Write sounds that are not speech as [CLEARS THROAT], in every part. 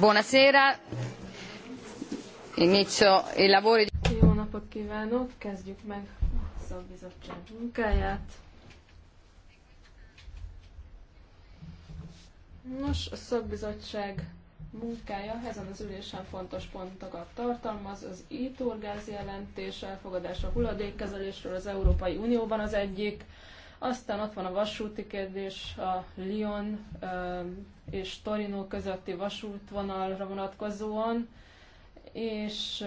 Buonasera. Inizio i lavori. Jó napot kívánok, kezdjük meg a szakbizottság munkáját. Nos, a szakbizottság munkája ezen az ülésen fontos pontokat tartalmaz, az e-turgáz jelentés elfogadása hulladékkezelésről az Európai Unióban az egyik, aztán ott van a vasúti kérdés, a Lyon és Torino közötti vasútvonalra vonatkozóan, és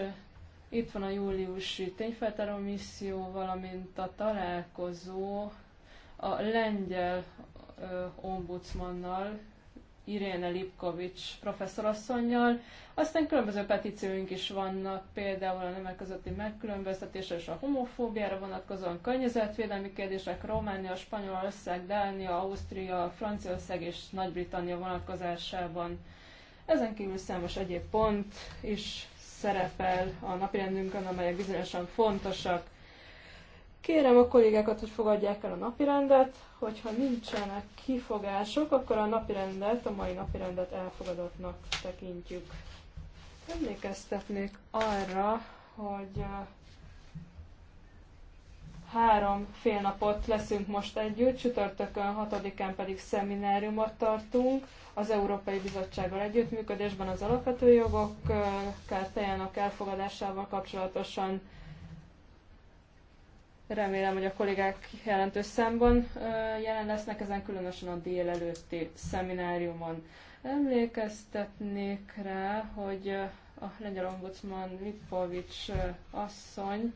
itt van a júliusi tényfeltáró misszió, valamint a találkozó a lengyel ombudsmannal, Iréne Lipkovics professzorasszonynal. Aztán különböző petícióink is vannak, például a nemek közötti megkülönböztetésre és a homofóbiára vonatkozóan környezetvédelmi kérdések Románia, Spanyolország, Dánia, Ausztria, Franciaország és Nagy-Britannia vonatkozásában. Ezen kívül számos egyéb pont is szerepel a napirendünkön, amelyek bizonyosan fontosak. Kérem a kollégákat, hogy fogadják el a napirendet hogyha nincsenek kifogások, akkor a napirendet, a mai napirendet elfogadottnak tekintjük. Emlékeztetnék arra, hogy három fél napot leszünk most együtt, csütörtökön hatodikán pedig szemináriumot tartunk az Európai Bizottsággal együttműködésben az alapvető jogok kártyájának elfogadásával kapcsolatosan Remélem, hogy a kollégák jelentős számban jelen lesznek ezen, különösen a délelőtti szemináriumon. Emlékeztetnék rá, hogy a lengyel ombudsman Lipovics asszony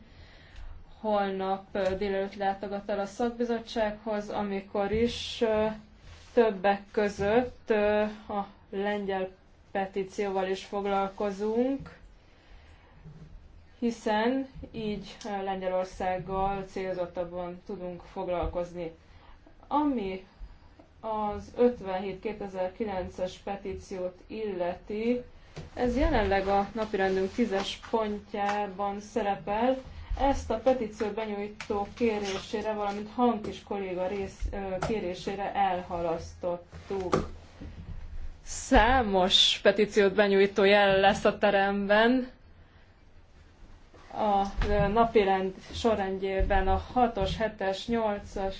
holnap délelőtt látogat el a szakbizottsághoz, amikor is többek között a lengyel petícióval is foglalkozunk hiszen így Lengyelországgal célzottabban tudunk foglalkozni. Ami az 57-2009-es petíciót illeti, ez jelenleg a napirendünk 10-es pontjában szerepel. Ezt a petíció benyújtó kérésére, valamint Hankis kolléga rész, kérésére elhalasztottuk. Számos petíciót benyújtó jel lesz a teremben, a napirend sorrendjében a 6-os, 7-es, 8-as,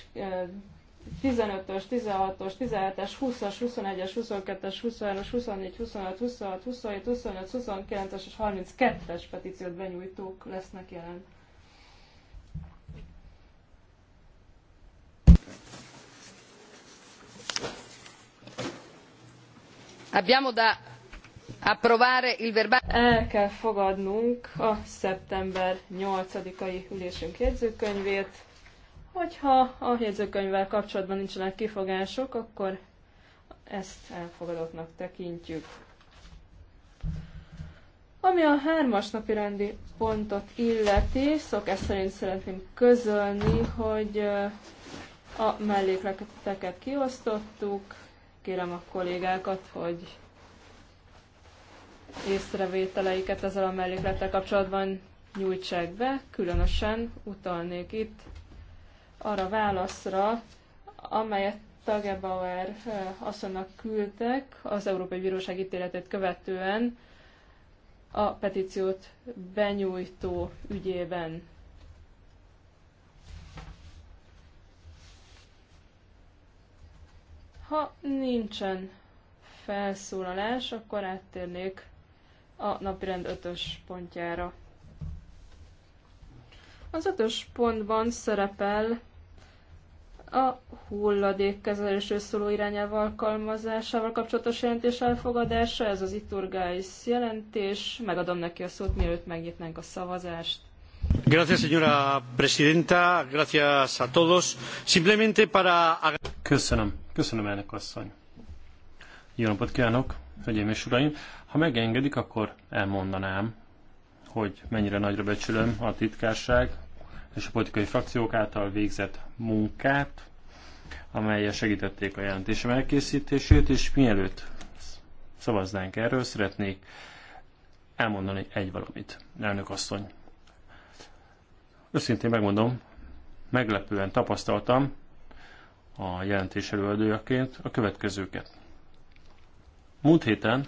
15-ös, 16-os, 17-es, 20-as, 21-es, 22-es, 23-as, 24, 25, 26, 27, 28, 29-es és 32-es petíciót benyújtók lesznek jelen. Abbiamo da el kell fogadnunk a szeptember 8-ai ülésünk jegyzőkönyvét. Hogyha a jegyzőkönyvvel kapcsolatban nincsenek kifogások, akkor ezt elfogadottnak tekintjük. Ami a hármas napi rendi pontot illeti, szokás szerint szeretném közölni, hogy a mellékleteket kiosztottuk. Kérem a kollégákat, hogy észrevételeiket ezzel a melléklettel kapcsolatban nyújtsák be, különösen utalnék itt arra válaszra, amelyet Tagebauer eh, asszonynak küldtek az Európai Bíróság ítéletét követően a petíciót benyújtó ügyében. Ha nincsen felszólalás, akkor áttérnék a napirend ötös pontjára. Az ötös pontban szerepel a hulladékkezelésről szóló irányelv alkalmazásával kapcsolatos jelentés elfogadása, ez az Iturgáis jelentés. Megadom neki a szót, mielőtt megnyitnánk a szavazást. Gracias, señora presidenta. Gracias a todos. Simplemente para... Köszönöm. Köszönöm, elnök asszony. Jó napot kívánok! hölgyeim és uraim. Ha megengedik, akkor elmondanám, hogy mennyire nagyra becsülöm a titkárság és a politikai frakciók által végzett munkát, amelyel segítették a jelentésem elkészítését, és mielőtt szavaznánk erről, szeretnék elmondani egy valamit, elnök asszony. Összintén megmondom, meglepően tapasztaltam a jelentés előadójaként a következőket. Múlt héten,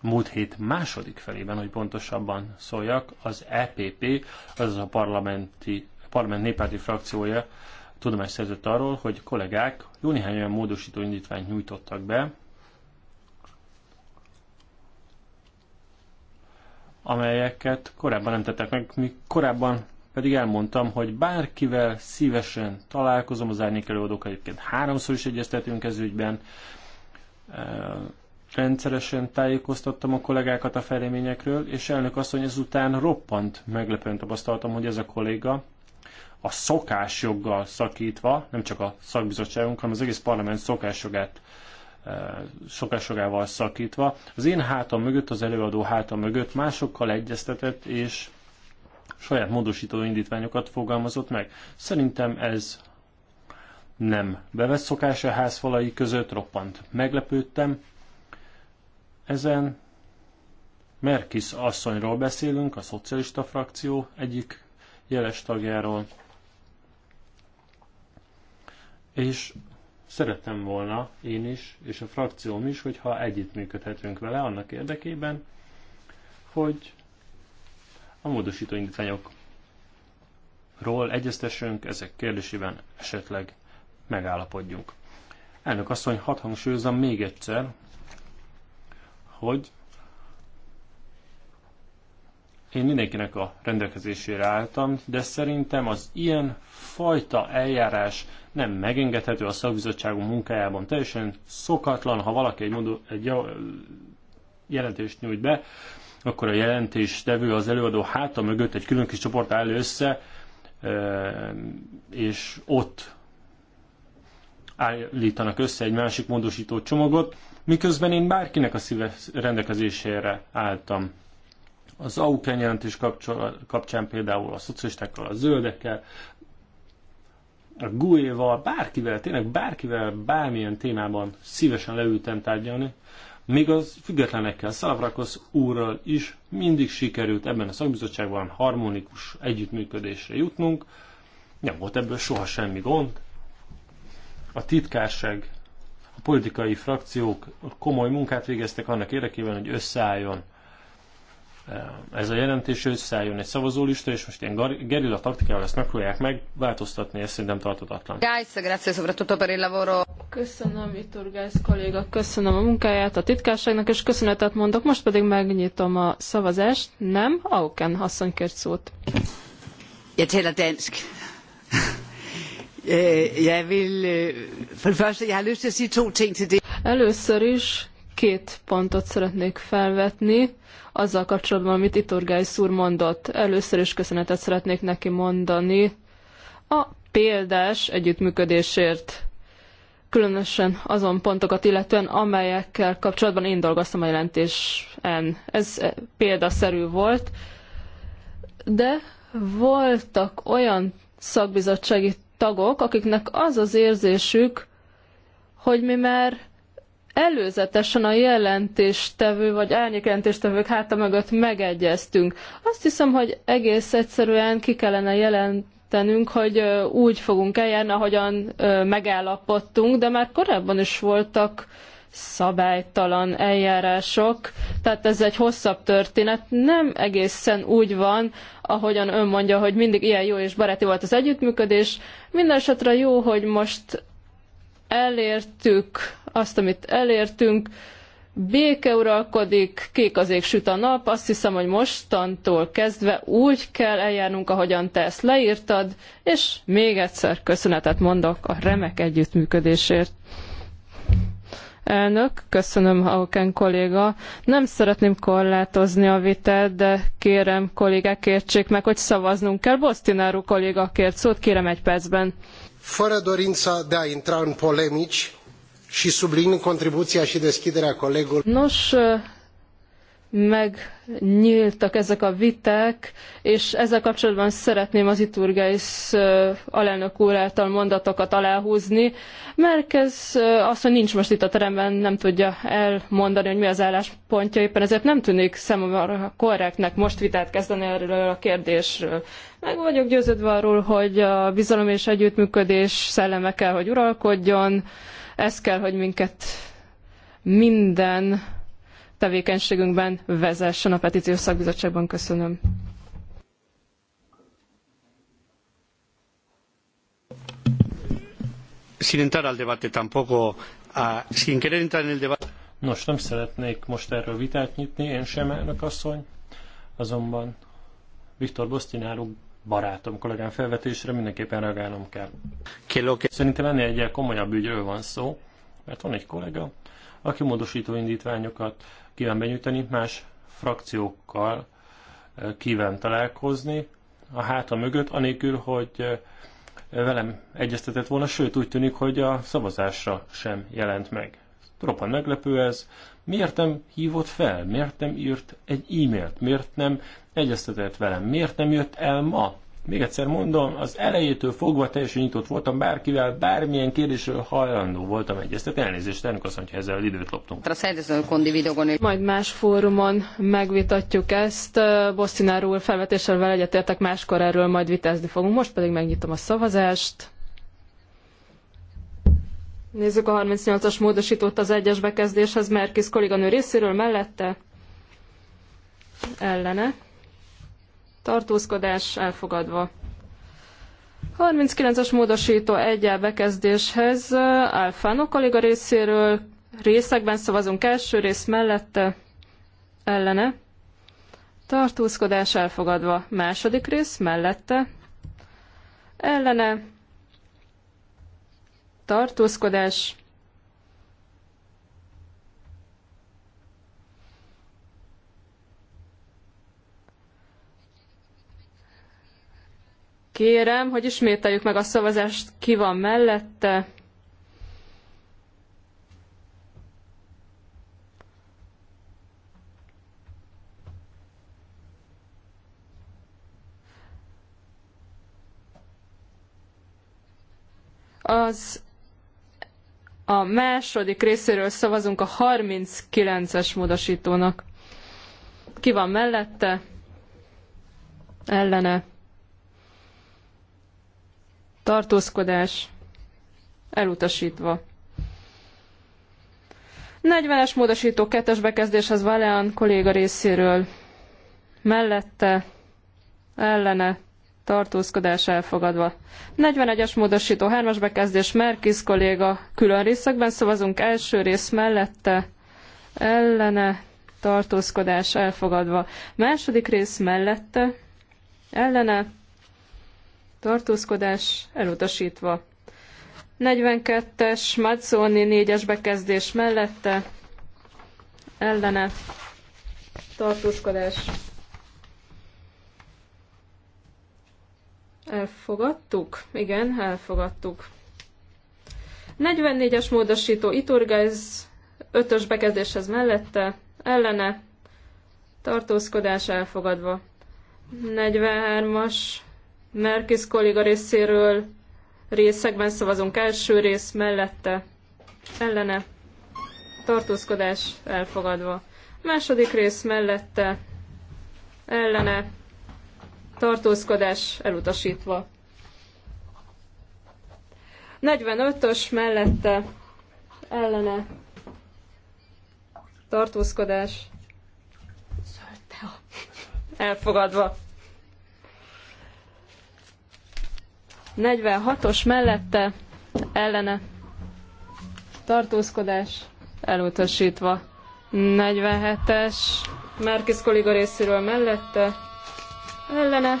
múlt hét második felében, hogy pontosabban szóljak, az EPP, azaz a parlamenti, parlament néppárti frakciója tudomást szerzett arról, hogy kollégák jó néhány olyan módosító indítványt nyújtottak be, amelyeket korábban nem tettek meg, mi korábban pedig elmondtam, hogy bárkivel szívesen találkozom, az árnyék előadók egyébként háromszor is egyeztetünk ez ügyben, rendszeresen tájékoztattam a kollégákat a fejleményekről, és elnök asszony ezután roppant meglepően tapasztaltam, hogy ez a kolléga a szokásjoggal szakítva, nem csak a szakbizottságunk, hanem az egész parlament szokásjogát szokásjogával szakítva. Az én hátam mögött, az előadó hátam mögött másokkal egyeztetett és saját módosító indítványokat fogalmazott meg. Szerintem ez nem bevett szokás a házfalai között, roppant meglepődtem. Ezen Merkis asszonyról beszélünk, a szocialista frakció egyik jeles tagjáról. És szeretem volna én is, és a frakcióm is, hogyha együttműködhetünk vele annak érdekében, hogy a módosító indítványokról egyeztessünk ezek kérdésében esetleg megállapodjunk. Elnök asszony, hadd hangsúlyozom még egyszer, hogy én mindenkinek a rendelkezésére álltam, de szerintem az ilyen fajta eljárás nem megengedhető a szakbizottságunk munkájában. Teljesen szokatlan, ha valaki egy, modul egy jelentést nyújt be, akkor a jelentéstevő, az előadó háta mögött egy külön kis csoport áll össze, és ott állítanak össze egy másik módosító csomagot, miközben én bárkinek a szíve rendelkezésére álltam. Az AUKEN jelentés kapcsán például a szocialistákkal, a zöldekkel, a GUE-val, bárkivel, tényleg bárkivel, bármilyen témában szívesen leültem tárgyalni, még az függetlenekkel, Szalavrakosz úrral is mindig sikerült ebben a szakbizottságban harmonikus együttműködésre jutnunk. Nem volt ebből soha semmi gond, a titkárság, a politikai frakciók komoly munkát végeztek annak érdekében, hogy összeálljon eh, ez a jelentés összeálljon egy szavazólista, és most ilyen gerilla taktikával ezt megpróbálják megváltoztatni, ez szerintem tartatatlan. Guys, Köszönöm, Vitor Guys kolléga, köszönöm a munkáját a titkárságnak, és köszönetet mondok, most pedig megnyitom a szavazást. Nem, Auken asszony kért szót. Jeg taler Øh, øh, Először is két pontot szeretnék felvetni azzal kapcsolatban, amit Iturgály úr mondott. Először is köszönetet szeretnék neki mondani a példás együttműködésért különösen azon pontokat illetően, amelyekkel kapcsolatban én dolgoztam a jelentésen. Ez eh, példaszerű volt, de voltak olyan szakbizottsági tagok, akiknek az az érzésük, hogy mi már előzetesen a jelentéstevő vagy árnyékjelentéstevők háta mögött megegyeztünk. Azt hiszem, hogy egész egyszerűen ki kellene jelentenünk, hogy úgy fogunk eljárni, ahogyan megállapodtunk, de már korábban is voltak szabálytalan eljárások. Tehát ez egy hosszabb történet. Nem egészen úgy van, ahogyan ön mondja, hogy mindig ilyen jó és baráti volt az együttműködés. Mindenesetre jó, hogy most elértük azt, amit elértünk. Béke uralkodik, kék az ég, süt a nap. Azt hiszem, hogy mostantól kezdve úgy kell eljárnunk, ahogyan te ezt leírtad, és még egyszer köszönetet mondok a remek együttműködésért. Elnök, köszönöm, Auken kolléga. Nem szeretném korlátozni a vitát, de kérem kollégák értsék meg, hogy szavaznunk kell. Bosztináru kolléga kért szót, kérem egy percben. Fără dorința de a intra în polemici și sublin contribuția și deschiderea colegului. Nos, megnyíltak ezek a viták, és ezzel kapcsolatban szeretném az iturgáis alelnök úr által mondatokat aláhúzni. Merkez azt, hogy nincs most itt a teremben, nem tudja elmondani, hogy mi az álláspontja, éppen ezért nem tűnik számomra korrektnek most vitát kezdeni erről a kérdésről. Meg vagyok győződve arról, hogy a bizalom és együttműködés szelleme kell, hogy uralkodjon, ez kell, hogy minket minden tevékenységünkben vezessen a petíciós szakbizottságban. Köszönöm. Sin entrar al debate tampoco, ah, sin querer entrar en el debate. Nos, nem szeretnék most erről vitát nyitni, én sem elnök asszony, azonban Viktor Bosztináló barátom, kollégám felvetésre mindenképpen reagálnom kell. Szerintem ennél egy komolyabb ügyről van szó, mert van egy kollega, aki módosító indítványokat kíván benyújtani, más frakciókkal eh, kíván találkozni a háta mögött, anélkül, hogy eh, velem egyeztetett volna, sőt úgy tűnik, hogy a szavazásra sem jelent meg. Roppan meglepő ez. Miért nem hívott fel? Miért nem írt egy e-mailt? Miért nem egyeztetett velem? Miért nem jött el ma? Még egyszer mondom, az elejétől fogva teljesen nyitott voltam bárkivel, bármilyen kérdésről hajlandó voltam egyeztetni. Elnézést, elnök azt hogy ezzel időt loptunk. Majd más fórumon megvitatjuk ezt. Bosszinár úr felvetésével egyetértek, máskor erről majd vitázni fogunk. Most pedig megnyitom a szavazást. Nézzük a 38-as módosítót az egyes bekezdéshez, Merkis kolléganő részéről mellette ellene tartózkodás elfogadva. 39-es módosító egyel bekezdéshez Alfano kolléga részéről részekben szavazunk első rész mellette ellene. Tartózkodás elfogadva. Második rész mellette ellene. Tartózkodás Kérem, hogy ismételjük meg a szavazást, ki van mellette. Az a második részéről szavazunk a 39-es módosítónak. Ki van mellette? Ellene tartózkodás elutasítva. 40-es módosító kettes az Valean kolléga részéről mellette ellene tartózkodás elfogadva. 41-es módosító hármas bekezdés Merkis kolléga külön részekben szavazunk első rész mellette ellene tartózkodás elfogadva. Második rész mellette ellene tartózkodás elutasítva. 42-es Mazzoni 4-es bekezdés mellette ellene tartózkodás elfogadtuk? Igen, elfogadtuk. 44-es módosító Iturgaiz 5-ös bekezdéshez mellette ellene tartózkodás elfogadva. 43-as Merkis kolléga részéről részekben szavazunk első rész mellette, ellene, tartózkodás elfogadva. Második rész mellette, ellene, tartózkodás elutasítva. 45-ös mellette, ellene, tartózkodás elfogadva. 46-os mellette ellene tartózkodás elutasítva. 47-es Márkiz kolléga részéről mellette ellene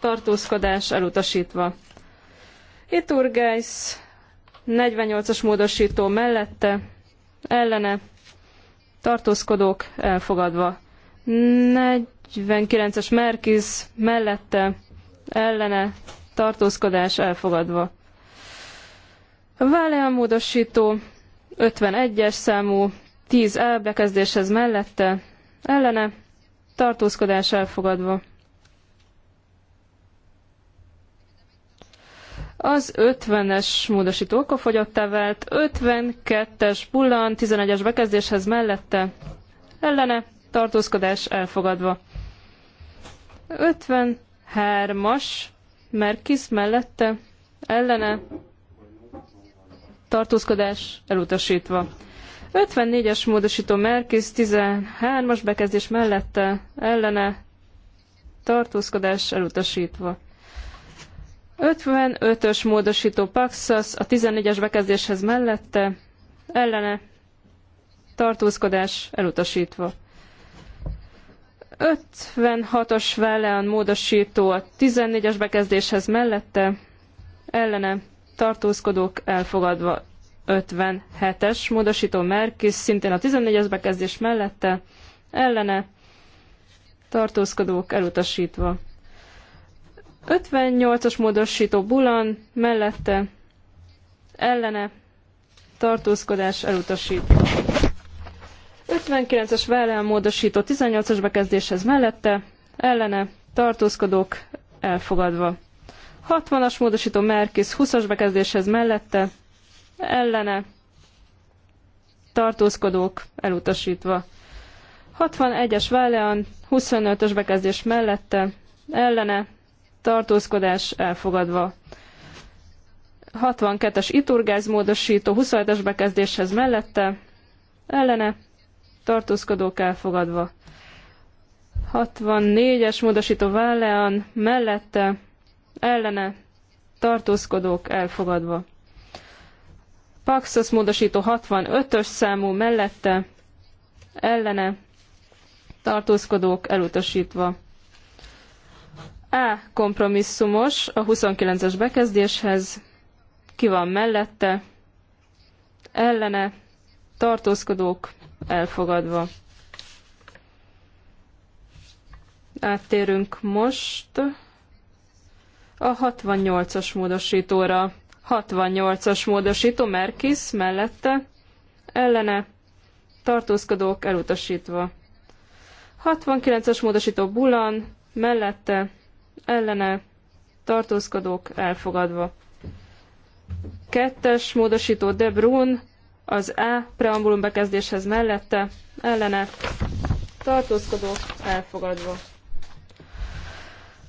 tartózkodás elutasítva. Iturgájsz 48-as módosító mellette ellene tartózkodók elfogadva. 49-es Merkiz mellette ellene tartózkodás elfogadva. Vállelmódosító 51-es számú 10 elbekezdéshez mellette ellene tartózkodás elfogadva. Az 50-es módosító okafogyottá vált, 52-es bullan, 11-es bekezdéshez mellette ellene tartózkodás elfogadva. 50 Hármas, Merkis mellette, ellene, tartózkodás elutasítva. 54-es módosító Merkis, 13-as bekezdés mellette, ellene, tartózkodás elutasítva. 55-ös módosító Paxas a 14-es bekezdéshez mellette, ellene, tartózkodás elutasítva. 56-os Vellean módosító a 14-es bekezdéshez mellette, ellene tartózkodók elfogadva 57-es módosító Merkis, szintén a 14-es bekezdés mellette, ellene tartózkodók elutasítva. 58 os módosító Bulan mellette, ellene tartózkodás elutasítva. 59-es vállán módosító 18-as bekezdéshez mellette, ellene, tartózkodók, elfogadva. 60-as módosító Merkis 20-as bekezdéshez mellette, ellene, tartózkodók, elutasítva. 61-es Válean 25-ös bekezdés mellette, ellene, tartózkodás, elfogadva. 62-es iturgáz módosító 27-es bekezdéshez mellette, ellene, tartózkodók elfogadva. 64-es módosító Vállean mellette ellene tartózkodók elfogadva. Paxos módosító 65-ös számú mellette ellene tartózkodók elutasítva. A. Kompromisszumos a 29-es bekezdéshez. Ki van mellette? Ellene. Tartózkodók elfogadva. Áttérünk most a 68-as módosítóra. 68-as módosító Merkis mellette, ellene tartózkodók elutasítva. 69 as módosító Bulan mellette, ellene tartózkodók elfogadva. Kettes módosító De Bruyne az A e preambulum bekezdéshez mellette ellene tartózkodók elfogadva.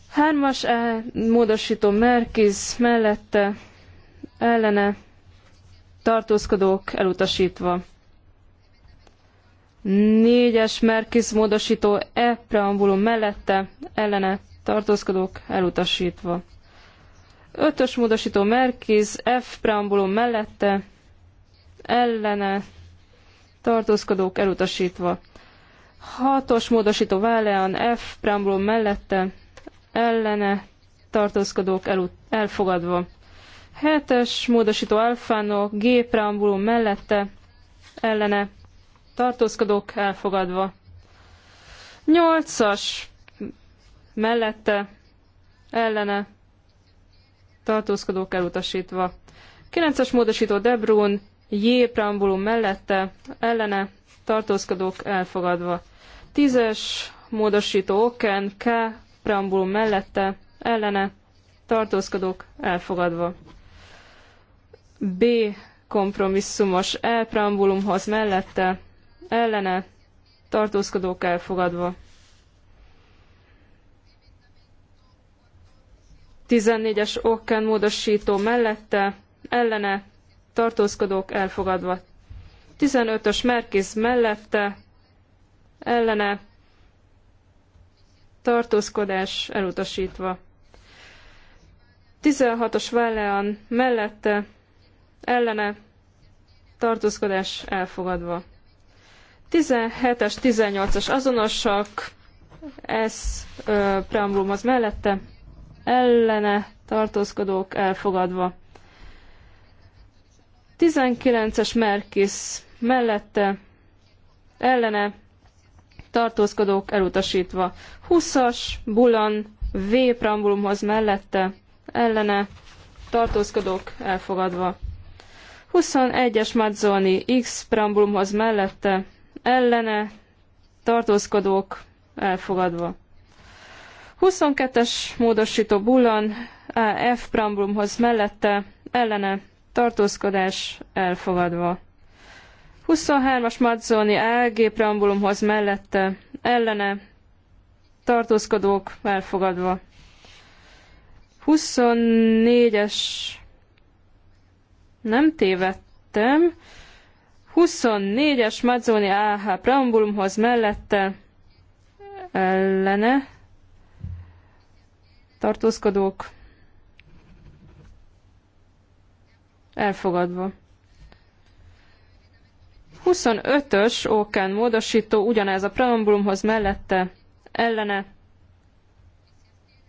Hármas E módosító Merkiz mellette ellene tartózkodók elutasítva. Négyes Merkiz módosító E preambulum mellette ellene tartózkodók elutasítva. Ötös módosító Merkiz F preambulum mellette ellene tartózkodók elutasítva. Hatos módosító Válean F preambulum mellette ellene tartózkodók elut- elfogadva. Hetes módosító Alfano G preambulum mellette ellene tartózkodók elfogadva. Nyolcas mellette ellene tartózkodók elutasítva. 9-es módosító Debrun J preambulum mellette, ellene, tartózkodók elfogadva. Tízes módosító okken K preambulum mellette, ellene, tartózkodók elfogadva. B kompromisszumos E preambulumhoz mellette, ellene, tartózkodók elfogadva. 14-es okken módosító mellette, ellene, tartózkodók elfogadva. 15-ös Merkész mellette, ellene, tartózkodás elutasítva. 16-os Vallean mellette, ellene, tartózkodás elfogadva. 17-es, 18-as azonosak, ez preambulum az mellette, ellene tartózkodók elfogadva. 19-es Merkis mellette ellene tartózkodók elutasítva. 20-as Bulan V preambulumhoz mellette ellene tartózkodók elfogadva. 21-es Mazzoni X preambulumhoz mellette ellene tartózkodók elfogadva. 22-es módosító Bulan F preambulumhoz mellette ellene tartózkodás elfogadva. 23-as Mazzoni AG preambulumhoz mellette ellene tartózkodók elfogadva. 24-es nem tévedtem. 24-es Mazzoni AH preambulumhoz mellette ellene tartózkodók Elfogadva. 25-ös Ókán módosító ugyanez a preambulumhoz mellette ellene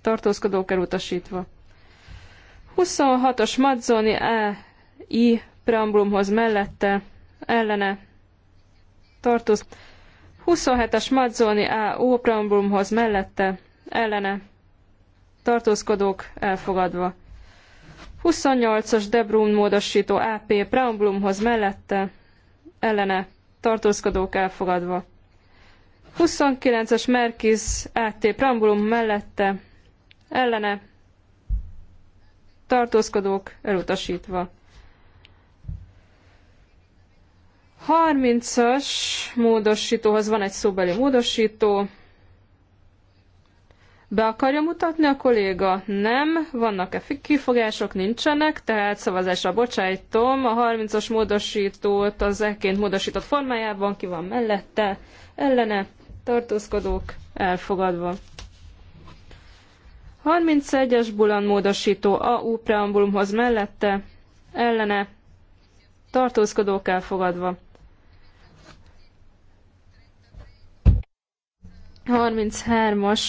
tartózkodók elutasítva. 26-os Mazzoni E. I. preambulumhoz mellette ellene tartóz. 27-es Mazzoni A. O. preambulumhoz mellette ellene tartózkodók elfogadva. 28-as Debrun módosító AP preambulumhoz mellette ellene tartózkodók elfogadva. 29-es Merkiz AT preambulum mellette ellene tartózkodók elutasítva. 30-as módosítóhoz van egy szóbeli módosító, be akarja mutatni a kolléga? Nem. Vannak-e kifogások? Nincsenek. Tehát szavazásra bocsájtom. A 30-as módosítót az ekként módosított formájában ki van mellette, ellene, tartózkodók, elfogadva. 31-es bulan módosító AU preambulumhoz mellette, ellene, tartózkodók elfogadva. 33-as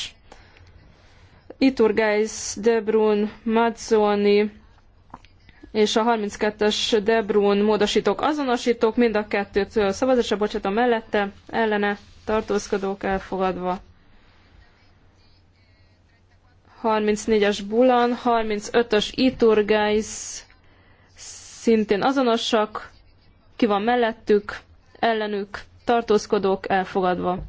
Iturgais, Debrun, Mazzoni és a 32-es Debrun módosítók azonosítók, mind a kettőt szavazásra bocsátom mellette, ellene tartózkodók elfogadva. 34-es Bulan, 35-ös Iturgais, szintén azonosak, ki van mellettük, ellenük, tartózkodók elfogadva.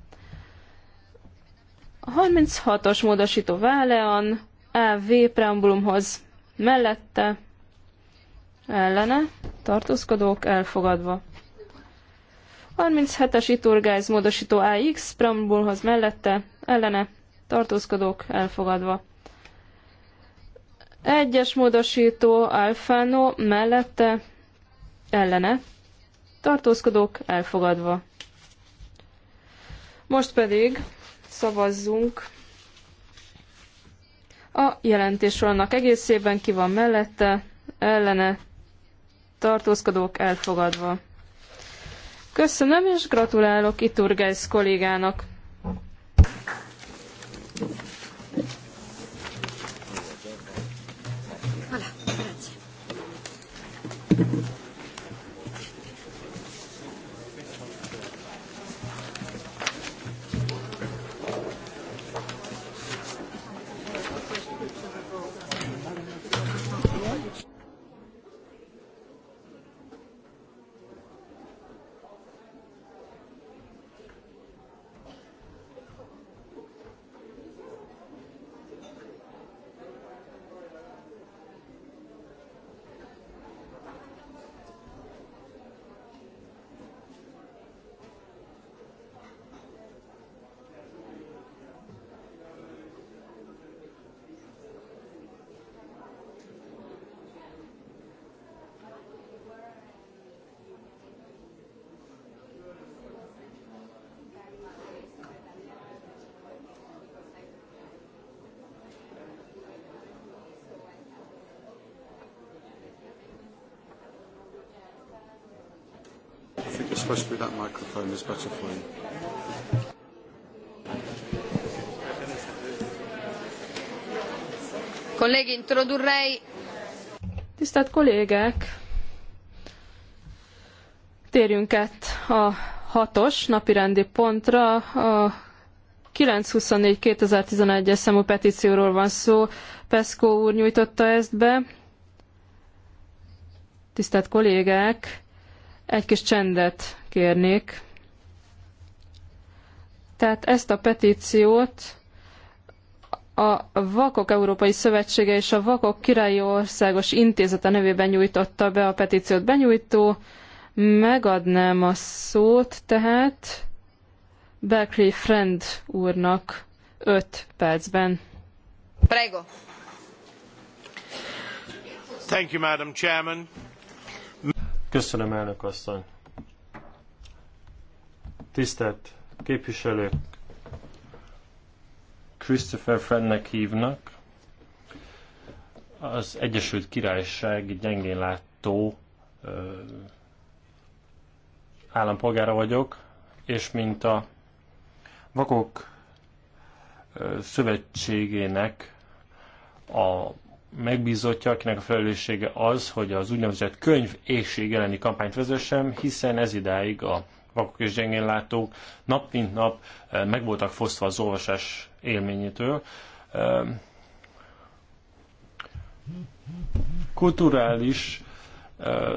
A 36-os módosító Válean AV preambulumhoz mellette ellene tartózkodók elfogadva. 37-es iturgáz módosító AX preambulumhoz mellette ellene tartózkodók elfogadva. Egyes módosító Alfano mellette ellene tartózkodók elfogadva. Most pedig szavazzunk a jelentésről annak egészében, ki van mellette, ellene, tartózkodók elfogadva. Köszönöm és gratulálok Iturgeis kollégának. that microphone is better for you. Kollégi, introdurrei. Tisztelt kollégek, térjünk át a hatos napirendi pontra. A 924-2011-es számú petícióról van szó. Peszkó úr nyújtotta ezt be. Tisztelt kollégák, egy kis csendet kérnék. Tehát ezt a petíciót a Vakok Európai Szövetsége és a Vakok Királyi Országos Intézete nevében nyújtotta be a petíciót benyújtó. Megadnám a szót tehát Berkeley Friend úrnak 5 percben. Prego. Thank you, Madam Chairman. Köszönöm, elnök asszony. Tisztelt képviselők, Christopher Friendnek hívnak. Az Egyesült Királyság gyengén látó állampolgára vagyok, és mint a Vakok Szövetségének a megbízottja, akinek a felelőssége az, hogy az úgynevezett könyv éjség elleni kampányt vezessem, hiszen ez idáig a vakok és gyengénlátók nap mint nap eh, meg voltak fosztva az olvasás élményétől. Eh, kulturális eh,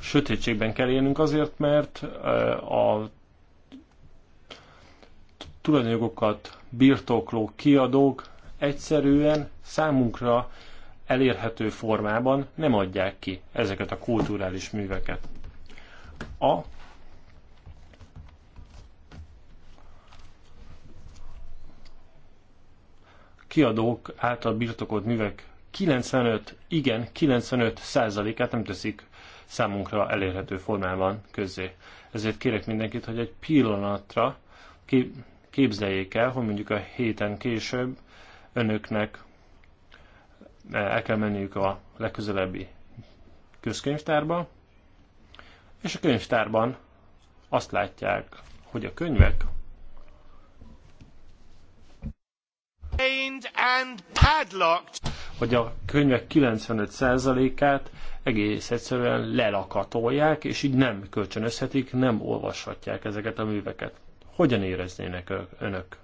sötétségben kell élnünk azért, mert a tulajdonjogokat birtokló kiadók egyszerűen számunkra elérhető formában nem adják ki ezeket a kulturális műveket. A kiadók által birtokolt művek 95, igen, 95 százalékát nem teszik számunkra elérhető formában közzé. Ezért kérek mindenkit, hogy egy pillanatra képzeljék el, hogy mondjuk a héten később önöknek el kell menniük a legközelebbi közkönyvtárba, és a könyvtárban azt látják, hogy a könyvek hogy a könyvek 95%-át egész egyszerűen lelakatolják, és így nem kölcsönözhetik, nem olvashatják ezeket a műveket. Hogyan éreznének önök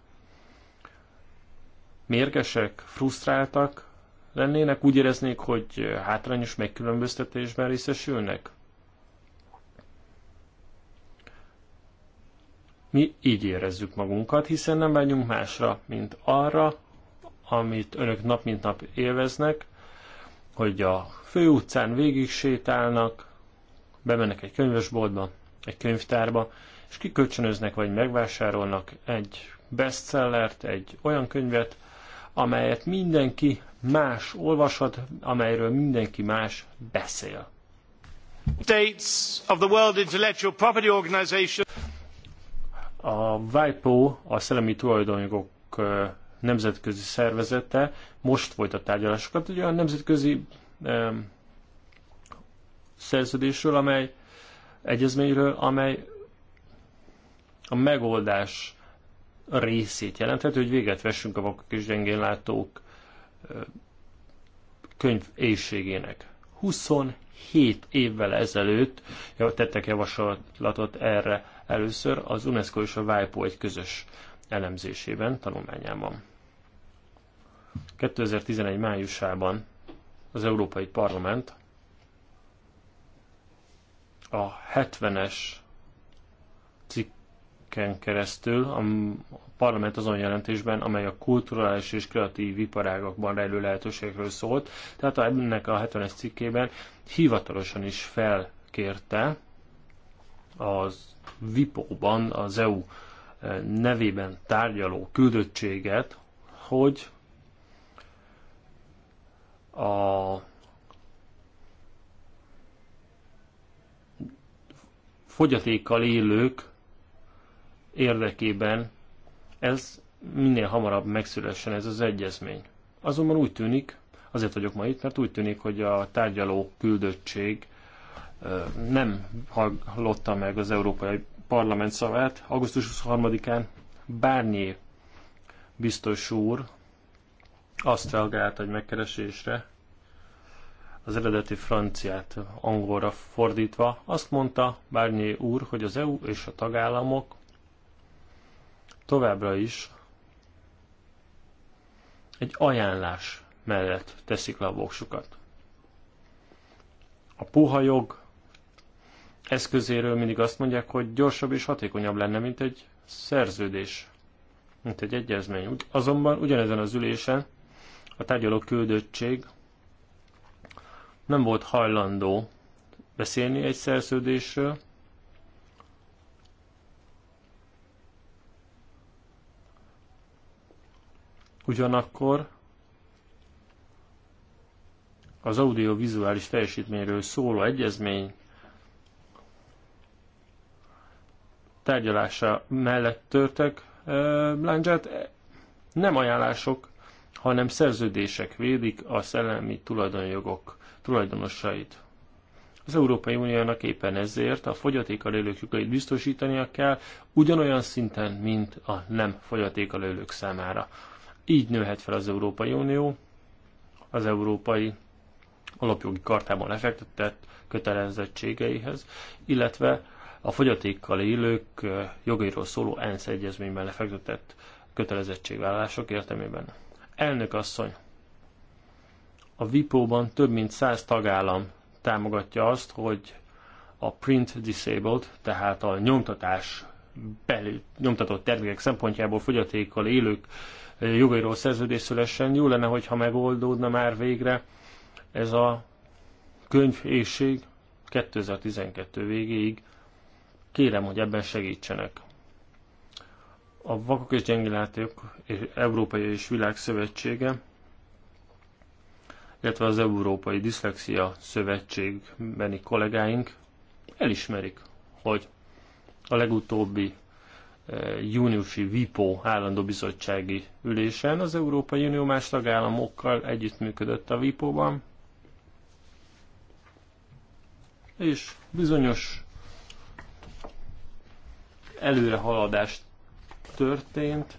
mérgesek, frusztráltak lennének, úgy éreznék, hogy hátrányos megkülönböztetésben részesülnek? Mi így érezzük magunkat, hiszen nem vágyunk másra, mint arra, amit önök nap mint nap élveznek, hogy a főutcán végig sétálnak, bemennek egy könyvesboltba, egy könyvtárba, és kikölcsönöznek vagy megvásárolnak egy bestsellert, egy olyan könyvet, amelyet mindenki más olvashat, amelyről mindenki más beszél. States of the World Intellectual Property Organization. A WIPO, a Szellemi Tulajdonjogok Nemzetközi Szervezete most folytat tárgyalásokat, egy a nemzetközi um, szerződésről, amely egyezményről, amely a megoldás részét jelenthet, hogy véget vessünk a vakok és gyengén látók könyv éjségének. 27 évvel ezelőtt tettek javaslatot erre először az UNESCO és a WIPO egy közös elemzésében, tanulmányában. 2011 májusában az Európai Parlament a 70-es éveken keresztül a parlament azon jelentésben, amely a kulturális és kreatív iparágakban rejlő lehetőségről szólt, tehát ennek a 70-es cikkében hivatalosan is felkérte az VIPO-ban az EU eh, nevében tárgyaló küldöttséget, hogy a fogyatékkal élők érdekében ez minél hamarabb megszülessen ez az egyezmény. Azonban úgy tűnik, azért vagyok ma itt, mert úgy tűnik, hogy a tárgyaló küldöttség nem hallotta meg az Európai Parlament szavát. Augusztus 23-án bárnyi biztos úr azt reagált egy megkeresésre, az eredeti franciát angolra fordítva, azt mondta Bárnyé úr, hogy az EU és a tagállamok továbbra is egy ajánlás mellett teszik le a voksukat. A puha jog eszközéről mindig azt mondják, hogy gyorsabb és hatékonyabb lenne, mint egy szerződés, mint egy egyezmény. Azonban ugyanezen az ülésen a tárgyaló küldöttség nem volt hajlandó beszélni egy szerződésről, Ugyanakkor az audiovizuális teljesítményről szóló egyezmény tárgyalása mellett törtek láncsát. E, nem ajánlások, hanem szerződések védik a szellemi tulajdonjogok tulajdonosait. Az Európai Uniónak éppen ezért a fogyatékkal élők jogait biztosítania kell ugyanolyan szinten, mint a nem fogyatékkal élők számára. Így nőhet fel az Európai Unió, az Európai Alapjogi Kartában lefektetett kötelezettségeihez, illetve a fogyatékkal élők jogairól szóló ENSZ egyezményben lefektetett kötelezettségvállalások értelmében. Elnök asszony, a WIPO-ban több mint 100 tagállam támogatja azt, hogy a print disabled, tehát a nyomtatás belül, nyomtatott termékek szempontjából fogyatékkal élők jogairól szerződés szülessen. Jó lenne, hogyha megoldódna már végre ez a könyvészség 2012 végéig. Kérem, hogy ebben segítsenek. A Vakok és Gyengilátók Európai és Világszövetsége illetve az Európai Diszlexia Szövetségbeni kollégáink elismerik, hogy a legutóbbi júniusi WIPO állandó bizottsági ülésen az Európai Unió más tagállamokkal együttműködött a wipo ban és bizonyos előrehaladást történt,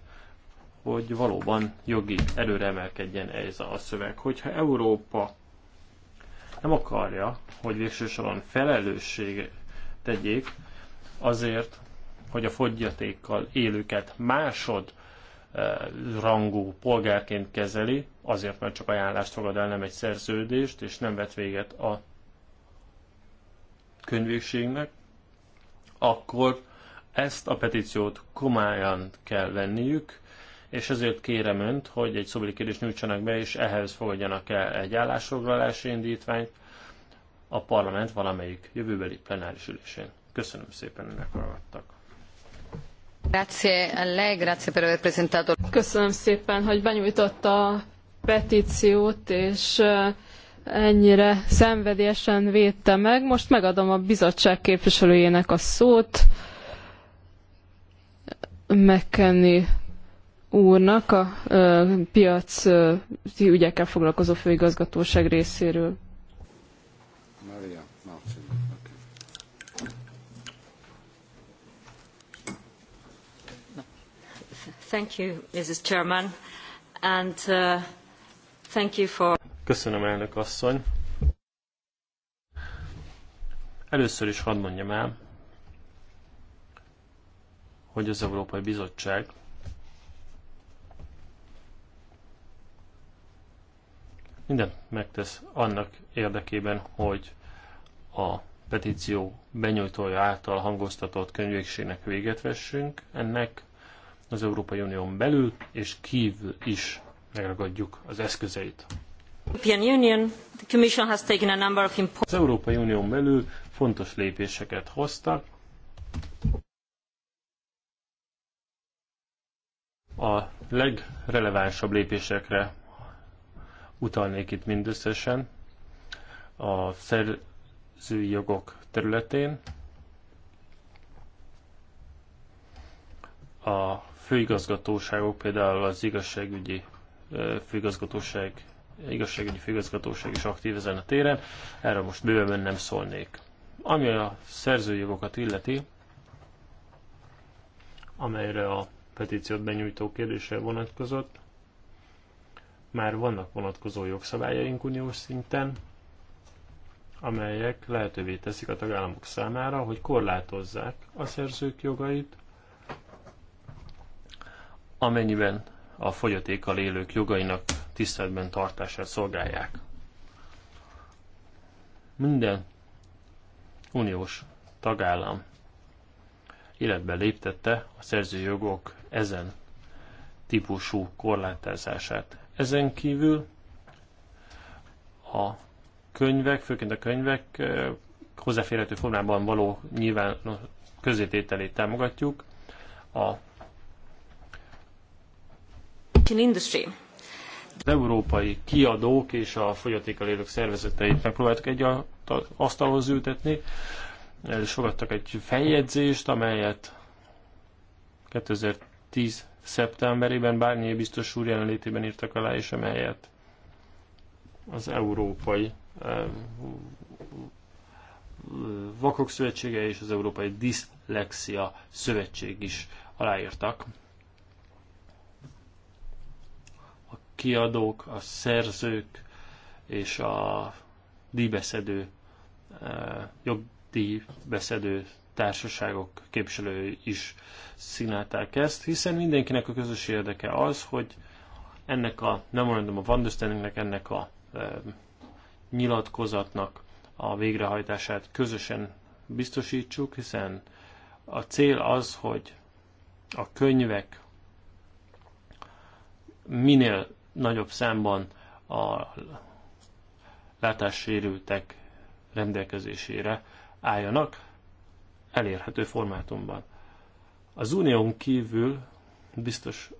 hogy valóban jogi előre emelkedjen ez a szöveg. Hogyha Európa nem akarja, hogy végső soron felelősség tegyék azért, hogy a fogyatékkal élőket másod eh, rangú polgárként kezeli, azért, mert csak ajánlást fogad el, nem egy szerződést, és nem vet véget a könyvégségnek, akkor ezt a petíciót komolyan kell venniük, és ezért kérem Önt, hogy egy szobeli kérdést nyújtsanak be, és ehhez fogadjanak el egy állásfoglalási indítványt a parlament valamelyik jövőbeli plenáris ülésén. Köszönöm szépen, hogy meghallgattak. Köszönöm szépen, hogy benyújtotta a petíciót, és eh, ennyire szenvedélyesen védte meg. Most megadom a bizottság képviselőjének a szót, McKenny úrnak, a eh, piaci eh, ügyekkel foglalkozó főigazgatóság részéről. Thank you, Mrs. Chairman, and uh, thank you for... Köszönöm, elnök asszony. Először is hadd mondjam el, hogy az Európai Bizottság mindent megtesz annak érdekében, hogy a petíció benyújtója által hangoztatott könyvégségnek véget vessünk. Ennek az Európai Unión belül és kívül is megragadjuk az eszközeit. Az Európai Unión belül fontos lépéseket hoztak. A legrelevánsabb lépésekre utalnék itt mindösszesen a szerzői jogok területén, a főigazgatóságok, például az igazságügyi főigazgatóság, igazságügyi főigazgatóság is aktív ezen a téren, erről most bőven nem szólnék. Ami a szerzőjogokat illeti, amelyre a petíciót benyújtó kérdése vonatkozott, már vannak vonatkozó jogszabályaink uniós szinten, amelyek lehetővé teszik a tagállamok számára, hogy korlátozzák a szerzők jogait, amennyiben a fogyatékkal élők jogainak tiszteletben tartását szolgálják. Minden uniós tagállam életbe léptette a szerzőjogok ezen típusú korlátozását. Ezen kívül a könyvek, főként a könyvek hozzáférhető formában való nyilván közétételét támogatjuk, a industry. Az európai kiadók és a fogyatékkal élők szervezeteit megpróbáltak egy asztalhoz ültetni. El is fogadtak egy feljegyzést, amelyet 2010 szeptemberében bármilyen biztos úr jelenlétében írtak alá, és amelyet az Európai Vakok Szövetsége és az Európai Diszlexia Szövetség is aláírtak kiadók, a szerzők és a díjbeszedő, e, jogdíjbeszedő társaságok képviselői is színálták ezt, hiszen mindenkinek a közös érdeke az, hogy ennek a nem mondom a understandingnek, ennek a e, nyilatkozatnak a végrehajtását közösen biztosítsuk, hiszen a cél az, hogy a könyvek minél nagyobb számban a látássérültek rendelkezésére álljanak elérhető formátumban. Az unión kívül biztos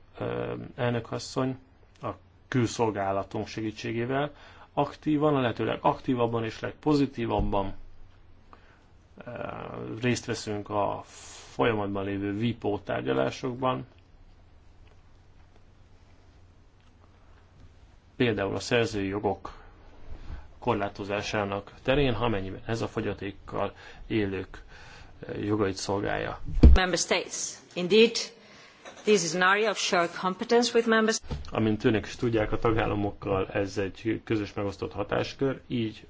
elnökasszony a külszolgálatunk segítségével aktívan, a lehetőleg aktívabban és legpozitívabban részt veszünk a folyamatban lévő VIPO tárgyalásokban, például a szerzői jogok korlátozásának terén, amennyiben ez a fogyatékkal élők eh, jogait szolgálja. Member States. Indeed, this is an area of shared competence with Amint önök is tudják, a tagállamokkal ez egy közös megosztott hatáskör, így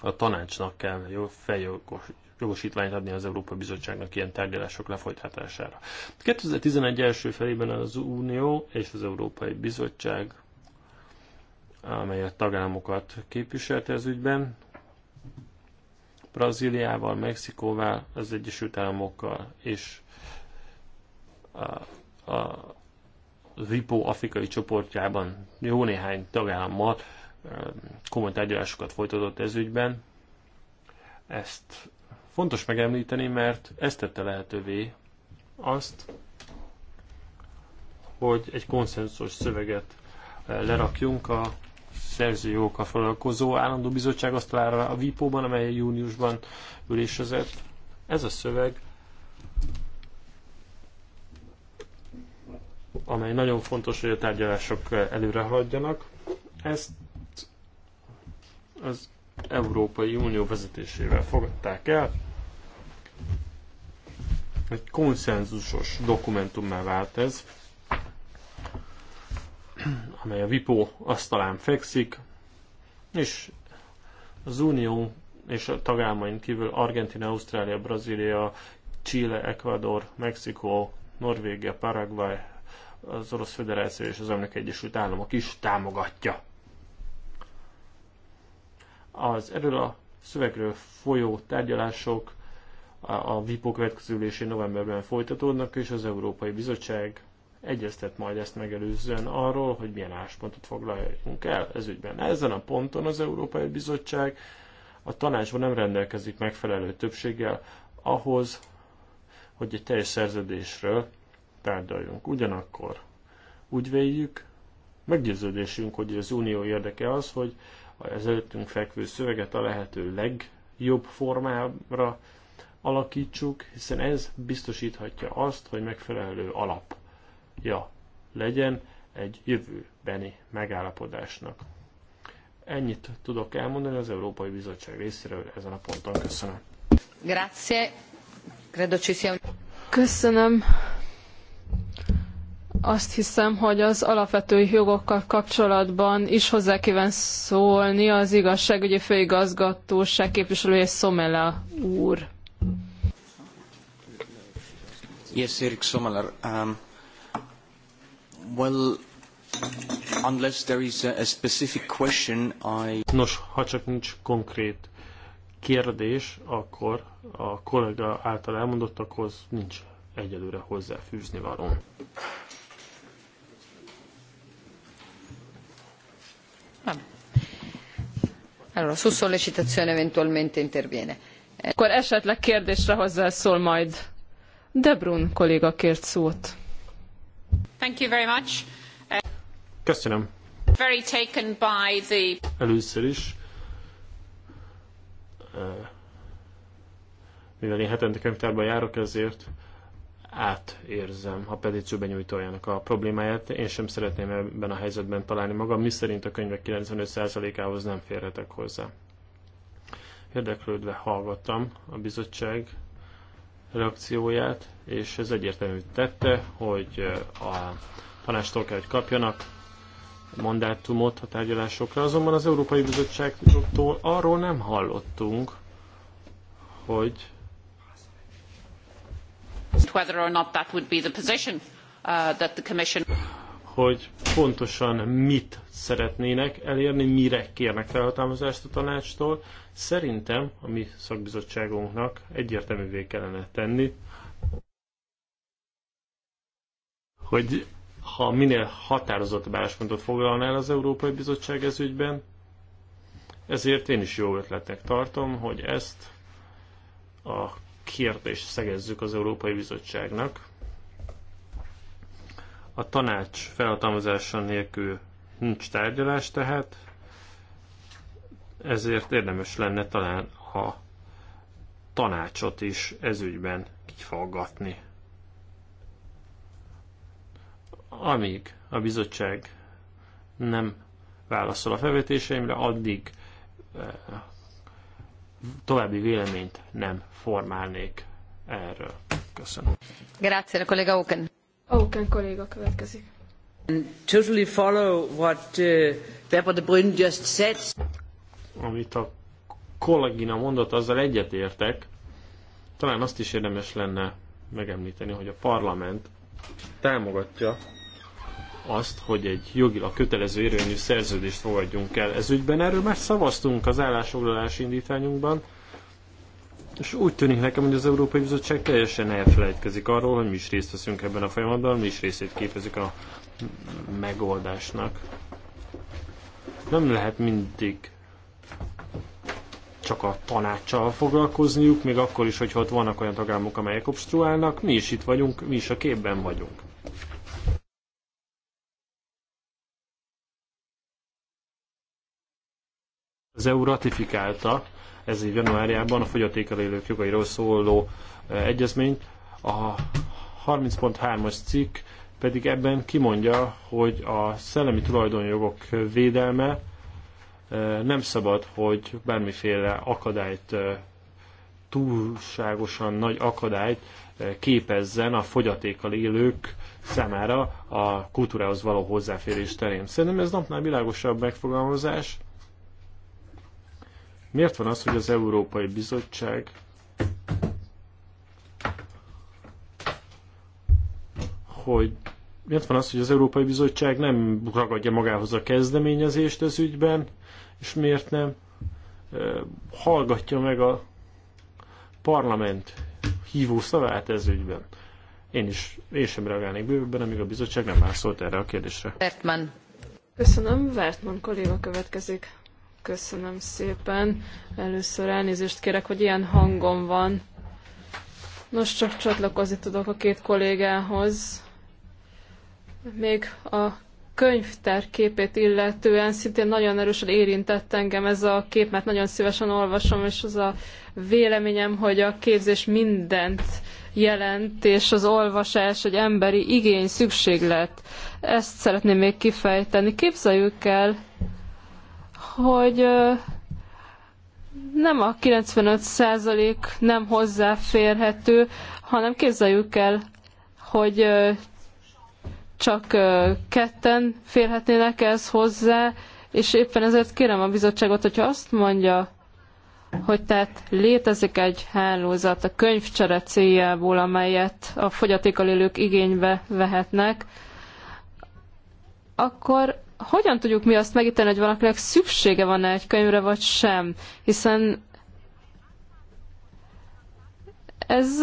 a tanácsnak kell jó feljogos, jogosítványt adni az Európa Bizottságnak ilyen tárgyalások lefolytatására. 2011 első felében az Unió és az Európai Bizottság amely a tagállamokat képviselte ez ügyben, Brazíliával, Mexikóval, az Egyesült Államokkal és a, a VIPO afrikai csoportjában jó néhány tagállammal komoly tárgyalásokat folytatott ez ügyben. Ezt fontos megemlíteni, mert ezt tette lehetővé azt, hogy egy konszenzus szöveget lerakjunk a szerzőjogokkal foglalkozó állandó bizottság azt vár a VIPO-ban, amely júniusban ülésezett. Ez a szöveg, amely nagyon fontos, hogy a tárgyalások előre haladjanak. Ezt az Európai Unió vezetésével fogadták el. Egy konszenzusos dokumentummal vált ez amely a VIPO asztalán fekszik, és az Unió és a tagállamain kívül Argentina, Ausztrália, Brazília, Chile, Ecuador, Mexikó, Norvégia, Paraguay, az Orosz Föderáció és az Amerikai Egyesült Államok is támogatja. Az erről a szövegről folyó tárgyalások a VIPO következő ülésén novemberben folytatódnak, és az Európai Bizottság egyeztet majd ezt megelőzően arról, hogy milyen áspontot foglaljunk el ez ügyben. Ezen a ponton az Európai Bizottság a tanácsban nem rendelkezik megfelelő többséggel ahhoz, hogy egy teljes szerződésről tárgyaljunk. Ugyanakkor úgy véljük, meggyőződésünk, hogy az unió érdeke az, hogy az előttünk fekvő szöveget a lehető legjobb formára alakítsuk, hiszen ez biztosíthatja azt, hogy megfelelő alap alapja legyen egy jövőbeni megállapodásnak. Ennyit tudok elmondani az Európai Bizottság részéről ezen a ponton. Köszönöm. Grazie. Credo ci sia... Köszönöm. Azt hiszem, hogy az alapvető jogokkal kapcsolatban is hozzá kíván szólni az igazságügyi főigazgatóság képviselője Szomela úr. Yes, Erik Somaler. Um... Well, unless there is a specific question, I... Nos, ha csak nincs konkrét kérdés, akkor a kollega által elmondottakhoz nincs egyelőre hozzáfűzni való. Allora, su sollecitazione eventualmente interviene. Eh, akkor esetleg kérdésre hozzászól majd. Debrun kolléga kért szót. Köszönöm. Very taken by the... Először is, eh, mivel én hetente könyvtárban járok, ezért átérzem a petíció benyújtójának a problémáját. Én sem szeretném ebben a helyzetben találni magam, mi szerint a könyvek 95%-ához nem férhetek hozzá. Érdeklődve hallgattam a bizottság reakcióját, és ez egyértelmű tette, hogy a tanástól kell, hogy kapjanak mandátumot a tárgyalásokra, azonban az Európai Bizottságtól arról nem hallottunk, hogy whether or not that would be the position uh, that the Commission hogy pontosan mit szeretnének elérni, mire kérnek felhatalmazást a tanácstól. Szerintem a mi szakbizottságunknak egyértelművé kellene tenni, hogy ha minél határozottabb álláspontot foglalnál az Európai Bizottság ez ügyben, ezért én is jó ötletnek tartom, hogy ezt a kérdést szegezzük az Európai Bizottságnak. A tanács felhatalmazása nélkül nincs tárgyalás tehát, ezért érdemes lenne talán a tanácsot is ezügyben kifaggatni. amíg a bizottság nem válaszol a felvetéseimre, addig eh, további véleményt nem formálnék erről. Köszönöm. Grazie, kollega Oken. Oken kolléga következik. Totally follow what uh, Pepper de Bruyne just said. Amit a kollégina mondott, azzal egyetértek. Talán azt is érdemes lenne megemlíteni, hogy a parlament támogatja azt, hogy egy jogilag kötelező érvényű szerződést fogadjunk el ez ügyben. Erről már szavaztunk az állásfoglalási indítványunkban, és úgy tűnik nekem, hogy az Európai Bizottság teljesen elfelejtkezik arról, hogy mi is részt veszünk ebben a folyamatban, mi is részét képezik a megoldásnak. Nem lehet mindig csak a tanácssal foglalkozniuk, még akkor is, hogy ott vannak olyan tagállamok, amelyek obstruálnak, mi is itt vagyunk, mi is a képben vagyunk. Az EU ratifikálta ez év januárjában a fogyatékkal élők jogairól szóló eh, egyezményt. A 30.3-as cikk pedig ebben kimondja, hogy a szellemi tulajdonjogok védelme eh, nem szabad, hogy bármiféle akadályt, eh, túlságosan nagy akadályt képezzen a fogyatékkal élők számára a kultúrához való hozzáférés terén. Szerintem ez napnál világosabb megfogalmazás, Miért van az, hogy az Európai Bizottság hogy miért van az, hogy az Európai Bizottság nem ragadja magához a kezdeményezést az ügyben, és miért nem hallgatja meg a parlament hívó szavát ez ügyben. Én is, én sem reagálnék bővebben, amíg a bizottság nem válaszolt erre a kérdésre. Vertman. Köszönöm, Vertman kolléga következik. Köszönöm szépen. Először elnézést kérek, hogy ilyen hangom van. Nos, csak csatlakozni tudok a két kollégához. Még a könyvtár képét illetően szintén nagyon erősen érintett engem ez a kép, mert nagyon szívesen olvasom, és az a véleményem, hogy a képzés mindent jelent, és az olvasás egy emberi igény, szükséglet. Ezt szeretném még kifejteni. Képzeljük el, hogy nem a 95% nem hozzáférhető, hanem képzeljük el, hogy csak ketten férhetnének ez hozzá, és éppen ezért kérem a bizottságot, hogyha azt mondja, hogy tehát létezik egy hálózat a könyvcsere céljából, amelyet a fogyatékkal élők igénybe vehetnek, akkor hogyan tudjuk mi azt megíteni, hogy valakinek szüksége van -e egy könyvre, vagy sem? Hiszen ez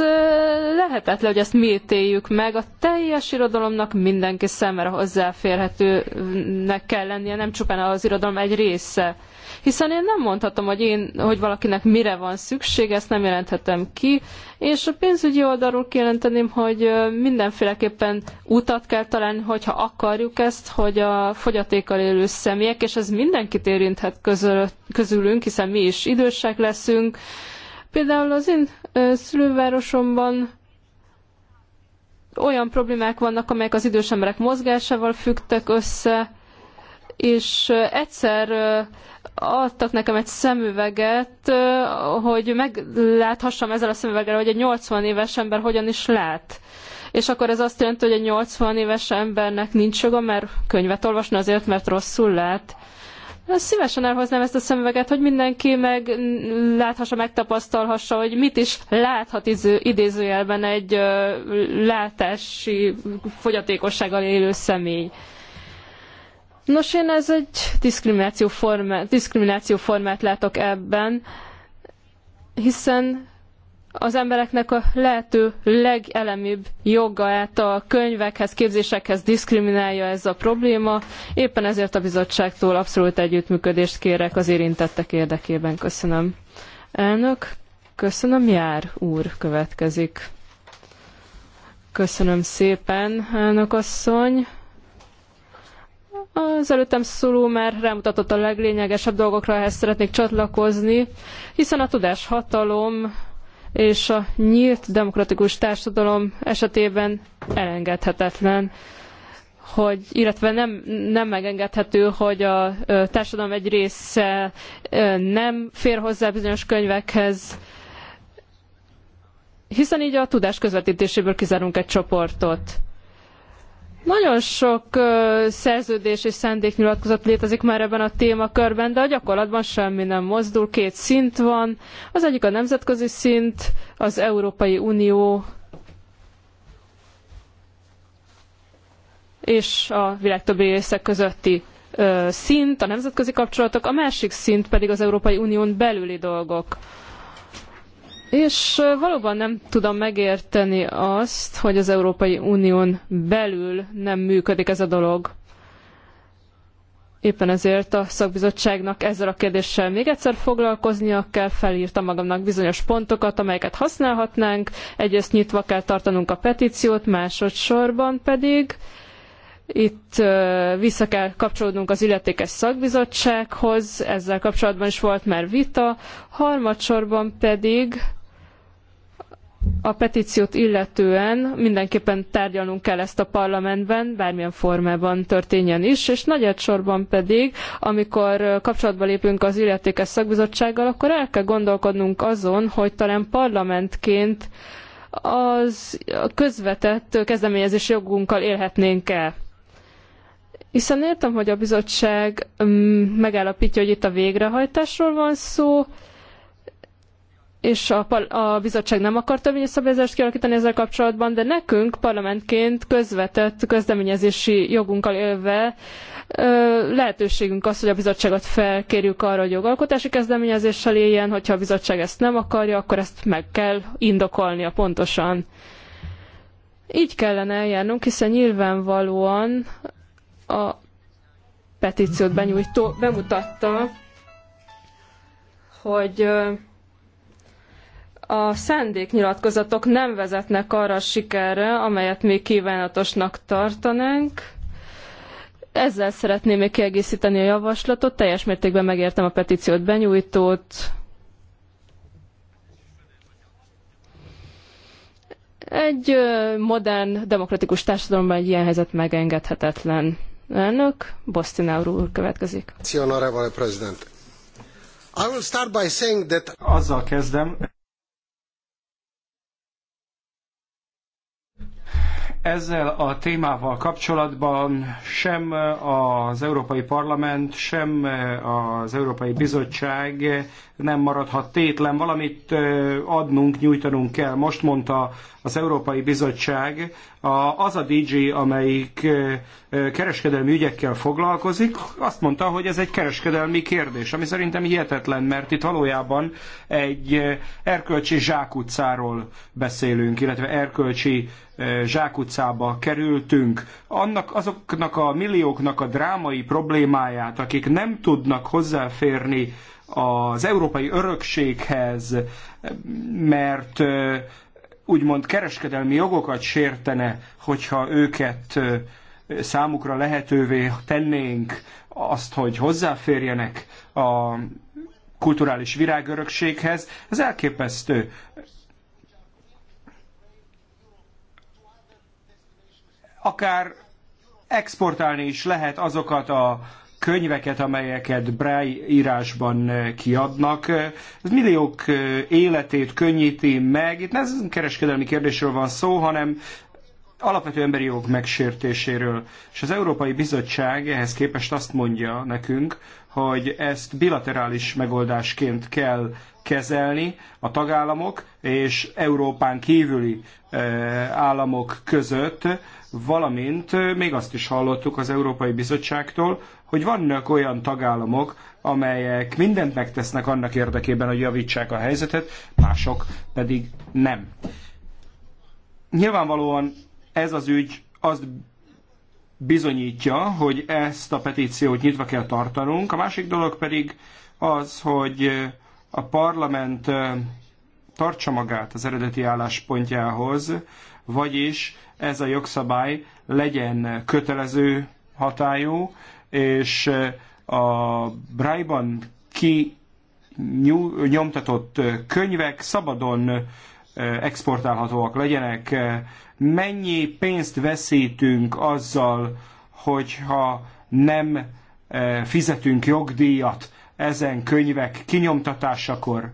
lehetetlen, hogy ezt mi ítéljük meg. A teljes irodalomnak mindenki szemre hozzáférhetőnek kell lennie, nem csupán az irodalom egy része. Hiszen én nem mondhatom, hogy, én, hogy valakinek mire van szüksége, ezt nem jelenthetem ki, és a pénzügyi oldalról kijelenteném, hogy mindenféleképpen utat kell találni, hogyha akarjuk ezt, hogy a fogyatékkal élő személyek, és ez mindenkit érinthet közül, közülünk, hiszen mi is idősek leszünk, Például az én szülővárosomban olyan problémák vannak, amelyek az idős emberek mozgásával függtek össze, és egyszer adtak nekem egy szemüveget, hogy megláthassam ezzel a szemüveggel, hogy egy 80 éves ember hogyan is lát. És akkor ez azt jelenti, hogy egy 80 éves embernek nincs joga, mert könyvet olvasni azért, mert rosszul lát. Szívesen elhoznám ezt a szemüveget, hogy mindenki meg láthassa, megtapasztalhassa, hogy mit is láthat idézőjelben egy látási fogyatékossággal élő személy. Nos, én ez egy diszkrimináció formát, diszkrimináció formát látok ebben, hiszen az embereknek a lehető legelemibb jogát a könyvekhez, képzésekhez diszkriminálja ez a probléma. Éppen ezért a bizottságtól abszolút együttműködést kérek az érintettek érdekében. Köszönöm. Elnök, köszönöm. Jár úr következik. Köszönöm szépen, elnök asszony. Az előttem szóló már rámutatott a leglényegesebb dolgokra, ehhez szeretnék csatlakozni, hiszen a tudás hatalom, és a nyílt demokratikus társadalom esetében elengedhetetlen hogy, illetve nem, nem megengedhető, hogy a társadalom egy része nem fér hozzá bizonyos könyvekhez, hiszen így a tudás közvetítéséből kizárunk egy csoportot. Nagyon sok szerződés és szándéknyilatkozat létezik már ebben a témakörben, de a gyakorlatban semmi nem mozdul. Két szint van. Az egyik a nemzetközi szint, az Európai Unió és a világ többi része közötti szint, a nemzetközi kapcsolatok, a másik szint pedig az Európai Unión belüli dolgok. És valóban nem tudom megérteni azt, hogy az Európai Unión belül nem működik ez a dolog. Éppen ezért a szakbizottságnak ezzel a kérdéssel még egyszer foglalkoznia kell, felírtam magamnak bizonyos pontokat, amelyeket használhatnánk, egyrészt nyitva kell tartanunk a petíciót, másodszorban pedig itt vissza kell kapcsolódnunk az illetékes szakbizottsághoz, ezzel kapcsolatban is volt már vita, harmadsorban pedig a petíciót illetően mindenképpen tárgyalnunk kell ezt a parlamentben, bármilyen formában történjen is, és nagy sorban pedig, amikor kapcsolatba lépünk az illetékes szakbizottsággal, akkor el kell gondolkodnunk azon, hogy talán parlamentként az közvetett kezdeményezés jogunkkal élhetnénk-e. Hiszen értem, hogy a bizottság mm, megállapítja, hogy itt a végrehajtásról van szó, és a, a bizottság nem akar törvényi szabályozást kialakítani ezzel kapcsolatban, de nekünk parlamentként közvetett közdeményezési jogunkkal élve lehetőségünk az, hogy a bizottságot felkérjük arra, hogy jogalkotási kezdeményezéssel éljen, hogyha a bizottság ezt nem akarja, akkor ezt meg kell indokolnia pontosan. Így kellene eljárnunk, hiszen nyilvánvalóan a petíciót benyújtó bemutatta, hogy a szándéknyilatkozatok nem vezetnek arra a sikerre, amelyet mi kívánatosnak tartanánk. Ezzel szeretném még kiegészíteni a javaslatot. Teljes mértékben megértem a petíciót benyújtót. Egy modern, demokratikus társadalomban egy ilyen helyzet megengedhetetlen. Elnök, Bosztinár úr következik. Azzal kezdem, Ezzel a témával kapcsolatban sem az Európai Parlament, sem az Európai Bizottság nem maradhat tétlen, valamit adnunk, nyújtanunk kell. Most mondta az Európai Bizottság, az a DG, amelyik kereskedelmi ügyekkel foglalkozik, azt mondta, hogy ez egy kereskedelmi kérdés, ami szerintem hihetetlen, mert itt valójában egy erkölcsi zsákutcáról beszélünk, illetve erkölcsi zsákutcába kerültünk. Annak, azoknak a millióknak a drámai problémáját, akik nem tudnak hozzáférni az európai örökséghez, mert úgymond kereskedelmi jogokat sértene, hogyha őket számukra lehetővé tennénk azt, hogy hozzáférjenek a kulturális virágörökséghez. Ez elképesztő. Akár exportálni is lehet azokat a könyveket, amelyeket Braille írásban eh, kiadnak. Ez milliók eh, életét könnyíti meg. Itt nem kereskedelmi kérdésről van szó, hanem alapvető emberi jog megsértéséről. És az Európai Bizottság ehhez képest azt mondja nekünk, hogy ezt bilaterális megoldásként kell kezelni a tagállamok és Európán kívüli eh, államok között, valamint még azt is hallottuk az Európai Bizottságtól, hogy vannak olyan tagállamok, amelyek mindent megtesznek annak érdekében, hogy javítsák a helyzetet, mások pedig nem. Nyilvánvalóan ez az ügy azt bizonyítja, hogy ezt a petíciót nyitva kell tartanunk. A másik dolog pedig az, hogy a parlament tartsa magát az eredeti álláspontjához, vagyis ez a jogszabály legyen kötelező hatályú, és eh, a Braiban ki nyomtatott eh, könyvek szabadon eh, exportálhatóak legyenek. Mennyi pénzt veszítünk azzal, hogyha nem fizetünk jogdíjat ezen könyvek kinyomtatásakor?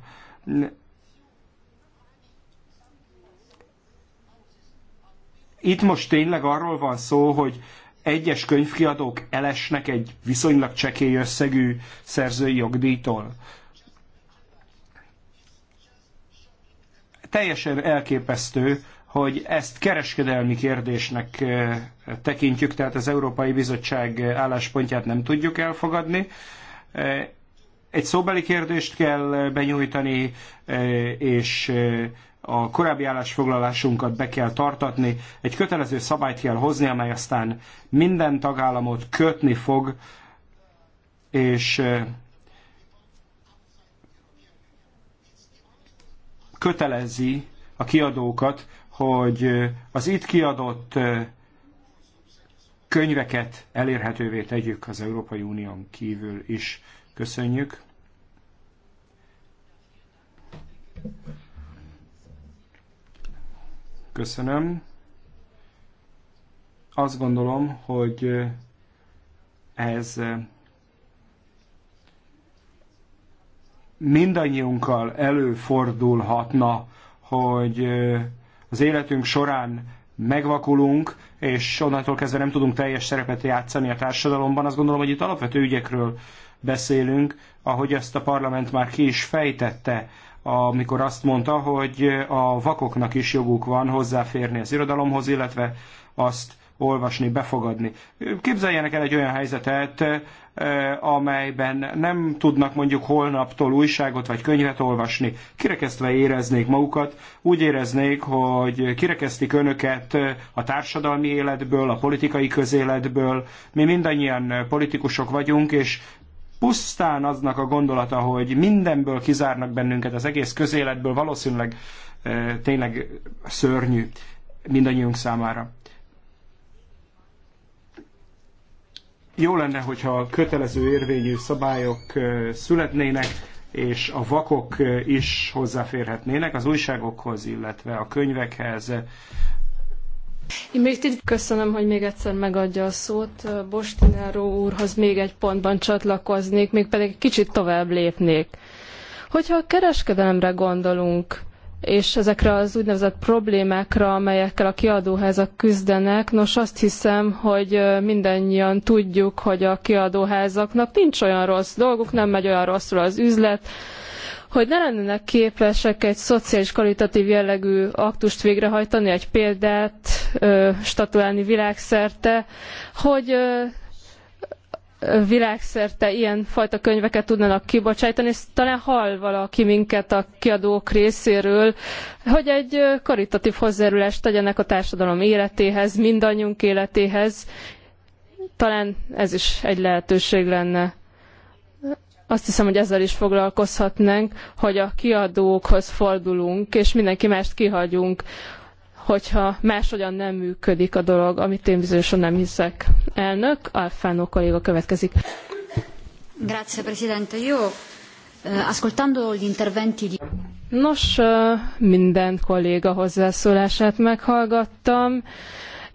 Itt most tényleg arról van szó, hogy egyes könyvkiadók elesnek egy viszonylag csekély összegű szerzői jogdíjtól. Teljesen elképesztő, hogy ezt kereskedelmi kérdésnek eh, tekintjük, tehát az Európai Bizottság álláspontját nem tudjuk elfogadni. Eh, egy szóbeli kérdést kell benyújtani, eh, és a korábbi állásfoglalásunkat be kell tartatni, egy kötelező szabályt kell hozni, amely aztán minden tagállamot kötni fog, és kötelezi a kiadókat, hogy az itt kiadott könyveket elérhetővé tegyük az Európai Unión kívül is. Köszönjük! Köszönöm. Azt gondolom, hogy ez mindannyiunkkal előfordulhatna, hogy az életünk során megvakulunk, és onnantól kezdve nem tudunk teljes szerepet játszani a társadalomban. Azt gondolom, hogy itt alapvető ügyekről beszélünk, ahogy ezt a parlament már ki is fejtette amikor azt mondta, hogy a vakoknak is joguk van hozzáférni az irodalomhoz, illetve azt olvasni, befogadni. Képzeljenek el egy olyan helyzetet, eh, amelyben nem tudnak mondjuk holnaptól újságot vagy könyvet olvasni. Kirekesztve éreznék magukat, úgy éreznék, hogy kirekesztik önöket eh, a társadalmi életből, a politikai közéletből. Mi mindannyian eh, politikusok vagyunk, és pusztán aznak a gondolata, hogy mindenből kizárnak bennünket, az egész közéletből valószínűleg tényleg szörnyű mindannyiunk számára. Jó lenne, hogyha kötelező érvényű szabályok születnének, és a vakok is hozzáférhetnének az újságokhoz, illetve a könyvekhez, Köszönöm, hogy még egyszer megadja a szót. Bostináró úrhoz még egy pontban csatlakoznék, mégpedig egy kicsit tovább lépnék. Hogyha a kereskedelemre gondolunk, és ezekre az úgynevezett problémákra, amelyekkel a kiadóházak küzdenek. Nos, azt hiszem, hogy mindannyian tudjuk, hogy a kiadóházaknak nincs olyan rossz dolguk, nem megy olyan rosszul az üzlet, hogy ne lennének képesek egy szociális karitatív jellegű aktust végrehajtani, egy példát ö, statuálni világszerte, hogy ö, világszerte ilyen fajta könyveket tudnának kibocsátani, és talán hall valaki minket a kiadók részéről, hogy egy karitatív hozzájárulást tegyenek a társadalom életéhez, mindannyiunk életéhez. Talán ez is egy lehetőség lenne azt hiszem, hogy ezzel is foglalkozhatnánk, hogy a kiadókhoz fordulunk, és mindenki mást kihagyunk, hogyha máshogyan nem működik a dolog, amit én bizonyosan nem hiszek. Elnök, Alfánó kolléga következik. Grazie, Presidente. Jó, eh, ascoltando gli interventi di... Nos, eh, minden kolléga hozzászólását meghallgattam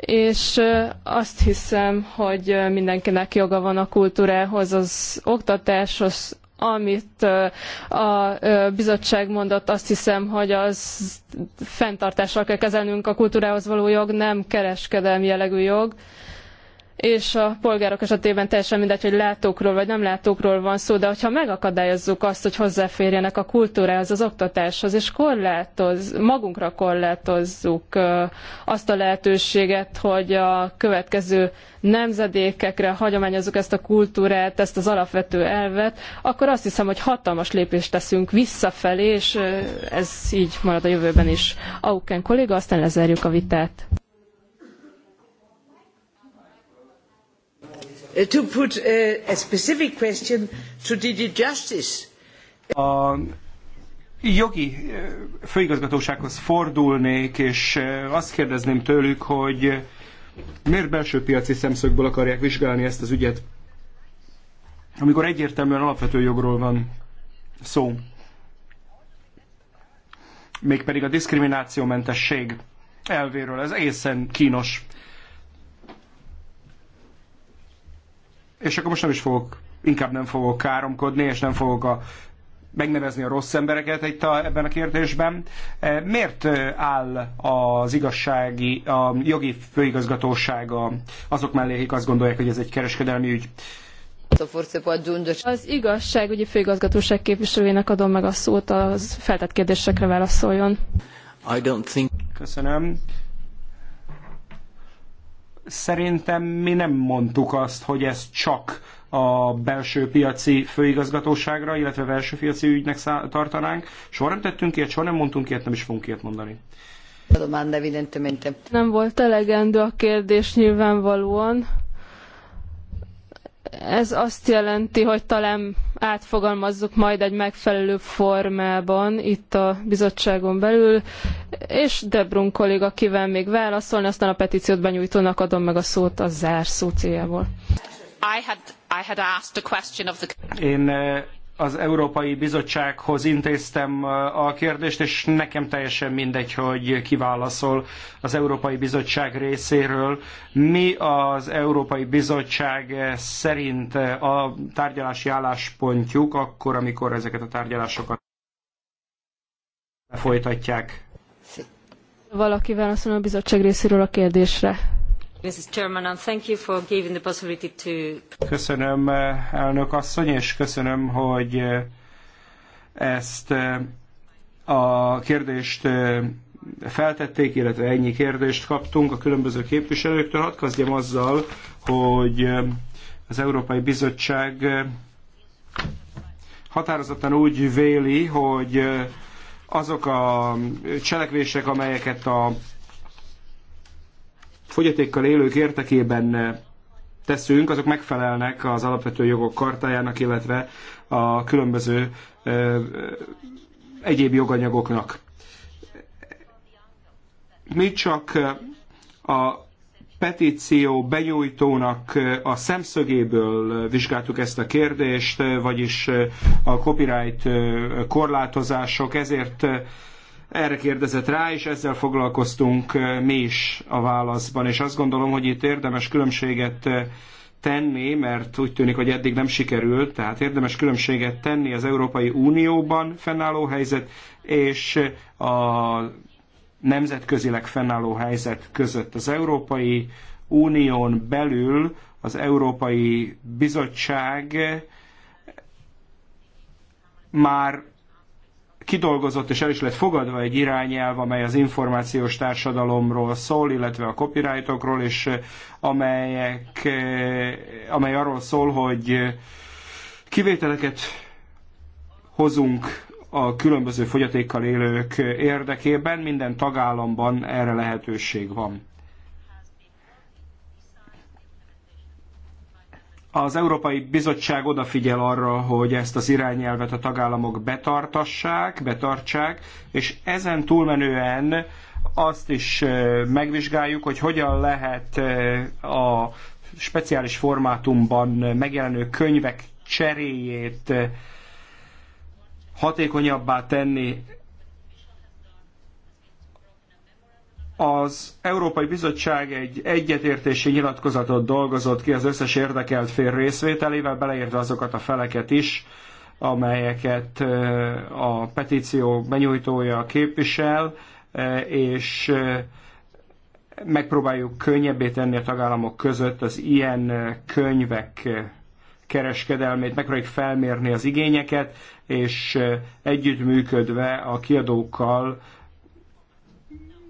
és azt hiszem, hogy mindenkinek joga van a kultúrához, az oktatáshoz, amit a bizottság mondott, azt hiszem, hogy az fenntartással kell kezelnünk a kultúrához való jog, nem kereskedelmi jellegű jog és a polgárok esetében teljesen mindegy, hogy látókról vagy nem látókról van szó, de hogyha megakadályozzuk azt, hogy hozzáférjenek a kultúrához, az oktatáshoz, és korlátoz, magunkra korlátozzuk azt a lehetőséget, hogy a következő nemzedékekre hagyományozzuk ezt a kultúrát, ezt az alapvető elvet, akkor azt hiszem, hogy hatalmas lépést teszünk visszafelé, és ez így marad a jövőben is. Auken kolléga, aztán lezárjuk a vitát. Uh, to put a, a specific question to DD Justice. A jogi uh, főigazgatósághoz fordulnék, és uh, azt kérdezném tőlük, hogy miért belső piaci szemszögből akarják vizsgálni ezt az ügyet, amikor egyértelműen alapvető jogról van szó. Mégpedig a diszkriminációmentesség elvéről. Ez egészen kínos és akkor most nem is fogok, inkább nem fogok káromkodni, és nem fogok a, megnevezni a rossz embereket itt a, ebben a kérdésben. E, miért e, áll az igazsági, a jogi főigazgatósága azok mellé, akik azt gondolják, hogy ez egy kereskedelmi ügy? Az igazságügyi főigazgatóság képviselőjének adom meg a szót, az feltett kérdésekre válaszoljon. I don't think... Köszönöm. Szerintem mi nem mondtuk azt, hogy ez csak a belső piaci főigazgatóságra, illetve belső piaci ügynek szá- tartanánk. Soha nem tettünk ilyet, soha nem mondtunk ilyet, nem is fogunk ilyet mondani. Nem volt elegendő a kérdés nyilvánvalóan. Ez azt jelenti, hogy talán átfogalmazzuk majd egy megfelelő formában itt a bizottságon belül, és Debrun kolléga kíván még válaszolni, aztán a petíciót benyújtónak adom meg a szót a zárszó céljából. Én az Európai Bizottsághoz intéztem a kérdést, és nekem teljesen mindegy, hogy kiválaszol az Európai Bizottság részéről. Mi az Európai Bizottság szerint a tárgyalási álláspontjuk akkor, amikor ezeket a tárgyalásokat folytatják? Valaki válaszol a bizottság részéről a kérdésre. Köszönöm, elnök asszony, és köszönöm, hogy eh, ezt eh, a kérdést eh, feltették, illetve ennyi kérdést kaptunk a különböző képviselőktől. Hadd kezdjem azzal, hogy az Európai Bizottság határozottan úgy véli, hogy azok a cselekvések, amelyeket a fogyatékkal élők értekében eh, teszünk, azok megfelelnek az alapvető jogok kartájának, illetve a különböző eh, egyéb joganyagoknak. Mi csak eh, a petíció benyújtónak a szemszögéből vizsgáltuk ezt a kérdést, vagyis a copyright korlátozások ezért erre kérdezett rá, és ezzel foglalkoztunk eh, mi is a válaszban, és azt gondolom, hogy itt érdemes különbséget eh, tenni, mert úgy tűnik, hogy eddig nem sikerült, tehát érdemes különbséget tenni az Európai Unióban fennálló helyzet és a nemzetközileg fennálló helyzet között. Az Európai Unión belül az Európai Bizottság eh, már kidolgozott és el is lett fogadva egy irányelv, amely az információs társadalomról szól, illetve a copyrightokról, és eh, amelyek, eh, amely arról szól, hogy eh, kivételeket hozunk a különböző fogyatékkal élők érdekében, minden tagállamban erre lehetőség van. Az Európai Bizottság odafigyel arra, hogy ezt az irányelvet a tagállamok betartassák, betartsák, és ezen túlmenően azt is megvizsgáljuk, hogy hogyan lehet a speciális formátumban megjelenő könyvek cseréjét hatékonyabbá tenni. az Európai Bizottság egy egyetértési nyilatkozatot dolgozott ki az összes érdekelt fél részvételével, beleértve azokat a feleket is, amelyeket a petíció benyújtója képvisel, és megpróbáljuk könnyebbé tenni a tagállamok között az ilyen könyvek kereskedelmét, megpróbáljuk felmérni az igényeket, és együttműködve a kiadókkal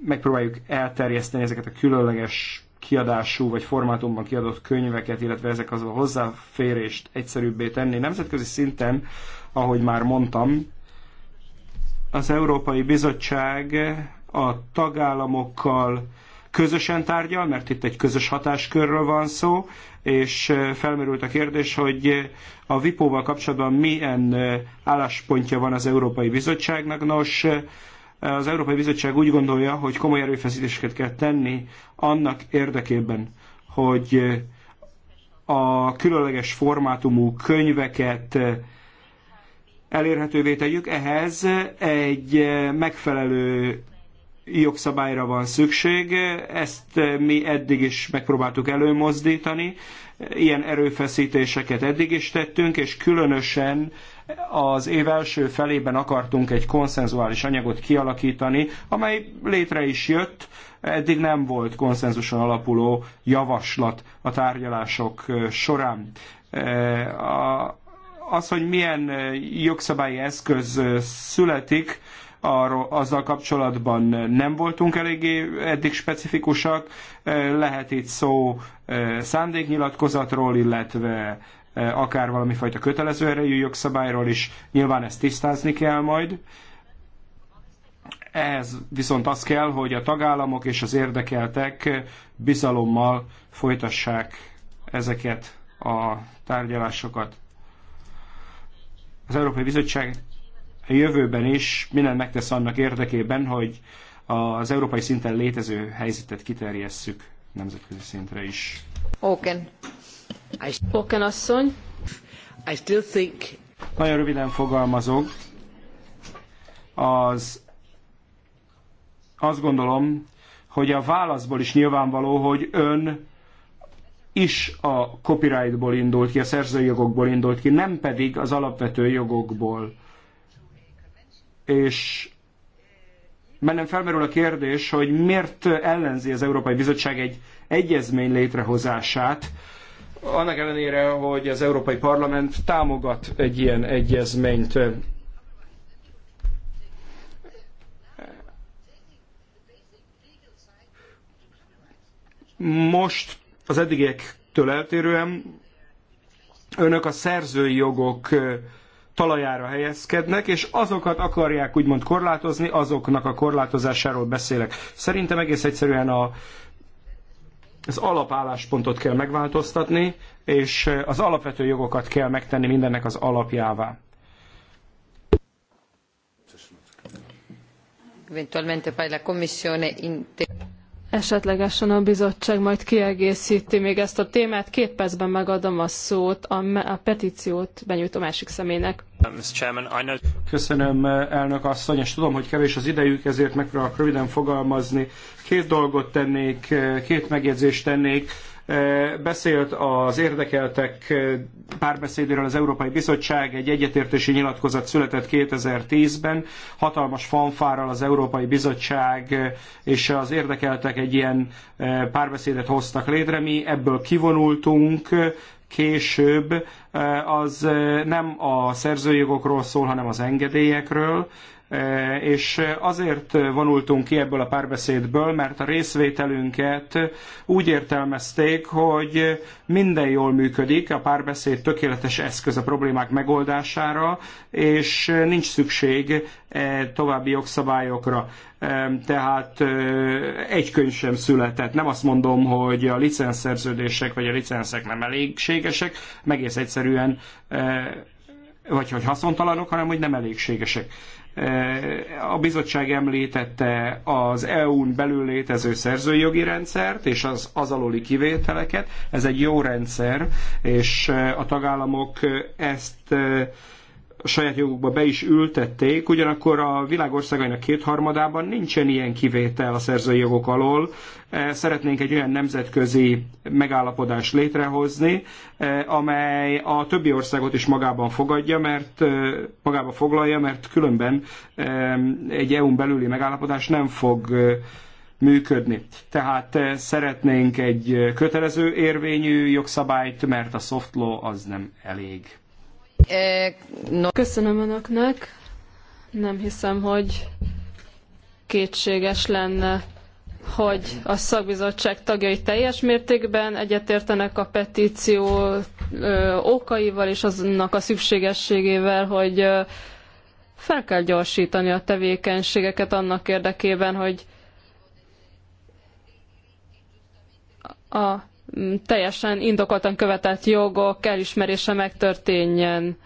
megpróbáljuk elterjeszteni ezeket a különleges kiadású vagy formátumban kiadott könyveket, illetve ezek az a hozzáférést egyszerűbbé tenni. Nemzetközi szinten, ahogy már mondtam, az Európai Bizottság a tagállamokkal közösen tárgyal, mert itt egy közös hatáskörről van szó, és felmerült a kérdés, hogy a VIPO-val kapcsolatban milyen álláspontja van az Európai Bizottságnak. Nos, az Európai Bizottság úgy gondolja, hogy komoly erőfeszítéseket kell tenni annak érdekében, hogy a különleges formátumú könyveket elérhetővé tegyük. Ehhez egy megfelelő jogszabályra van szükség, ezt mi eddig is megpróbáltuk előmozdítani, ilyen erőfeszítéseket eddig is tettünk, és különösen az év első felében akartunk egy konszenzuális anyagot kialakítani, amely létre is jött, eddig nem volt konszenzuson alapuló javaslat a tárgyalások során. Az, hogy milyen jogszabályi eszköz születik, arról, azzal kapcsolatban nem voltunk eléggé eddig specifikusak. Lehet itt szó szándéknyilatkozatról, illetve E, akár valami fajta kötelező erejű jogszabályról is, nyilván ezt tisztázni kell majd. Ehhez viszont az kell, hogy a tagállamok és az érdekeltek bizalommal folytassák ezeket a tárgyalásokat. Az Európai Bizottság a jövőben is mindent megtesz annak érdekében, hogy az európai szinten létező helyzetet kiterjesszük nemzetközi szintre is. Okay. Hocken asszony. I still think... Nagyon röviden fogalmazok. Az, azt gondolom, hogy a válaszból is nyilvánvaló, hogy ön is a copyrightból indult ki, a szerzői jogokból indult ki, nem pedig az alapvető jogokból. És bennem felmerül a kérdés, hogy miért ellenzi az Európai Bizottság egy egyezmény létrehozását, annak ellenére, hogy az Európai Parlament támogat egy ilyen egyezményt. Most az eddigiektől eltérően önök a szerzői jogok talajára helyezkednek, és azokat akarják úgymond korlátozni, azoknak a korlátozásáról beszélek. Szerintem egész egyszerűen a az alapálláspontot kell megváltoztatni, és az alapvető jogokat kell megtenni mindennek az alapjává. Eventualmente poi la Commissione Esetlegesen a bizottság majd kiegészíti még ezt a témát. Két percben megadom a szót, a, a petíciót benyújtom a másik személynek. Köszönöm, elnök asszony, és tudom, hogy kevés az idejük, ezért megpróbálok röviden fogalmazni. Két dolgot tennék, két megjegyzést tennék Beszélt az érdekeltek párbeszédéről az Európai Bizottság, egy egyetértési nyilatkozat született 2010-ben, hatalmas fanfárral az Európai Bizottság és az érdekeltek egy ilyen párbeszédet hoztak létre. Mi ebből kivonultunk, később, az nem a szerzőjogokról szól, hanem az engedélyekről, Eh, és azért vonultunk ki ebből a párbeszédből, mert a részvételünket úgy értelmezték, hogy minden jól működik, a párbeszéd tökéletes eszköz a problémák megoldására, és nincs szükség eh, további jogszabályokra. Tehát eh, egy könyv sem született. Nem azt mondom, hogy a licenszerződések vagy a licenszek nem elégségesek, meg egész egyszerűen vagy hogy haszontalanok, hanem hogy nem elégségesek a bizottság említette az EU-n belül létező szerzőjogi rendszert és az, az aluli kivételeket. Ez egy jó rendszer, és a tagállamok ezt saját jogukba be is ültették, ugyanakkor a világ országainak kétharmadában nincsen ilyen kivétel a szerzői jogok alól. E, szeretnénk egy olyan nemzetközi megállapodást létrehozni, e, amely a többi országot is magában fogadja, mert e, magába foglalja, mert különben egy EU-n belüli megállapodás nem fog működni. Tehát szeretnénk egy kötelező érvényű jogszabályt, mert a soft law az nem elég. Eh, Köszönöm önöknek. Nem hiszem, hogy kétséges lenne, hogy a szakbizottság tagjai teljes mértékben egyetértenek a petíció okaival és aznak a szükségességével, hogy fel kell gyorsítani a tevékenységeket annak érdekében, hogy a Mm, teljesen indokoltan követett jogok elismerése megtörténjen.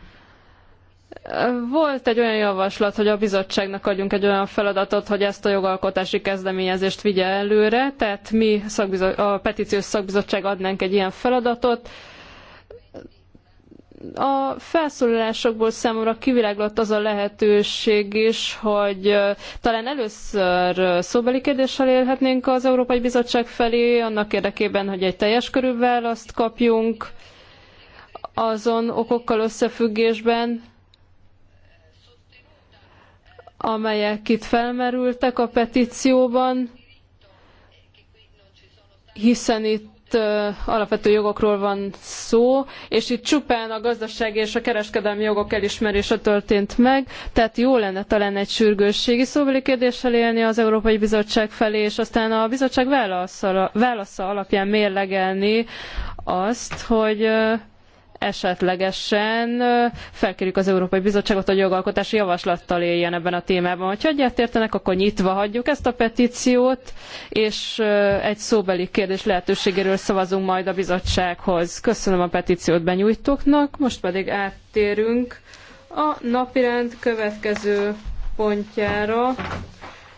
Volt egy olyan javaslat, hogy a bizottságnak adjunk egy olyan feladatot, hogy ezt a jogalkotási kezdeményezést vigye előre, tehát mi a petíciós szakbizottság adnánk egy ilyen feladatot, a felszólalásokból számomra kiviláglott az a lehetőség is, hogy talán először szóbeli kérdéssel élhetnénk az Európai Bizottság felé, annak érdekében, hogy egy teljes körű választ kapjunk azon okokkal összefüggésben, amelyek itt felmerültek a petícióban, hiszen itt itt alapvető jogokról van szó, és itt csupán a gazdasági és a kereskedelmi jogok elismerése történt meg, tehát jó lenne talán egy sürgősségi szóbeli kérdéssel élni az Európai Bizottság felé, és aztán a bizottság válasza, válasza alapján mérlegelni azt, hogy esetlegesen felkérjük az Európai Bizottságot, hogy jogalkotási javaslattal éljen ebben a témában. Ha egyetértenek, akkor nyitva hagyjuk ezt a petíciót, és egy szóbeli kérdés lehetőségéről szavazunk majd a bizottsághoz. Köszönöm a petíciót benyújtóknak, most pedig áttérünk a napirend következő pontjára.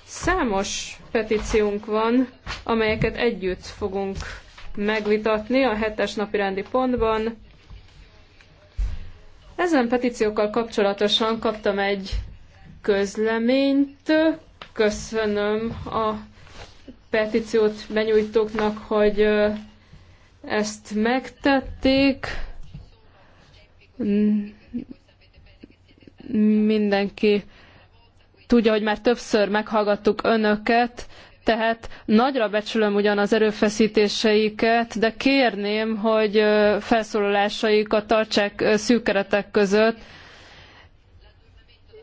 Számos petíciónk van, amelyeket együtt fogunk megvitatni a hetes napi rendi pontban. Ezen petíciókkal kapcsolatosan kaptam egy közleményt. Köszönöm a petíciót benyújtóknak, hogy ezt megtették. Mindenki tudja, hogy már többször meghallgattuk önöket, tehát nagyra becsülöm ugyan az erőfeszítéseiket, de kérném, hogy felszólalásaikat tartsák szűk keretek között,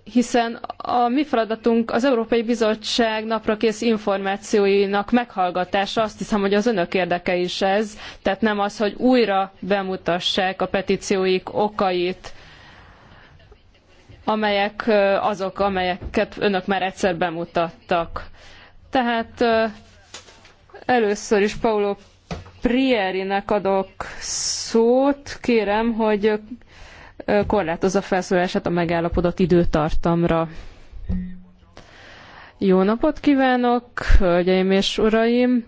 hiszen a mi feladatunk az Európai Bizottság naprakész információinak meghallgatása, azt hiszem, hogy az önök érdeke is ez, tehát nem az, hogy újra bemutassák a petícióik okait, amelyek azok, amelyeket önök már egyszer bemutattak. Tehát először is Paulo Prierinek adok szót. Kérem, hogy korlátozza felszólását a megállapodott időtartamra. Jó napot kívánok, hölgyeim és uraim!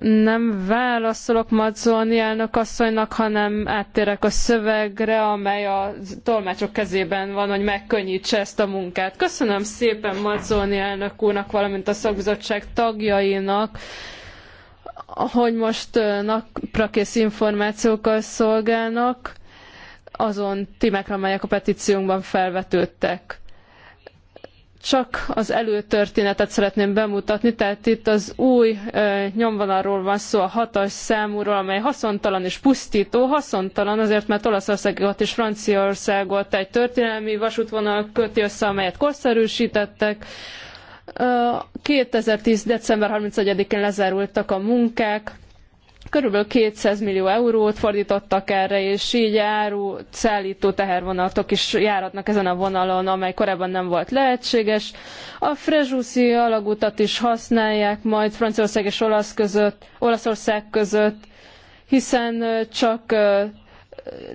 nem válaszolok Mazzoni elnök asszonynak, hanem áttérek a szövegre, amely a tolmácsok kezében van, hogy megkönnyítse ezt a munkát. Köszönöm szépen Mazzoni elnök úrnak, valamint a szakbizottság tagjainak, hogy most naprakész információkkal szolgálnak azon témákra, amelyek a petíciónkban felvetődtek. Csak az előtörténetet szeretném bemutatni, tehát itt az új e, nyomvonalról van szó, a hatas számúról, amely haszontalan és pusztító. Haszontalan azért, mert Olaszországot és Franciaországot egy történelmi vasútvonal köti össze, amelyet korszerűsítettek. 2010. december 31-én lezárultak a munkák, Körülbelül 200 millió eurót fordítottak erre, és így áru szállító tehervonatok is járatnak ezen a vonalon, amely korábban nem volt lehetséges. A Frezsúszi alagutat is használják majd Franciaország és Olasz között, Olaszország között, hiszen csak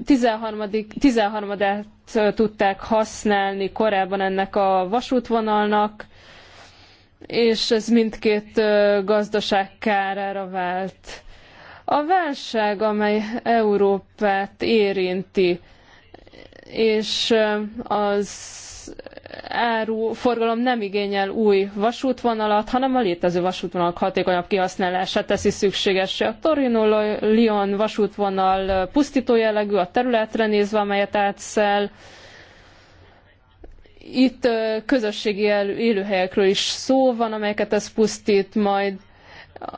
13. 13 tudták használni korábban ennek a vasútvonalnak, és ez mindkét gazdaság kárára vált. A válság, amely Európát érinti, és az áru forgalom nem igényel új vasútvonalat, hanem a létező vasútvonalak hatékonyabb kihasználását teszi szükségessé. A Torino-Lyon vasútvonal pusztító jellegű a területre nézve, amelyet átszel. Itt közösségi élőhelyekről is szó van, amelyeket ez pusztít majd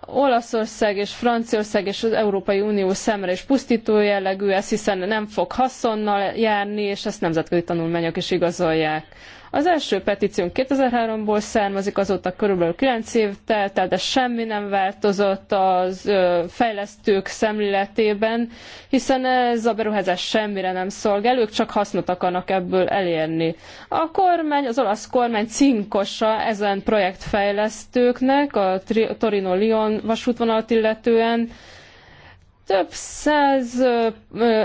Olaszország és Franciaország és az Európai Unió szemre is pusztító jellegű ez, hiszen nem fog haszonnal járni, és ezt nemzetközi tanulmányok is igazolják. Az első petíciónk 2003-ból származik, azóta körülbelül 9 év telt el, de semmi nem változott az fejlesztők szemléletében, hiszen ez a beruházás semmire nem szolgál, ők csak hasznot akarnak ebből elérni. A kormány, az olasz kormány cinkosa ezen projektfejlesztőknek, a Torino-Lyon vasútvonalat illetően, több száz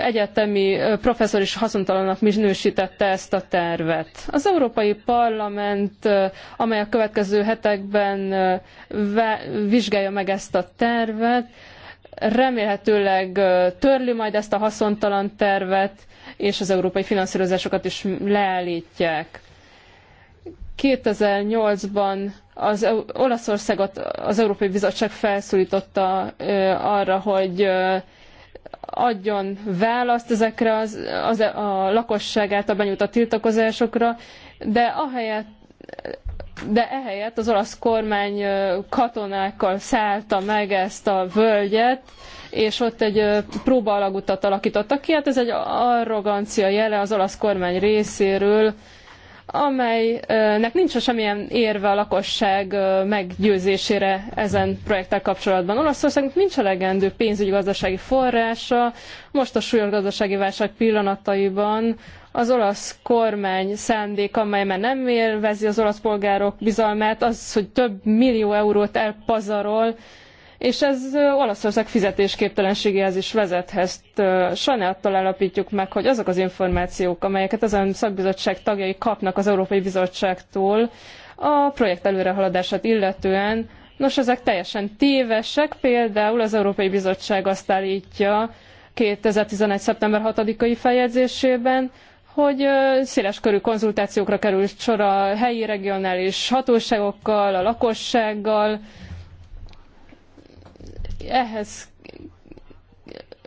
egyetemi professzor is haszontalannak minősítette ezt a tervet. Az Európai Parlament, amely a következő hetekben vizsgálja meg ezt a tervet, remélhetőleg törli majd ezt a haszontalan tervet, és az európai finanszírozásokat is leállítják. 2008-ban az Olaszországot az Európai Bizottság felszólította arra, hogy adjon választ ezekre az, az a lakosság által benyújtott tiltakozásokra, de ahelyett de ehelyett az olasz kormány katonákkal szállta meg ezt a völgyet, és ott egy próbaalagútat alakítottak ki. Hát ez egy arrogancia jele az olasz kormány részéről, amelynek nincs semmilyen érve a lakosság meggyőzésére ezen projekttel kapcsolatban. Olaszországnak nincs elegendő pénzügyi-gazdasági forrása, most a súlyos gazdasági válság pillanataiban az olasz kormány szándék, amely már nem élvezi az olasz polgárok bizalmát, az, hogy több millió eurót elpazarol, és ez Olaszország fizetésképtelenségéhez is vezethez. Sajnálattal állapítjuk meg, hogy azok az információk, amelyeket ezen szakbizottság tagjai kapnak az Európai Bizottságtól a projekt előrehaladását illetően, nos, ezek teljesen tévesek, például az Európai Bizottság azt állítja 2011. szeptember 6-ai feljegyzésében, hogy széles körű konzultációkra került sor a helyi regionális hatóságokkal, a lakossággal, ehhez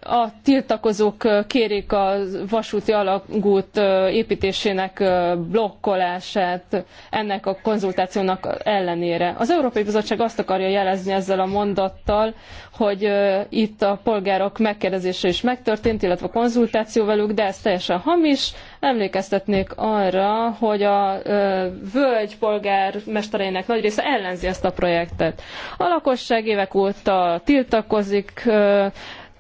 a tiltakozók kérik a vasúti alagút építésének blokkolását ennek a konzultációnak ellenére. Az Európai Bizottság azt akarja jelezni ezzel a mondattal, hogy itt a polgárok megkérdezése is megtörtént, illetve konzultáció velük, de ez teljesen hamis. Emlékeztetnék arra, hogy a völgy polgármestereinek nagy része ellenzi ezt a projektet. A lakosság évek óta tiltakozik,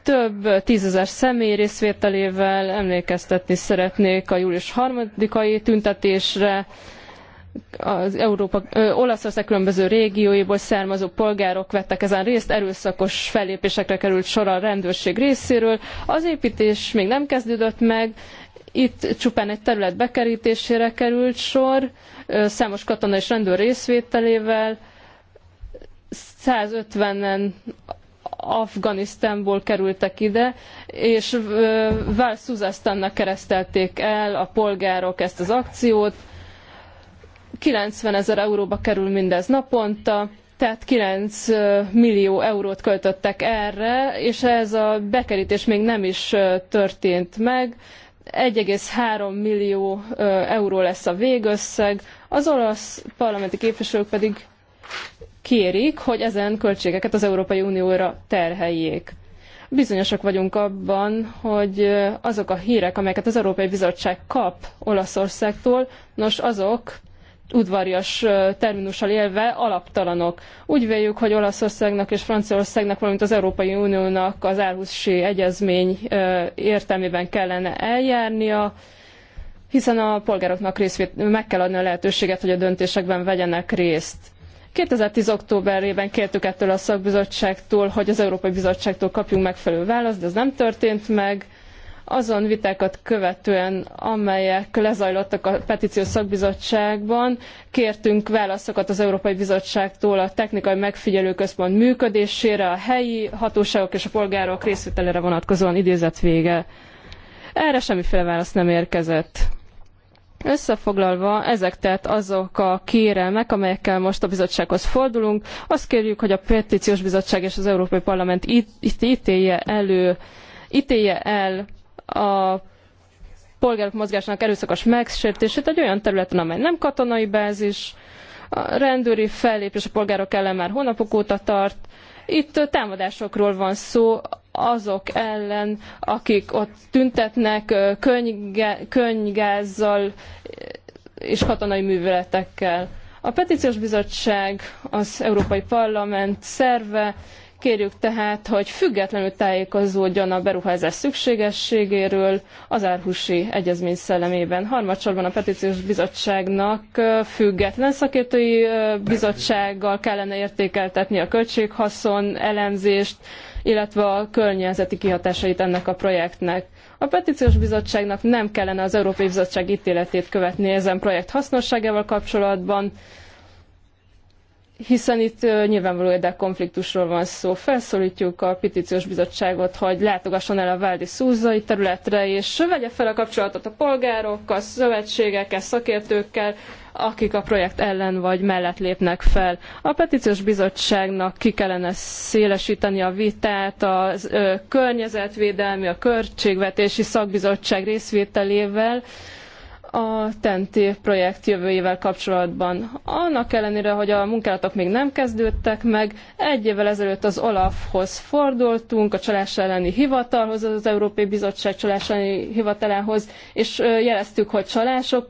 több tízezer személy részvételével emlékeztetni szeretnék a július 3-ai tüntetésre, az Európa, ö, Olaszország különböző régióiból származó polgárok vettek ezen részt, erőszakos fellépésekre került sor a rendőrség részéről. Az építés még nem kezdődött meg, itt csupán egy terület bekerítésére került sor, ö, számos katona és rendőr részvételével, 150-en Afganisztánból kerültek ide, és Val Suzasztannak keresztelték el a polgárok ezt az akciót. 90 ezer euróba kerül mindez naponta, tehát 9 millió eurót költöttek erre, és ez a bekerítés még nem is történt meg. 1,3 millió euró lesz a végösszeg, az olasz parlamenti képviselők pedig kérik, hogy ezen költségeket az Európai Unióra terheljék. Bizonyosak vagyunk abban, hogy azok a hírek, amelyeket az Európai Bizottság kap Olaszországtól, nos azok udvarias terminussal élve alaptalanok. Úgy véljük, hogy Olaszországnak és Franciaországnak, valamint az Európai Uniónak az Árhussi Egyezmény értelmében kellene eljárnia, hiszen a polgároknak részvét, meg kell adni a lehetőséget, hogy a döntésekben vegyenek részt. 2010. októberében kértük ettől a szakbizottságtól, hogy az Európai Bizottságtól kapjunk megfelelő választ, de ez nem történt meg. Azon vitákat követően, amelyek lezajlottak a petíció szakbizottságban, kértünk válaszokat az Európai Bizottságtól a technikai megfigyelőközpont működésére, a helyi hatóságok és a polgárok részvételére vonatkozóan idézett vége. Erre semmiféle válasz nem érkezett. Összefoglalva, ezek tehát azok a kérelmek, amelyekkel most a bizottsághoz fordulunk. Azt kérjük, hogy a petíciós bizottság és az Európai Parlament itt, ítélje elő, ítélje el a polgárok mozgásának erőszakos megsértését egy olyan területen, amely nem katonai bázis, a rendőri fellépés a polgárok ellen már hónapok óta tart. Itt támadásokról van szó, azok ellen, akik ott tüntetnek könyge, könygázzal és katonai műveletekkel. A petíciós bizottság az Európai Parlament szerve, kérjük tehát, hogy függetlenül tájékozódjon a beruházás szükségességéről az Árhusi Egyezmény szellemében. Harmadsorban a petíciós bizottságnak független szakértői bizottsággal kellene értékeltetni a költséghaszon elemzést, illetve a környezeti kihatásait ennek a projektnek. A petíciós bizottságnak nem kellene az Európai Bizottság ítéletét követni ezen projekt hasznosságával kapcsolatban, hiszen itt nyilvánvaló érdekkonfliktusról van szó. Felszólítjuk a petíciós bizottságot, hogy látogasson el a Váldi Szúzai területre, és vegye fel a kapcsolatot a polgárokkal, szövetségekkel, szakértőkkel, akik a projekt ellen vagy mellett lépnek fel. A petíciós bizottságnak ki kellene szélesíteni a vitát, a környezetvédelmi, a költségvetési szakbizottság részvételével, a TENTI projekt jövőjével kapcsolatban. Annak ellenére, hogy a munkálatok még nem kezdődtek meg, egy évvel ezelőtt az Olafhoz fordultunk, a csalás elleni hivatalhoz, az Európai Bizottság csalás elleni hivatalához, és jeleztük, hogy csalások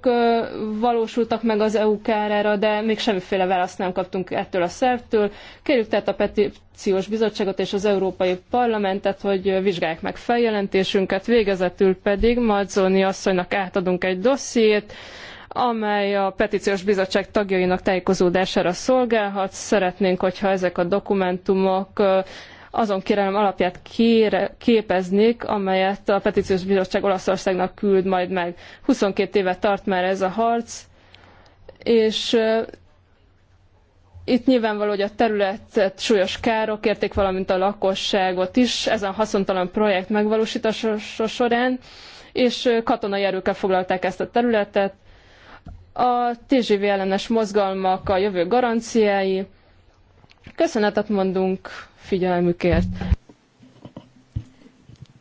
valósultak meg az EU kárára, de még semmiféle választ nem kaptunk ettől a szervtől. Kérjük tehát a petíciós bizottságot és az Európai Parlamentet, hogy vizsgálják meg feljelentésünket, végezetül pedig Madzoni asszonynak átadunk egy dossziét, dossziét, amely a petíciós bizottság tagjainak tájékozódására szolgálhat. Szeretnénk, hogyha ezek a dokumentumok azon kérelem alapját kére, képeznék, amelyet a petíciós bizottság Olaszországnak küld majd meg. 22 éve tart már ez a harc, és itt nyilvánvaló, hogy a területet súlyos károk érték, valamint a lakosságot is ezen haszontalan projekt megvalósítása során és katonai erőkkel foglalták ezt a területet. A TGV ellenes mozgalmak a jövő garanciái. Köszönetet mondunk figyelmükért.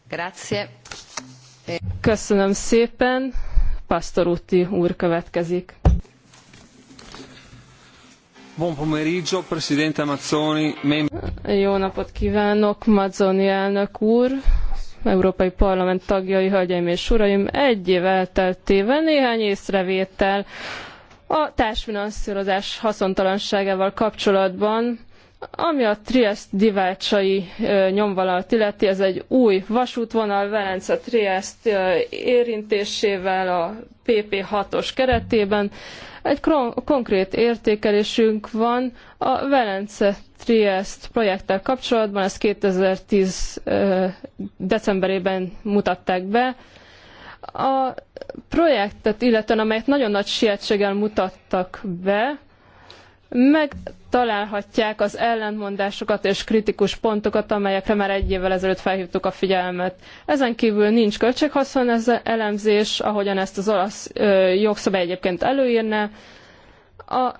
Grazie. Köszönöm szépen. Pastoruti úr következik. Buon pomeriggio, Presidente Mazzoni. Jó napot kívánok, Mazzoni elnök úr, Európai Parlament tagjai, hölgyeim és uraim, egy év elteltével néhány észrevétel a társfinanszírozás haszontalanságával kapcsolatban, ami a Triest divácsai nyomvonalat illeti, ez egy új vasútvonal Velence Triest érintésével a PP6-os keretében. Egy konkrét értékelésünk van a Velence Triest projekttel kapcsolatban, ezt 2010 decemberében mutatták be. A projektet illetően, amelyet nagyon nagy sietséggel mutattak be, megtalálhatják az ellentmondásokat és kritikus pontokat, amelyekre már egy évvel ezelőtt felhívtuk a figyelmet. Ezen kívül nincs költséghaszon ez elemzés, ahogyan ezt az olasz jogszabály egyébként előírna. A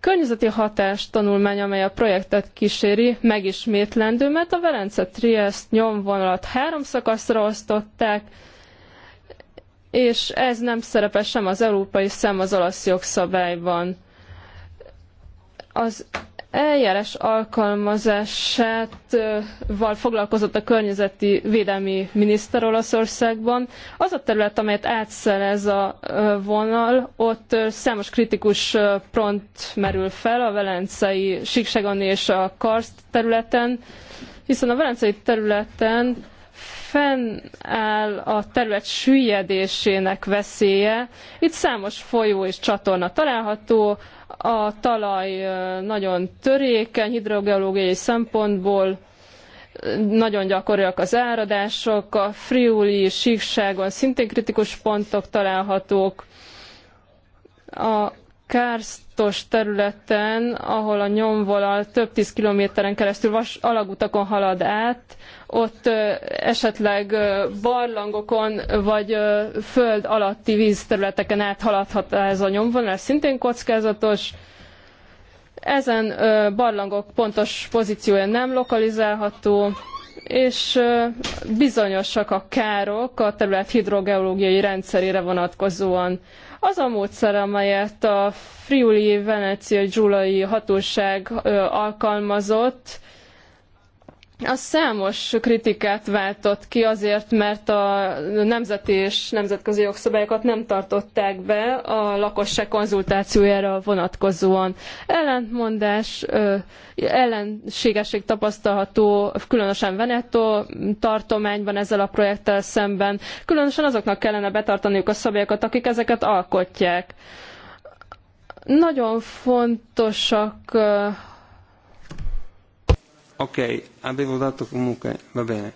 környezeti hatás tanulmány, amely a projektet kíséri, megismétlendő, mert a Velence Triest nyomvonalat három szakaszra osztották, és ez nem szerepel sem az európai, sem az olasz jogszabályban. Az eljárás alkalmazásával foglalkozott a környezeti védelmi miniszter Olaszországban. Az a terület, amelyet átszel ez a vonal, ott számos kritikus pront merül fel a velencei síkságon és a karszt területen, hiszen a velencei területen fennáll a terület süllyedésének veszélye. Itt számos folyó és csatorna található, a talaj nagyon törékeny hidrogeológiai szempontból, nagyon gyakoriak az áradások, a friuli síkságon szintén kritikus pontok találhatók. A kársztos területen, ahol a nyomvonal több tíz kilométeren keresztül vas, alagutakon halad át, ott esetleg barlangokon vagy föld alatti vízterületeken áthaladhat ez a nyomvonal, ez szintén kockázatos. Ezen barlangok pontos pozíciója nem lokalizálható, és bizonyosak a károk a terület hidrogeológiai rendszerére vonatkozóan. Az a módszer, amelyet a Friuli Venecia Giulai hatóság alkalmazott, a számos kritikát váltott ki azért, mert a nemzeti és nemzetközi jogszabályokat nem tartották be a lakosság konzultációjára vonatkozóan. Ellentmondás, ellenségesség tapasztalható, különösen Veneto tartományban ezzel a projekttel szemben. Különösen azoknak kellene betartaniuk a szabályokat, akik ezeket alkotják. Nagyon fontosak Ok, avevo dato comunque, va bene.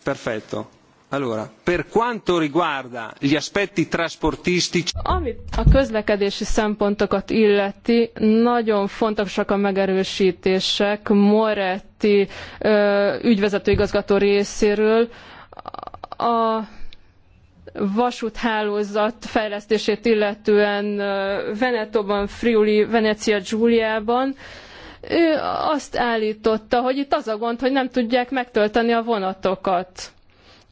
Perfetto. Allora, per quanto riguarda gli aspetti trasportistici... Amit a közlekedési szempontokat illeti, nagyon fontosak a megerősítések Moretti ö, ügyvezetőigazgató részéről. A vasúthálózat fejlesztését illetően Venetóban, Friuli, Venecia, Giuliában. Ő azt állította, hogy itt az a gond, hogy nem tudják megtölteni a vonatokat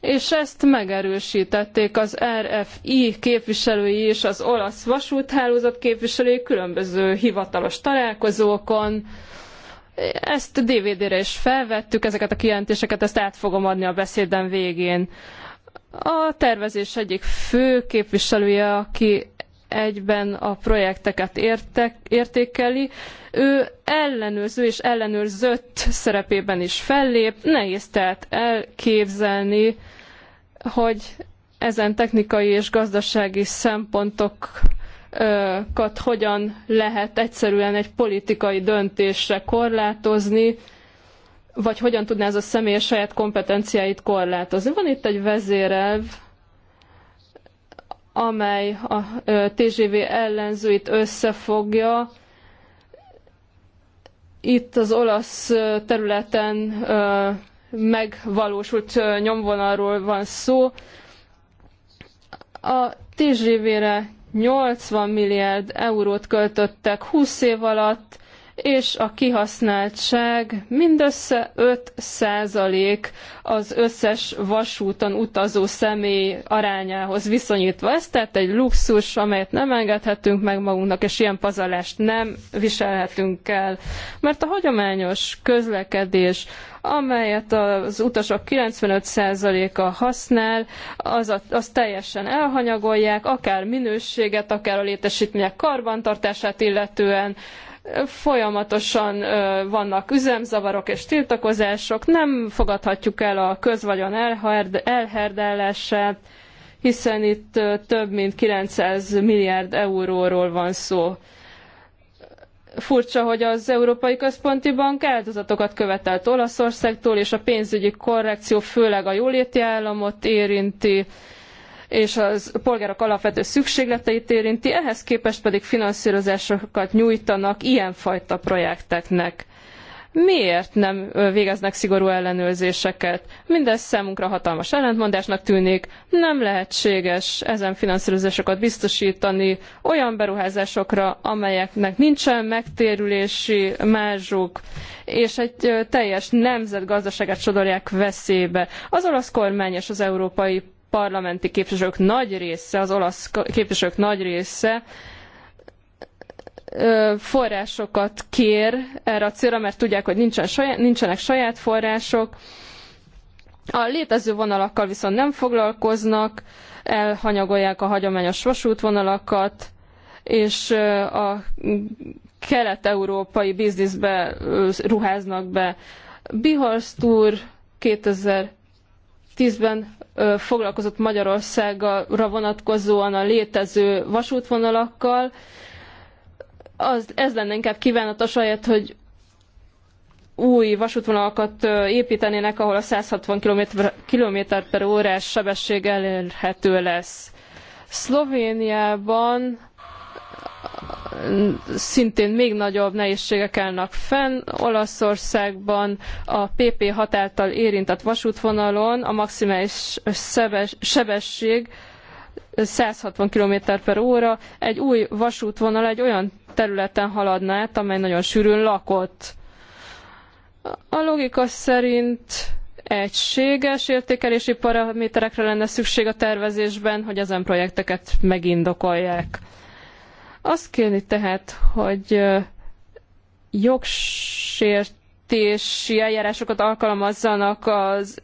és ezt megerősítették az RFI képviselői és az olasz vasúthálózat képviselői különböző hivatalos találkozókon. Ezt DVD-re is felvettük, ezeket a kijelentéseket, ezt át fogom adni a beszédem végén. A tervezés egyik fő képviselője, aki egyben a projekteket értek, értékeli. Ő ellenőrző és ellenőrzött szerepében is fellép. Nehéz tehát elképzelni, hogy ezen technikai és gazdasági szempontokat hogyan lehet egyszerűen egy politikai döntésre korlátozni, vagy hogyan tudná ez a személy a saját kompetenciáit korlátozni. Van itt egy vezérelv, amely a TGV ellenzőit összefogja. Itt az olasz területen megvalósult nyomvonalról van szó. A TGV-re 80 milliárd eurót költöttek 20 év alatt, és a kihasználtság mindössze 5% az összes vasúton utazó személy arányához viszonyítva. Ez tehát egy luxus, amelyet nem engedhetünk meg magunknak, és ilyen pazalást nem viselhetünk el. Mert a hagyományos közlekedés amelyet az utasok 95%-a használ, az, a, az teljesen elhanyagolják, akár minőséget, akár a létesítmények karbantartását illetően, Folyamatosan vannak üzemzavarok és tiltakozások, nem fogadhatjuk el a közvagyon elherdellását, hiszen itt több mint 900 milliárd euróról van szó. Furcsa, hogy az Európai Központi Bank áldozatokat követelt Olaszországtól, és a pénzügyi korrekció főleg a jóléti államot érinti és a polgárok alapvető szükségleteit érinti, ehhez képest pedig finanszírozásokat nyújtanak ilyenfajta projekteknek miért nem végeznek szigorú ellenőrzéseket. Mindez számunkra hatalmas ellentmondásnak tűnik, nem lehetséges ezen finanszírozásokat biztosítani olyan beruházásokra, amelyeknek nincsen megtérülési mázsuk, és egy teljes nemzet gazdaságát sodorják veszélybe. Az olasz kormány és az Európai parlamenti képviselők nagy része, az olasz képviselők nagy része forrásokat kér erre a célra, mert tudják, hogy nincsen saját, nincsenek saját források. A létező vonalakkal viszont nem foglalkoznak, elhanyagolják a hagyományos vasútvonalakat, és a kelet-európai bizniszbe ruháznak be. Biharstúr 2010-ben foglalkozott Magyarországra vonatkozóan a létező vasútvonalakkal. Az, ez lenne inkább kívánatos, ahelyett, hogy új vasútvonalakat építenének, ahol a 160 km per órás sebesség elérhető lesz. Szlovéniában szintén még nagyobb nehézségek állnak fenn. Olaszországban a PP hatáltal érintett vasútvonalon a maximális sebesség 160 km per óra. Egy új vasútvonal egy olyan területen haladna át, amely nagyon sűrűn lakott. A logika szerint egységes értékelési paraméterekre lenne szükség a tervezésben, hogy ezen projekteket megindokolják. Azt kérni tehát, hogy jogsértési eljárásokat alkalmazzanak az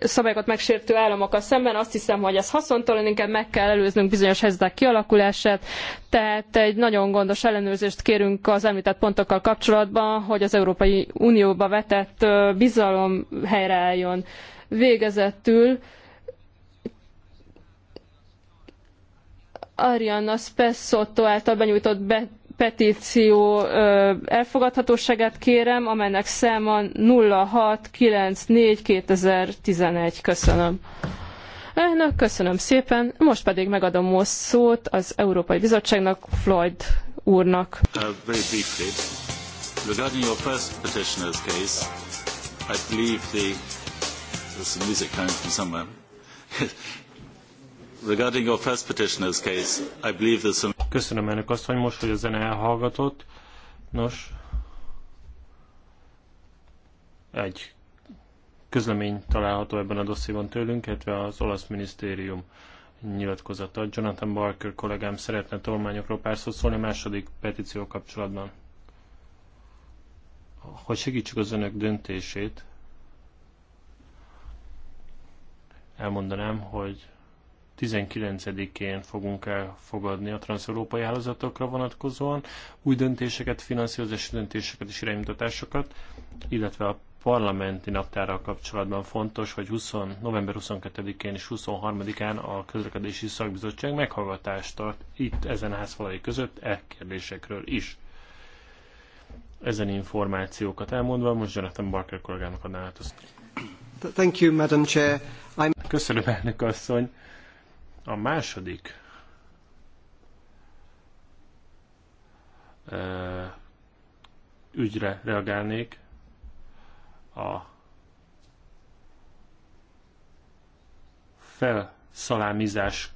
szabályokat megsértő államokkal szemben. Azt hiszem, hogy ez haszontalan, inkább meg kell előznünk bizonyos helyzetek kialakulását. Tehát egy nagyon gondos ellenőrzést kérünk az említett pontokkal kapcsolatban, hogy az Európai Unióba vetett bizalom helyreálljon. Végezetül Arianna Spessotto által benyújtott be petíció elfogadhatóságát kérem, amelynek száma 0694 2011. Köszönöm. Elnök, köszönöm szépen. Most pedig megadom most szót az Európai Bizottságnak, Floyd úrnak. Uh, [LAUGHS] Köszönöm elnök azt, hogy most, hogy a zene elhallgatott. Nos, egy közlemény található ebben a dossziéban tőlünk, illetve az olasz minisztérium nyilatkozata. Jonathan Barker kollégám szeretne tolmányokról pár szót szólni a második petíció kapcsolatban. Hogy segítsük az önök döntését, elmondanám, hogy 19-én fogunk elfogadni a transzeurópai hálózatokra vonatkozóan új döntéseket, finanszírozási döntéseket és iránymutatásokat, illetve a parlamenti naptárral kapcsolatban fontos, hogy 20, november 22-én és 23-án a közlekedési szakbizottság meghallgatást tart itt ezen házfalai között e kérdésekről is. Ezen információkat elmondva, most Jonathan Barker kollégának adná át Thank you, Madam Chair. I'm... Köszönöm, elnök asszony. A második ügyre reagálnék, a felszalámizás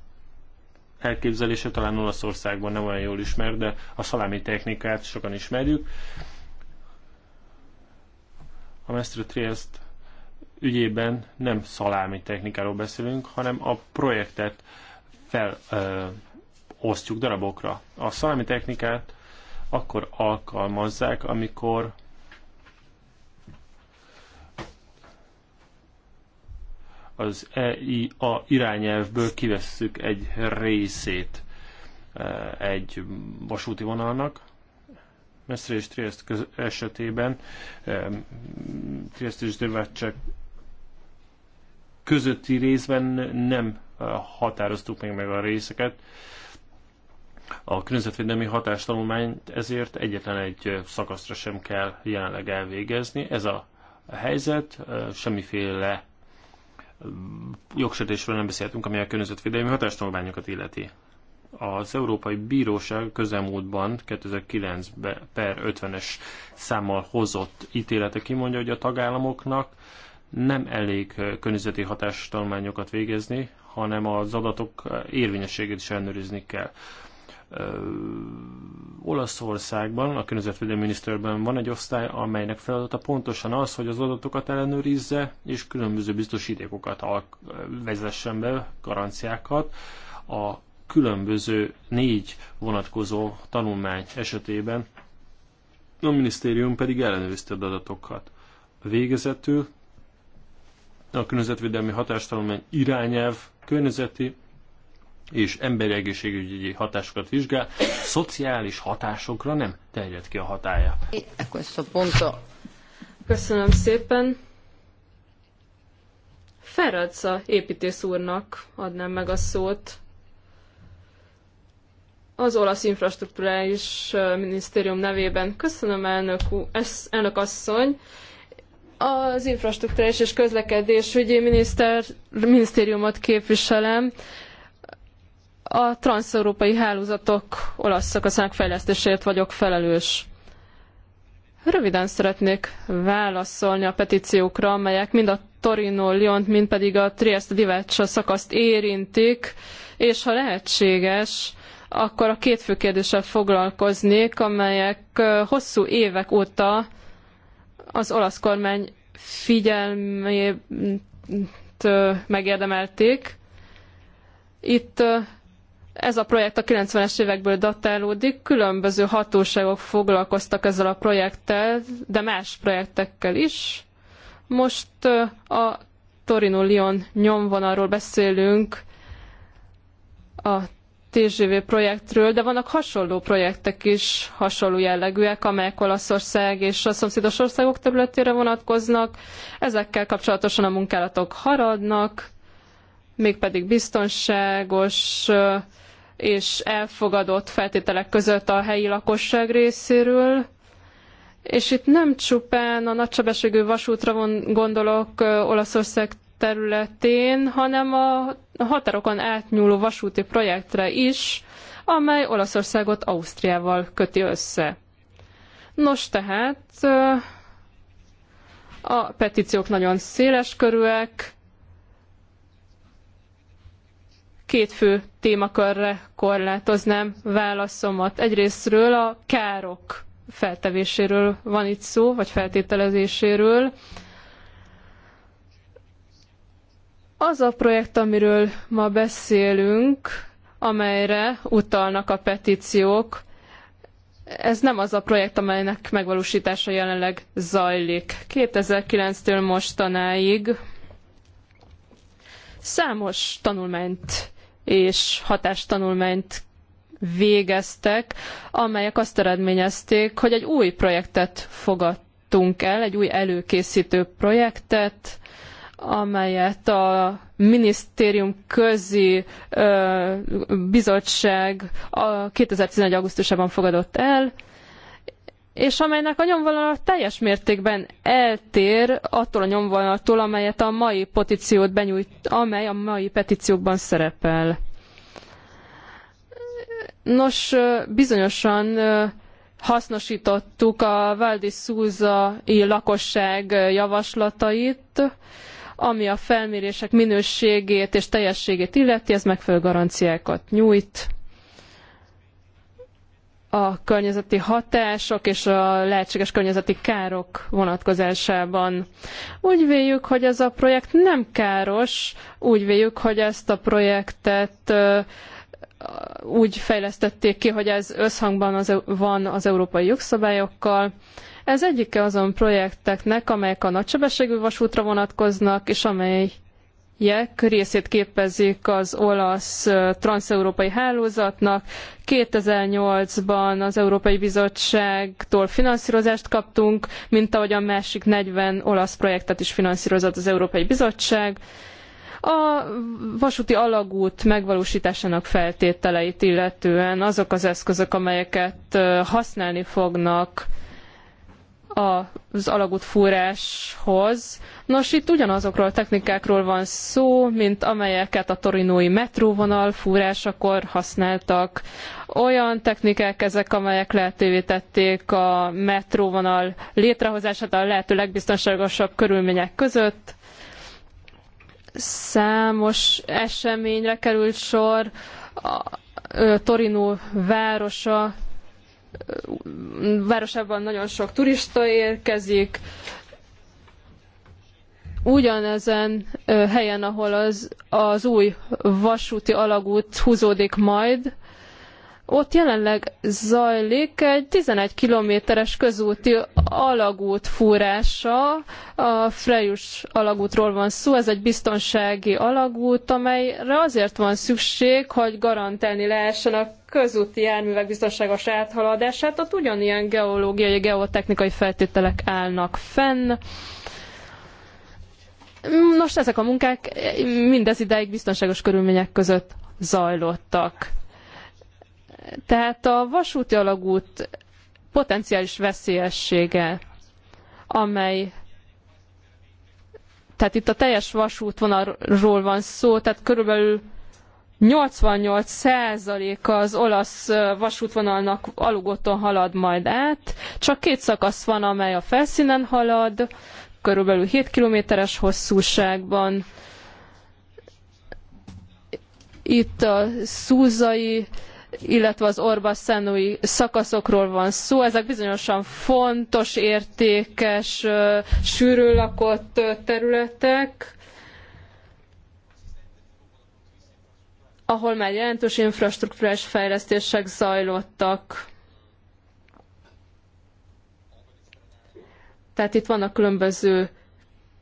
elképzelése talán Olaszországban nem olyan jól ismer, de a szalámi technikát sokan ismerjük. A Mestre Trieste ügyében nem szalámi technikáról beszélünk, hanem a projektet felosztjuk darabokra. A szalámi technikát akkor alkalmazzák, amikor az EIA irányelvből kivesszük egy részét egy vasúti vonalnak. Mestre és Trieste esetében Trieste és Devácsek közötti részben nem eh, határoztuk még meg a részeket. A környezetvédelmi hatástanulmányt ezért egyetlen egy eh, szakaszra sem kell jelenleg elvégezni. Ez a helyzet, eh, semmiféle jogsértésről nem beszéltünk, ami a környezetvédelmi hatástanulmányokat illeti. Az Európai Bíróság közelmúltban 2009 per 50-es számmal hozott ítélete kimondja, hogy a tagállamoknak nem elég környezeti hatástalmányokat végezni, hanem az adatok érvényességét is ellenőrizni kell. Olaszországban, a környezetvédelmi miniszterben van egy osztály, amelynek feladata pontosan az, hogy az adatokat ellenőrizze, és különböző biztosítékokat vezessen be, garanciákat a különböző négy vonatkozó tanulmány esetében. A minisztérium pedig ellenőrizte az adatokat. Végezetül a környezetvédelmi hatástalomány irányelv környezeti és emberi egészségügyi hatásokat vizsgál, szociális hatásokra nem terjed ki a hatája. Köszönöm szépen. Feradza építész úrnak adnám meg a szót. Az olasz infrastruktúrális minisztérium nevében köszönöm elnök, elnök asszony. Az infrastruktúrás és közlekedésügyi miniszter, minisztériumot képviselem. A transzeurópai hálózatok olasz szakaszának fejlesztéséért vagyok felelős. Röviden szeretnék válaszolni a petíciókra, amelyek mind a torino lyont mind pedig a trieste divácsa szakaszt érintik, és ha lehetséges, akkor a két fő kérdéssel foglalkoznék, amelyek hosszú évek óta az olasz kormány figyelmét megérdemelték. Itt ez a projekt a 90-es évekből datálódik, különböző hatóságok foglalkoztak ezzel a projekttel, de más projektekkel is. Most a Torino-Lyon nyomvonalról beszélünk, a TGV projektről, de vannak hasonló projektek is, hasonló jellegűek, amelyek Olaszország és a szomszédos országok területére vonatkoznak. Ezekkel kapcsolatosan a munkálatok haradnak, mégpedig biztonságos és elfogadott feltételek között a helyi lakosság részéről. És itt nem csupán a nagysebességű vasútra gondolok Olaszország területén, hanem a a határokon átnyúló vasúti projektre is, amely Olaszországot Ausztriával köti össze. Nos tehát, a petíciók nagyon széles körűek, két fő témakörre korlátoznám válaszomat. Egyrésztről a károk feltevéséről van itt szó, vagy feltételezéséről. Az a projekt, amiről ma beszélünk, amelyre utalnak a petíciók, ez nem az a projekt, amelynek megvalósítása jelenleg zajlik. 2009-től mostanáig számos tanulmányt és hatástanulmányt végeztek, amelyek azt eredményezték, hogy egy új projektet fogadtunk el, egy új előkészítő projektet, amelyet a minisztérium közi ö, bizottság a 2011. augusztusában fogadott el, és amelynek a nyomvonala teljes mértékben eltér attól a nyomvonaltól, amelyet a mai petíciót benyújt, amely a mai petíciókban szerepel. Nos, bizonyosan hasznosítottuk a Valdi i lakosság javaslatait, ami a felmérések minőségét és teljességét illeti, ez megfelelő garanciákat nyújt a környezeti hatások és a lehetséges környezeti károk vonatkozásában. Úgy véljük, hogy ez a projekt nem káros, úgy véljük, hogy ezt a projektet úgy fejlesztették ki, hogy ez összhangban az, van az európai jogszabályokkal, ez egyike azon projekteknek, amelyek a nagysebességű vasútra vonatkoznak, és amely jek részét képezik az olasz transeurópai hálózatnak. 2008-ban az Európai Bizottságtól finanszírozást kaptunk, mint ahogy a másik 40 olasz projektet is finanszírozott az Európai Bizottság. A vasúti alagút megvalósításának feltételeit illetően azok az eszközök, amelyeket használni fognak az alagút fúráshoz. Nos, itt ugyanazokról a technikákról van szó, mint amelyeket a torinói metróvonal fúrásakor használtak. Olyan technikák ezek, amelyek lehetővé tették a metróvonal létrehozását a lehető legbiztonságosabb körülmények között. Számos eseményre került sor, a Torino városa városában nagyon sok turista érkezik, ugyanezen helyen, ahol az, az új vasúti alagút húzódik majd, ott jelenleg zajlik egy 11 kilométeres közúti alagút fúrása, a Frejus alagútról van szó, ez egy biztonsági alagút, amelyre azért van szükség, hogy garantálni lehessen a közúti járművek biztonságos áthaladását, ott ugyanilyen geológiai, geotechnikai feltételek állnak fenn. Nos, ezek a munkák mindez idáig biztonságos körülmények között zajlottak. Tehát a vasúti alagút potenciális veszélyessége, amely tehát itt a teljes vasútvonalról van szó, tehát körülbelül 88%-a az olasz vasútvonalnak alugóton halad majd át, csak két szakasz van, amely a felszínen halad, körülbelül 7 kilométeres hosszúságban. Itt a szúzai illetve az Orbasszánói szakaszokról van szó. Ezek bizonyosan fontos, értékes, sűrű lakott területek, ahol már jelentős infrastrukturális fejlesztések zajlottak. Tehát itt vannak különböző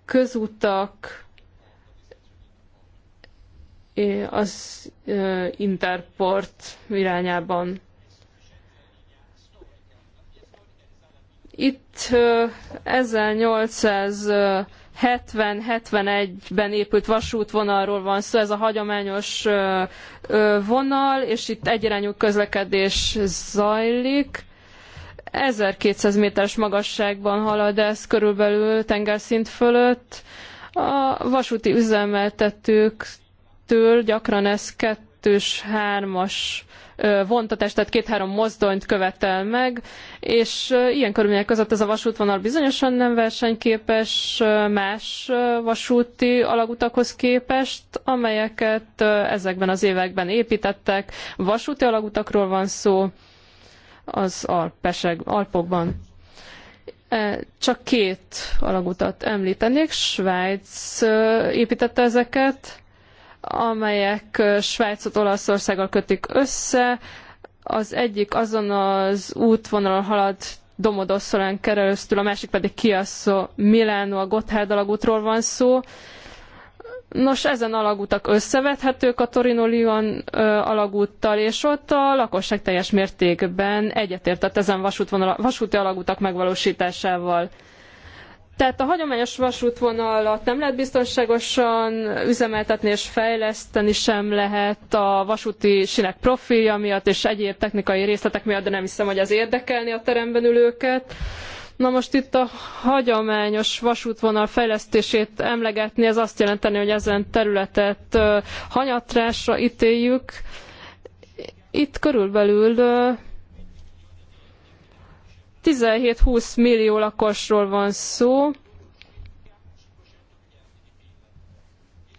közutak, az Interport irányában. Itt 1870 71 ben épült vasútvonalról van szó, ez a hagyományos vonal, és itt egyirányú közlekedés zajlik. 1200 méteres magasságban halad ez körülbelül tengerszint fölött. A vasúti üzemeltetők ettől gyakran ez kettős, hármas vontatás, tehát két-három mozdonyt követel meg, és ilyen körülmények között ez a vasútvonal bizonyosan nem versenyképes más vasúti alagutakhoz képest, amelyeket ezekben az években építettek. Vasúti alagutakról van szó az Alpesek, Alpokban. E, csak két alagutat említenék, Svájc építette ezeket, amelyek Svájcot Olaszországgal kötik össze. Az egyik azon az útvonalon halad Domodosszolán keresztül, a másik pedig Kiasso Milánó, a Gotthard alagútról van szó. Nos, ezen alagutak összevethetők a Torino-Lyon alagúttal, és ott a lakosság teljes mértékben egyetértett ezen vasútvonal, vasúti alagutak megvalósításával. Tehát a hagyományos vasútvonalat nem lehet biztonságosan üzemeltetni és fejleszteni sem lehet a vasúti sinek profilja miatt és egyéb technikai részletek miatt, de nem hiszem, hogy ez érdekelni a teremben ülőket. Na most itt a hagyományos vasútvonal fejlesztését emlegetni, ez azt jelenteni, hogy ezen területet hanyatrásra ítéljük. Itt körülbelül 17-20 millió lakosról van szó,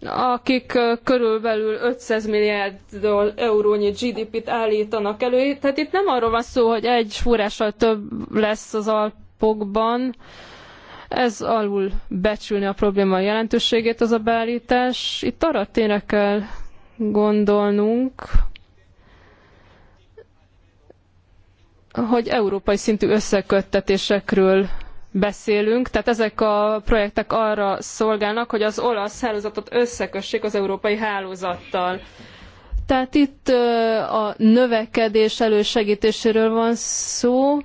akik körülbelül 500 milliárd eurónyi GDP-t állítanak elő. Tehát itt nem arról van szó, hogy egy forrással több lesz az Alpokban, ez alul becsülni a probléma jelentőségét, az a beállítás. Itt arra tényleg kell gondolnunk, hogy európai szintű összeköttetésekről beszélünk, tehát ezek a projektek arra szolgálnak, hogy az olasz hálózatot összekössék az európai hálózattal. Tehát itt a növekedés elősegítéséről van szó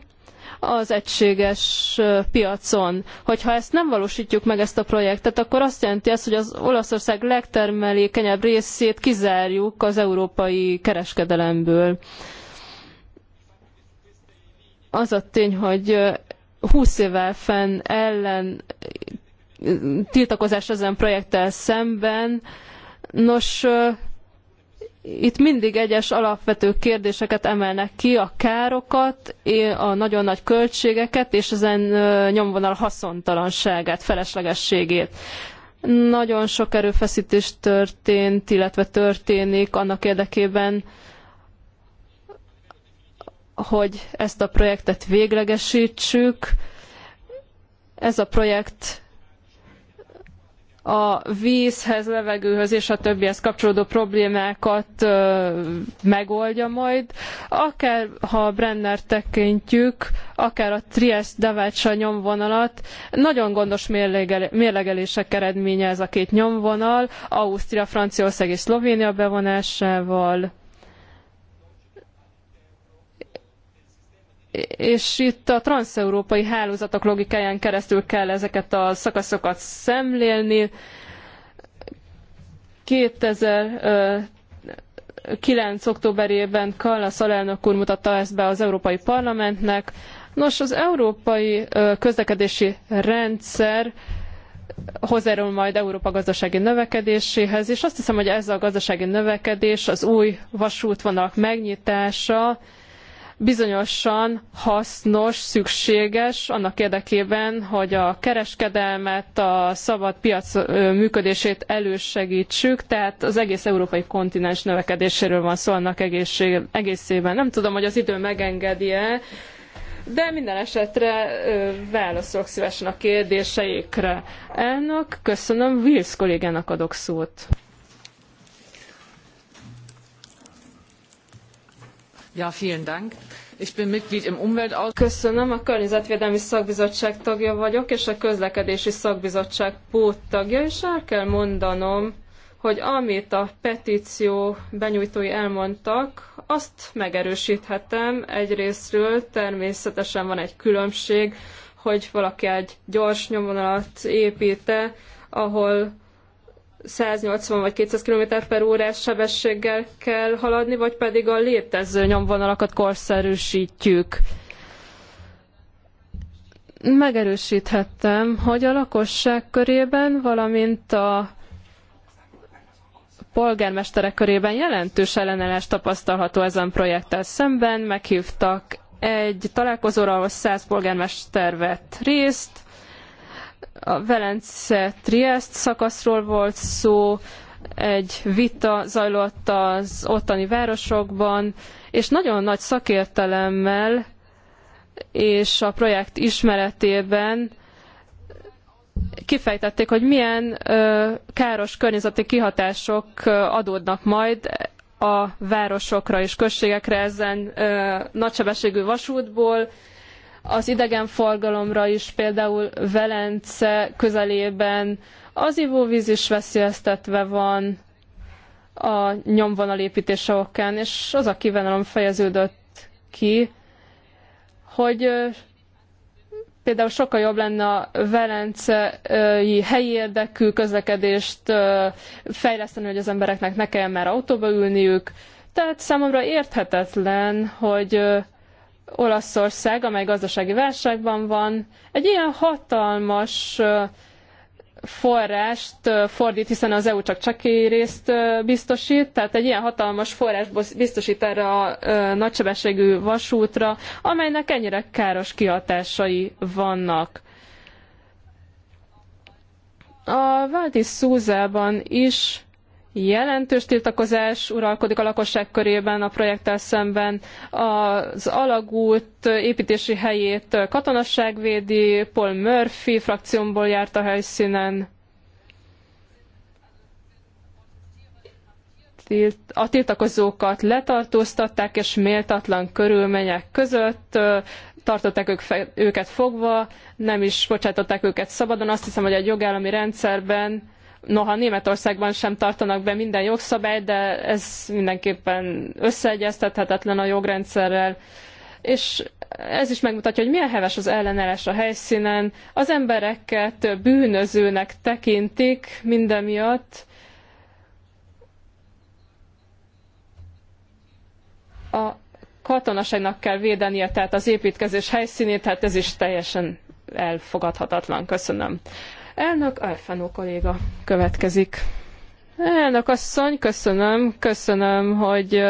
az egységes piacon. Hogyha ezt nem valósítjuk meg ezt a projektet, akkor azt jelenti ez, hogy az Olaszország legtermelékenyebb részét kizárjuk az európai kereskedelemből az a tény, hogy 20 évvel fenn ellen tiltakozás ezen projekttel szemben. Nos, itt mindig egyes alapvető kérdéseket emelnek ki, a károkat, a nagyon nagy költségeket és ezen nyomvonal haszontalanságát, feleslegességét. Nagyon sok erőfeszítés történt, illetve történik annak érdekében, hogy ezt a projektet véglegesítsük. Ez a projekt a vízhez, levegőhöz és a többihez kapcsolódó problémákat megoldja majd. Akár ha a Brenner tekintjük, akár a Trieste-Davácsa nyomvonalat, nagyon gondos mérlegelések eredménye ez a két nyomvonal, Ausztria, Franciaország és Szlovénia bevonásával és itt a transeurópai hálózatok logikáján keresztül kell ezeket a szakaszokat szemlélni. 2009. októberében Kallas alelnök úr mutatta ezt be az Európai Parlamentnek. Nos, az európai közlekedési rendszer hozzájárul majd Európa gazdasági növekedéséhez, és azt hiszem, hogy ez a gazdasági növekedés, az új vasútvonalak megnyitása, bizonyosan hasznos, szükséges annak érdekében, hogy a kereskedelmet, a szabad piac működését elősegítsük, tehát az egész európai kontinens növekedéséről van szó annak egészében. Nem tudom, hogy az idő megengedi-e, de minden esetre válaszolok szívesen a kérdéseikre. Elnök, köszönöm, Wills kollégának adok szót. Ja, vielen Dank. Ich bin Mitglied im Umweltausschuss. Köszönöm, a Környezetvédelmi Szakbizottság tagja vagyok, és a Közlekedési Szakbizottság póttagja, és el kell mondanom, hogy amit a petíció benyújtói elmondtak, azt megerősíthetem egyrésztről, természetesen van egy különbség, hogy valaki egy gyors nyomonalat építe, ahol 180 vagy 200 km per órás sebességgel kell haladni, vagy pedig a létező nyomvonalakat korszerűsítjük. Megerősíthettem, hogy a lakosság körében, valamint a polgármesterek körében jelentős ellenállás tapasztalható ezen projekttel szemben. Meghívtak egy találkozóra, ahol 100 polgármester vett részt, a Velence-Triest szakaszról volt szó, egy vita zajlott az ottani városokban, és nagyon nagy szakértelemmel és a projekt ismeretében kifejtették, hogy milyen ö, káros környezeti kihatások ö, adódnak majd a városokra és községekre ezen nagysebességű vasútból, az idegenforgalomra is, például Velence közelében az ivóvíz is veszélyeztetve van a nyomvonalépítése okán, és az a kívánalom fejeződött ki, hogy például sokkal jobb lenne a velencei helyi érdekű közlekedést fejleszteni, hogy az embereknek ne kelljen már autóba ülniük. Tehát számomra érthetetlen, hogy Olaszország, amely gazdasági válságban van, egy ilyen hatalmas forrást fordít, hiszen az EU csak csaki részt biztosít, tehát egy ilyen hatalmas forrást biztosít erre a nagysebességű vasútra, amelynek ennyire káros kihatásai vannak. A Valdi Szúzában is jelentős tiltakozás uralkodik a lakosság körében a projekttel szemben. Az alagút építési helyét katonasság védi, Paul Murphy frakciómból járt a helyszínen. a tiltakozókat letartóztatták, és méltatlan körülmények között tartották ők őket fogva, nem is bocsátották őket szabadon. Azt hiszem, hogy egy jogállami rendszerben Noha Németországban sem tartanak be minden jogszabályt, de ez mindenképpen összeegyeztethetetlen a jogrendszerrel. És ez is megmutatja, hogy milyen heves az ellenállás a helyszínen. Az embereket bűnözőnek tekintik mindemiatt. A katonaságnak kell védenie, tehát az építkezés helyszínét, hát ez is teljesen elfogadhatatlan. Köszönöm. Elnök Alfanó kolléga következik. Elnök asszony, köszönöm, köszönöm, hogy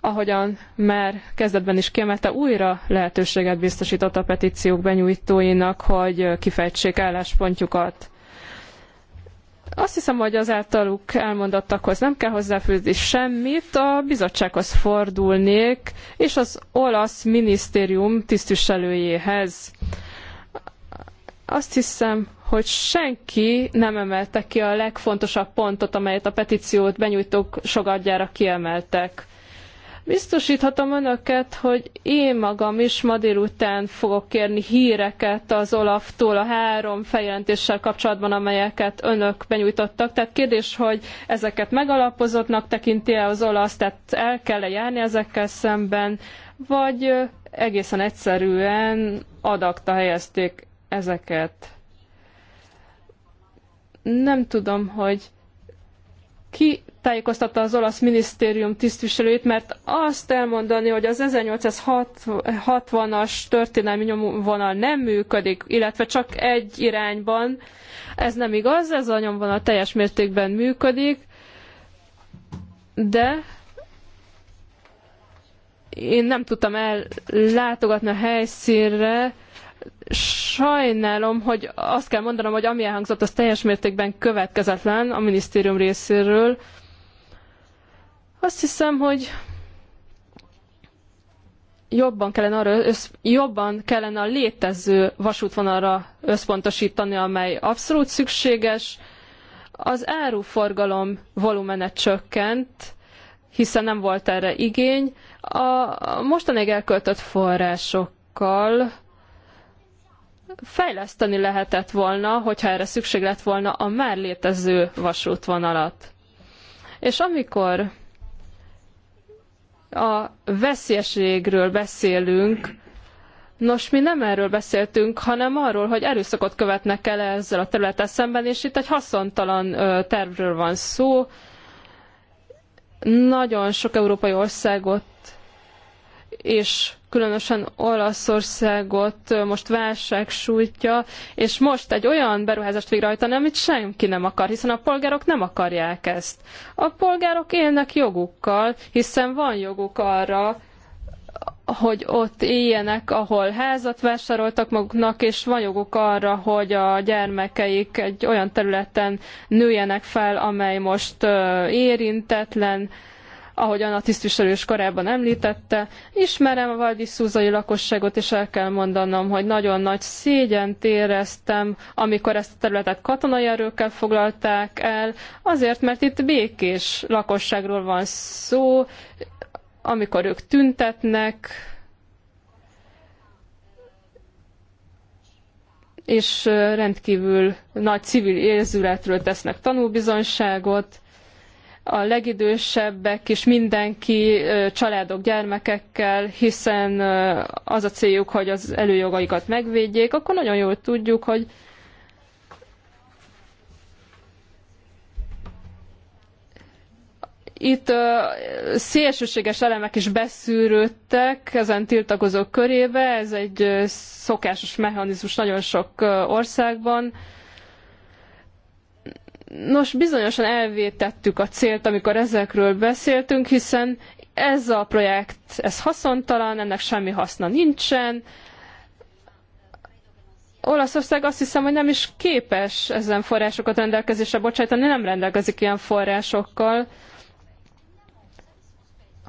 ahogyan már kezdetben is kiemelte, újra lehetőséget biztosított a petíciók benyújtóinak, hogy kifejtsék álláspontjukat. Azt hiszem, hogy az általuk elmondottakhoz nem kell hozzáfűzni semmit, a bizottsághoz fordulnék, és az olasz minisztérium tisztviselőjéhez. Azt hiszem, hogy senki nem emelte ki a legfontosabb pontot, amelyet a petíciót benyújtók sogadjára kiemeltek. Biztosíthatom önöket, hogy én magam is ma délután fogok kérni híreket az Olaftól a három feljelentéssel kapcsolatban, amelyeket önök benyújtottak. Tehát kérdés, hogy ezeket megalapozottnak tekinti-e az olasz, tehát el kell -e járni ezekkel szemben, vagy egészen egyszerűen adakta helyezték ezeket. Nem tudom, hogy ki tájékoztatta az olasz minisztérium tisztviselőit, mert azt elmondani, hogy az 1860-as történelmi nyomvonal nem működik, illetve csak egy irányban, ez nem igaz, ez a nyomvonal teljes mértékben működik, de én nem tudtam ellátogatni a helyszínre, sajnálom, hogy azt kell mondanom, hogy ami elhangzott, az teljes mértékben következetlen a minisztérium részéről. Azt hiszem, hogy jobban kellene, arra, össz, jobban kellene a létező vasútvonalra összpontosítani, amely abszolút szükséges. Az áruforgalom volumene csökkent, hiszen nem volt erre igény. A mostanig elköltött forrásokkal fejleszteni lehetett volna, hogyha erre szükség lett volna a már létező vasútvonalat. És amikor a veszélyeségről beszélünk, Nos, mi nem erről beszéltünk, hanem arról, hogy erőszakot követnek el ezzel a területtel szemben, és itt egy haszontalan tervről van szó. Nagyon sok európai országot és különösen Olaszországot most válság sújtja, és most egy olyan beruházást végrehajtani, amit senki nem akar, hiszen a polgárok nem akarják ezt. A polgárok élnek jogukkal, hiszen van joguk arra, hogy ott éljenek, ahol házat vásároltak maguknak, és van joguk arra, hogy a gyermekeik egy olyan területen nőjenek fel, amely most érintetlen, ahogyan a tisztviselő is korábban említette. Ismerem a szúzai lakosságot, és el kell mondanom, hogy nagyon nagy szégyent éreztem, amikor ezt a területet katonai erőkkel foglalták el, azért, mert itt békés lakosságról van szó, amikor ők tüntetnek, és rendkívül nagy civil érzületről tesznek tanúbizonyságot a legidősebbek is mindenki, családok, gyermekekkel, hiszen az a céljuk, hogy az előjogaikat megvédjék, akkor nagyon jól tudjuk, hogy itt szélsőséges elemek is beszűrődtek ezen tiltakozók körébe, ez egy szokásos mechanizmus nagyon sok országban. Nos, bizonyosan elvétettük a célt, amikor ezekről beszéltünk, hiszen ez a projekt, ez haszontalan, ennek semmi haszna nincsen. Olaszország azt hiszem, hogy nem is képes ezen forrásokat rendelkezésre bocsájtani, nem rendelkezik ilyen forrásokkal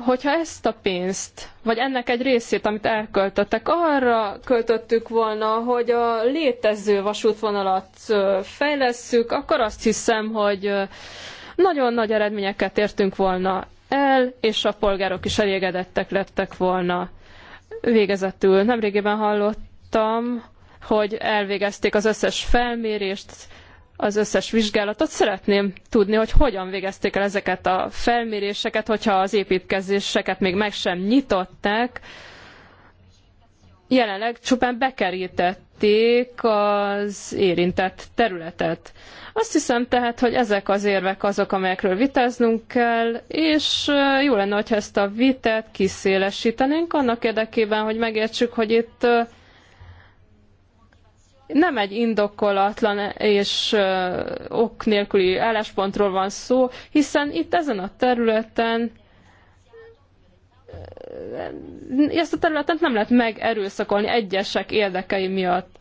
hogyha ezt a pénzt, vagy ennek egy részét, amit elköltöttek, arra költöttük volna, hogy a létező vasútvonalat fejlesszük, akkor azt hiszem, hogy nagyon nagy eredményeket értünk volna el, és a polgárok is elégedettek lettek volna. Végezetül nemrégiben hallottam, hogy elvégezték az összes felmérést, az összes vizsgálatot. Szeretném tudni, hogy hogyan végezték el ezeket a felméréseket, hogyha az építkezéseket még meg sem nyitották. Jelenleg csupán bekerítették az érintett területet. Azt hiszem tehát, hogy ezek az érvek azok, amelyekről vitáznunk kell, és eh, jó lenne, hogyha ezt a vitát kiszélesítenénk annak érdekében, hogy megértsük, hogy itt eh, nem egy indokolatlan és ok nélküli álláspontról van szó, hiszen itt ezen a területen ezt a területet nem lehet megerőszakolni egyesek érdekei miatt.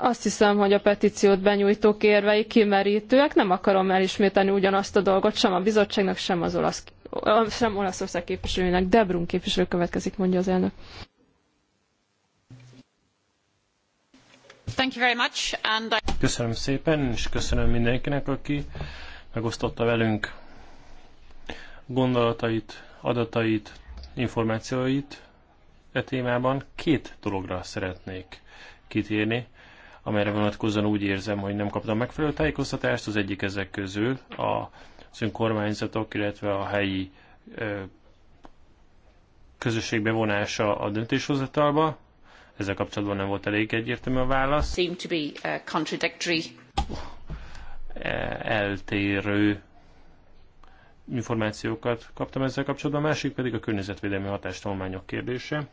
Azt hiszem, hogy a petíciót benyújtók érvei kimerítőek, nem akarom elismételni ugyanazt a dolgot sem a bizottságnak, sem az olasz, sem Olaszország képviselőjének. Debrun képviselő következik, mondja az elnök. Köszönöm szépen, és köszönöm mindenkinek, aki megosztotta velünk gondolatait, adatait, információit e témában. Két dologra szeretnék kitérni, amelyre vonatkozóan úgy érzem, hogy nem kaptam megfelelő tájékoztatást. Az egyik ezek közül a önkormányzatok, illetve a helyi közösség bevonása a döntéshozatalba. Ezzel kapcsolatban nem volt elég egyértelmű a válasz. Seem to be uh, contradictory. E, eltérő információkat kaptam ezzel kapcsolatban, a másik pedig a környezetvédelmi hatástanulmányok kérdése.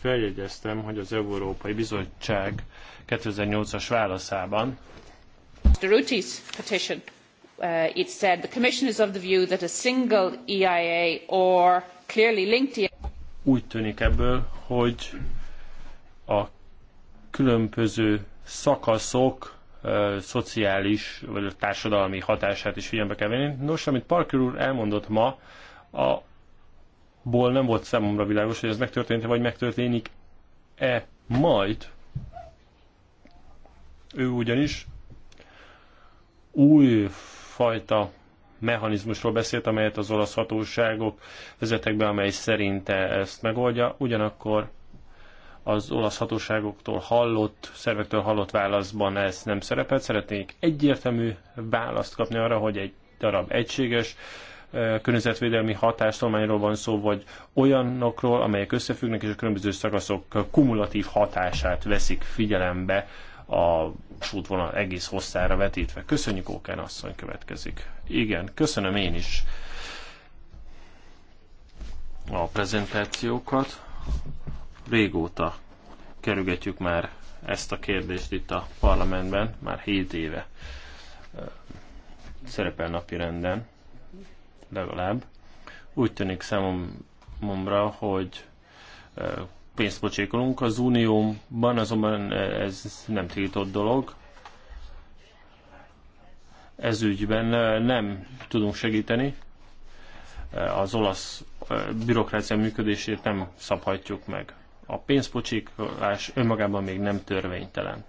Feljegyeztem, hogy az Európai Bizottság 2008-as válaszában petition. Uh, it said the Commission is of the view that a single EIA or clearly linked EIA úgy tűnik ebből, hogy a különböző szakaszok ö, szociális vagy a társadalmi hatását is figyelembe kell venni. Nos, amit Parker úr elmondott ma, a ból nem volt számomra világos, hogy ez megtörtént vagy megtörténik-e majd. Ő ugyanis új fajta mechanizmusról beszélt, amelyet az olasz hatóságok vezetek be, amely szerinte ezt megoldja. Ugyanakkor az olasz hatóságoktól hallott, szervektől hallott válaszban ez nem szerepelt. Szeretnék egyértelmű választ kapni arra, hogy egy darab egységes környezetvédelmi hatástolmányról van szó, vagy olyanokról, amelyek összefüggnek, és a különböző szakaszok kumulatív hatását veszik figyelembe a vasútvonal egész hosszára vetítve. Köszönjük, Ókán asszony következik. Igen, köszönöm én is a prezentációkat. Régóta kerügetjük már ezt a kérdést itt a parlamentben, már 7 éve szerepel napi renden, legalább. Úgy tűnik számomra, hogy pénzt pocsékolunk. Az Unióban azonban ez nem tiltott dolog. Ez ügyben nem tudunk segíteni. Az olasz bürokrácia működését nem szabhatjuk meg. A pénzpocsékolás önmagában még nem törvénytelen.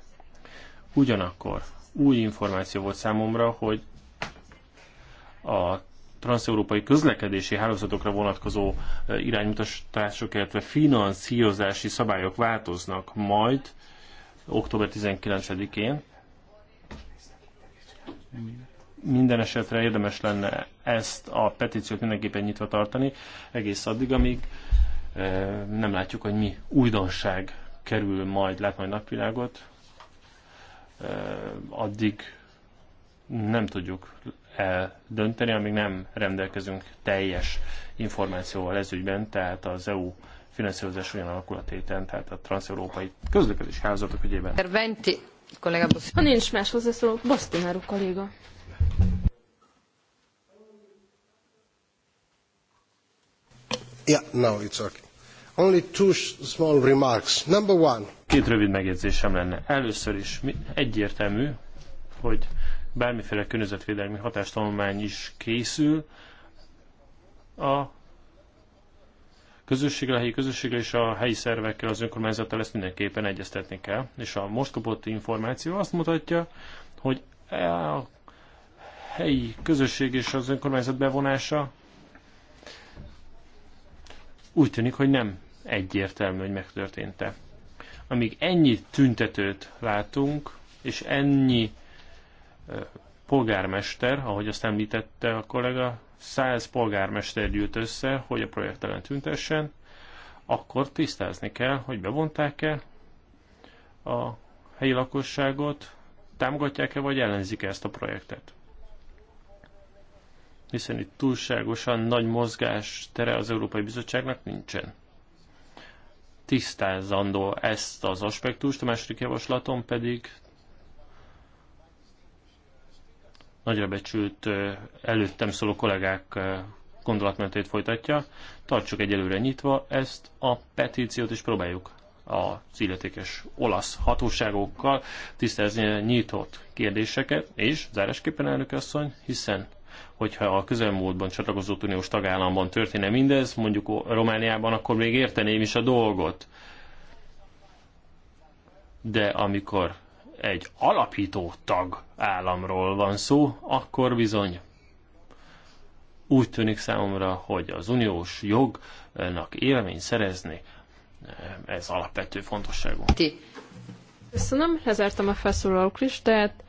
Ugyanakkor új információ volt számomra, hogy a transeurópai közlekedési hálózatokra vonatkozó e, iránymutatások, illetve finanszírozási szabályok változnak majd október 19-én. Minden esetre érdemes lenne ezt a petíciót mindenképpen nyitva tartani egész addig, amíg e, nem látjuk, hogy mi újdonság kerül majd, lát majd napvilágot, e, addig nem tudjuk eldönteni, amíg nem rendelkezünk teljes információval ezügyben, tehát az EU finanszírozás olyan alakulatéten, tehát a transzeurópai közlekedési házatok ügyében. Venti, kollega Ha nincs más hozzászóló, Bosztináró kolléga. Yeah, now it's okay. Only two small remarks. Number one. Két rövid megjegyzésem lenne. Először is egyértelmű, hogy bármiféle környezetvédelmi hatástanulmány is készül. A közösséggel, a helyi közösséggel és a helyi szervekkel, az önkormányzattal ezt mindenképpen egyeztetni kell. És a most kapott információ azt mutatja, hogy a helyi közösség és az önkormányzat bevonása úgy tűnik, hogy nem egyértelmű, hogy megtörtént-e. Amíg ennyi tüntetőt látunk, és ennyi polgármester, ahogy azt említette a kollega, száz polgármester gyűlt össze, hogy a projekt ellen tüntessen, akkor tisztázni kell, hogy bevonták-e a helyi lakosságot, támogatják-e vagy ellenzik -e ezt a projektet. Hiszen itt túlságosan nagy mozgás tere az Európai Bizottságnak nincsen. Tisztázandó ezt az aspektust, a második javaslatom pedig nagyra becsült előttem szóló kollégák gondolatmenetét folytatja. Tartsuk egyelőre nyitva ezt a petíciót, és próbáljuk a illetékes olasz hatóságokkal tisztázni a nyitott kérdéseket, és zárásképpen elnök asszony, hiszen hogyha a közelmúltban csatlakozott uniós tagállamban történne mindez, mondjuk Romániában, akkor még érteném is a dolgot. De amikor egy alapító tag államról van szó, akkor bizony úgy tűnik számomra, hogy az uniós jognak élményt szerezni, ez alapvető fontosságú. Ti. Köszönöm, lezártam a felszólalók listát,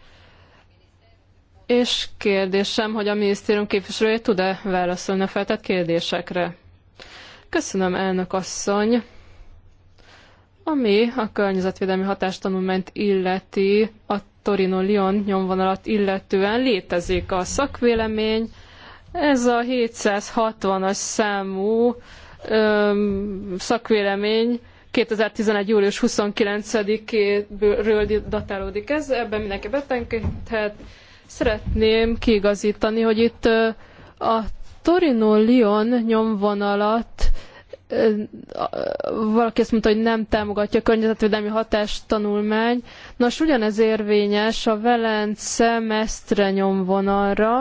és kérdésem, hogy a minisztérium képviselője tud-e válaszolni a feltett kérdésekre. Köszönöm, elnök asszony. Ami a környezetvédelmi hatástanulmányt illeti, a Torino-Lyon nyomvonalat illetően létezik a szakvélemény. Ez a 760-as számú ö, szakvélemény 2011. július 29-ről datálódik ez, ebben mindenki betenkedhet. Szeretném kiigazítani, hogy itt a Torino-Lyon nyomvonalat valaki azt mondta, hogy nem támogatja a környezetvédelmi hatástanulmány. Nos, ugyanez érvényes a Velence Mestre nyomvonalra,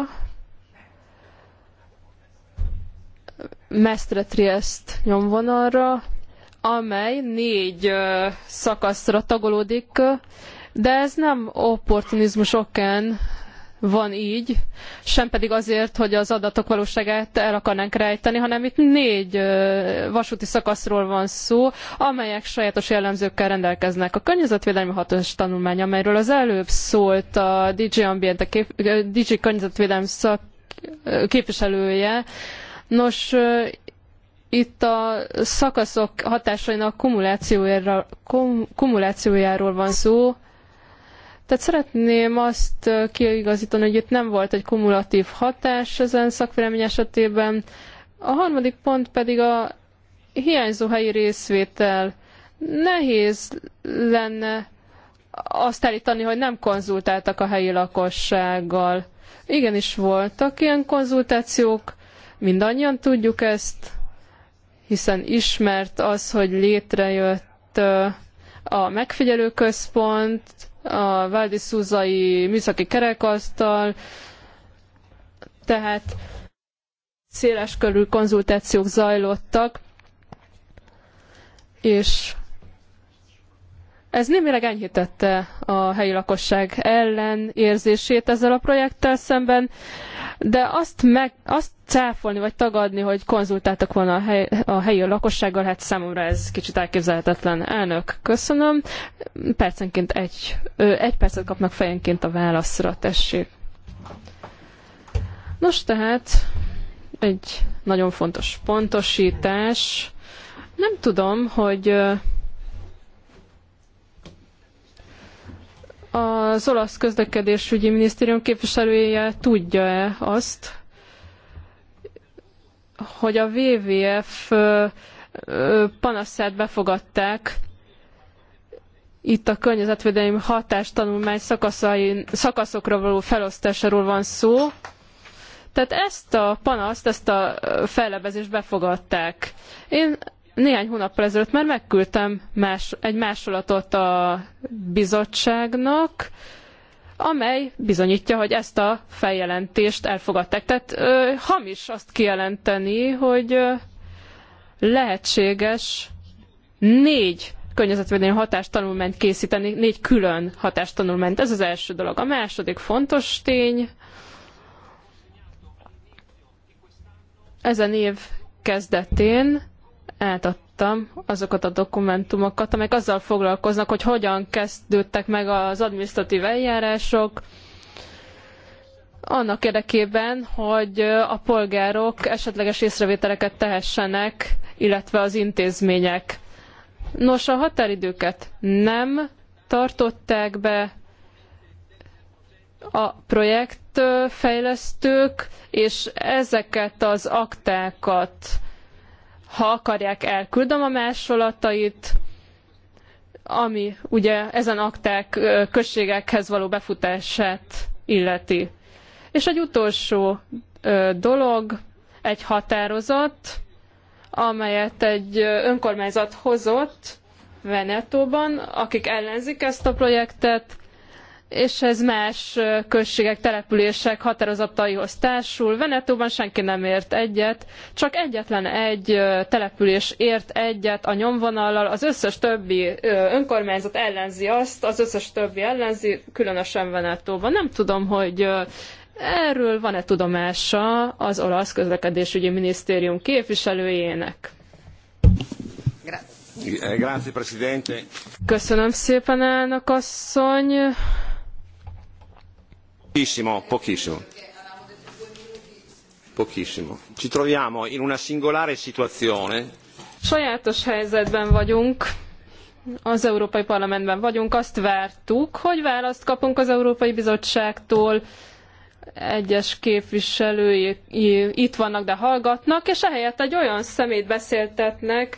Mestre Triest nyomvonalra, amely négy szakaszra tagolódik, de ez nem opportunizmus okán van így, sem pedig azért, hogy az adatok valóságát el akarnánk rejteni, hanem itt négy vasúti szakaszról van szó, amelyek sajátos jellemzőkkel rendelkeznek. A környezetvédelmi hatos tanulmány, amelyről az előbb szólt a DG Ambient, a kép, DG környezetvédelmi szak képviselője, Nos, itt a szakaszok hatásainak kumulációjáról, kum, kumulációjáról van szó, tehát szeretném azt kiigazítani, hogy itt nem volt egy kumulatív hatás ezen szakvélemény esetében. A harmadik pont pedig a hiányzó helyi részvétel. Nehéz lenne azt állítani, hogy nem konzultáltak a helyi lakossággal. Igenis voltak ilyen konzultációk, mindannyian tudjuk ezt, hiszen ismert az, hogy létrejött a megfigyelőközpont, a Valdi Szúzai műszaki kerekasztal, tehát széles körű konzultációk zajlottak, és ez némileg enyhítette a helyi lakosság ellen érzését ezzel a projekttel szemben, de azt, meg, azt cáfolni vagy tagadni, hogy konzultáltak volna a, hely, a helyi a lakossággal, hát számomra ez kicsit elképzelhetetlen. Elnök, köszönöm. Percenként egy, ö, egy percet kapnak fejenként a válaszra, tessék. Nos, tehát egy nagyon fontos pontosítás. Nem tudom, hogy Az olasz közlekedésügyi minisztérium képviselője tudja-e azt, hogy a WWF panaszát befogadták itt a környezetvédelmi hatástanulmány szakaszokra való felosztásáról van szó. Tehát ezt a panaszt, ezt a fellebezést befogadták. Én néhány hónappal ezelőtt már megküldtem más, egy másolatot a bizottságnak, amely bizonyítja, hogy ezt a feljelentést elfogadták. Tehát ö, hamis azt kijelenteni, hogy ö, lehetséges négy környezetvédelmi hatástanulmányt készíteni, négy külön hatástanulmányt. Ez az első dolog. A második fontos tény, ezen év kezdetén átadtam azokat a dokumentumokat, amelyek azzal foglalkoznak, hogy hogyan kezdődtek meg az adminisztratív eljárások, annak érdekében, hogy a polgárok esetleges észrevételeket tehessenek, illetve az intézmények. Nos, a határidőket nem tartották be a projektfejlesztők, és ezeket az aktákat ha akarják, elküldöm a másolatait, ami ugye ezen akták községekhez való befutását illeti. És egy utolsó dolog, egy határozat, amelyet egy önkormányzat hozott Venetóban, akik ellenzik ezt a projektet, és ez más községek, települések határozataihoz társul. Venetóban senki nem ért egyet, csak egyetlen egy település ért egyet a nyomvonallal, az összes többi önkormányzat ellenzi azt, az összes többi ellenzi, különösen Venetóban. Nem tudom, hogy erről van-e tudomása az olasz közlekedésügyi minisztérium képviselőjének. Grazie. Presidente. Köszönöm szépen, elnök asszony. Pochissimo, pochissimo. Pochissimo. Ci troviamo in una singolare situazione. Sajátos helyzetben vagyunk, az Európai Parlamentben vagyunk, azt vártuk, hogy választ kapunk az Európai Bizottságtól, egyes képviselői itt vannak, de hallgatnak, és ehelyett egy olyan szemét beszéltetnek,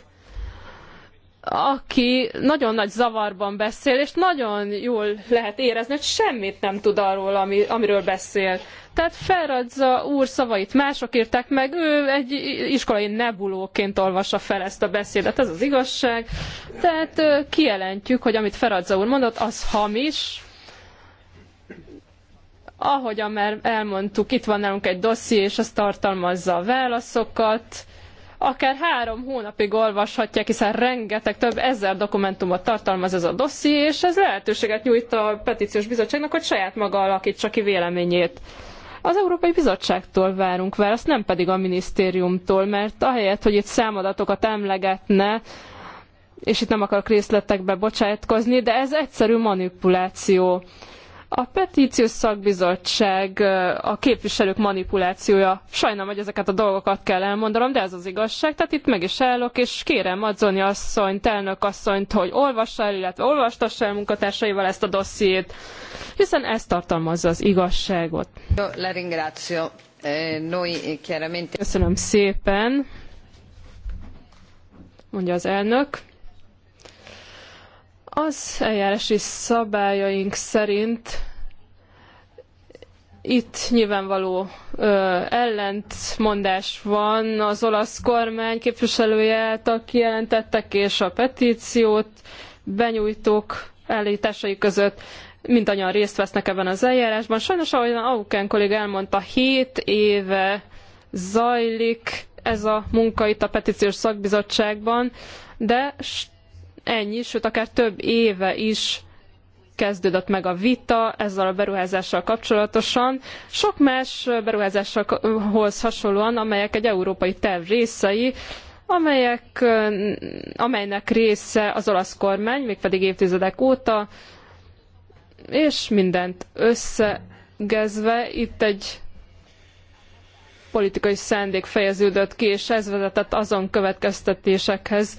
aki nagyon nagy zavarban beszél, és nagyon jól lehet érezni, hogy semmit nem tud arról, ami, amiről beszél. Tehát Ferradza úr szavait mások írták meg, ő egy iskolai nebulóként olvassa fel ezt a beszédet, ez az igazság. Tehát kijelentjük, hogy amit Ferradza úr mondott, az hamis, ahogyan már elmondtuk, itt van nálunk egy dosszié, és az tartalmazza a válaszokat, akár három hónapig olvashatják, hiszen rengeteg több ezer dokumentumot tartalmaz ez a dosszi, és ez lehetőséget nyújt a petíciós bizottságnak, hogy saját maga alakítsa ki véleményét. Az Európai Bizottságtól várunk választ, nem pedig a minisztériumtól, mert ahelyett, hogy itt számadatokat emlegetne, és itt nem akarok részletekbe bocsátkozni, de ez egyszerű manipuláció. A petíciós szakbizottság a képviselők manipulációja. Sajnálom, hogy ezeket a dolgokat kell elmondanom, de ez az igazság. Tehát itt meg is állok, és kérem Adzoni asszonyt, elnök asszonyt, hogy olvassa el, illetve olvastassa el munkatársaival ezt a dossziét, hiszen ez tartalmazza az igazságot. Eh, Köszönöm szépen, mondja az elnök. Az eljárási szabályaink szerint itt nyilvánvaló ö, ellentmondás van az olasz kormány képviselője által kijelentettek és a petíciót benyújtók állításai között mindannyian részt vesznek ebben az eljárásban. Sajnos, ahogy Auken kolléga elmondta, 7 éve zajlik ez a munka itt a petíciós szakbizottságban, de ennyi, sőt akár több éve is kezdődött meg a vita ezzel a beruházással kapcsolatosan, sok más beruházáshoz hasonlóan, amelyek egy európai terv részei, amelyek, amelynek része az olasz kormány, mégpedig évtizedek óta, és mindent összegezve itt egy politikai szándék fejeződött ki, és ez vezetett azon következtetésekhez,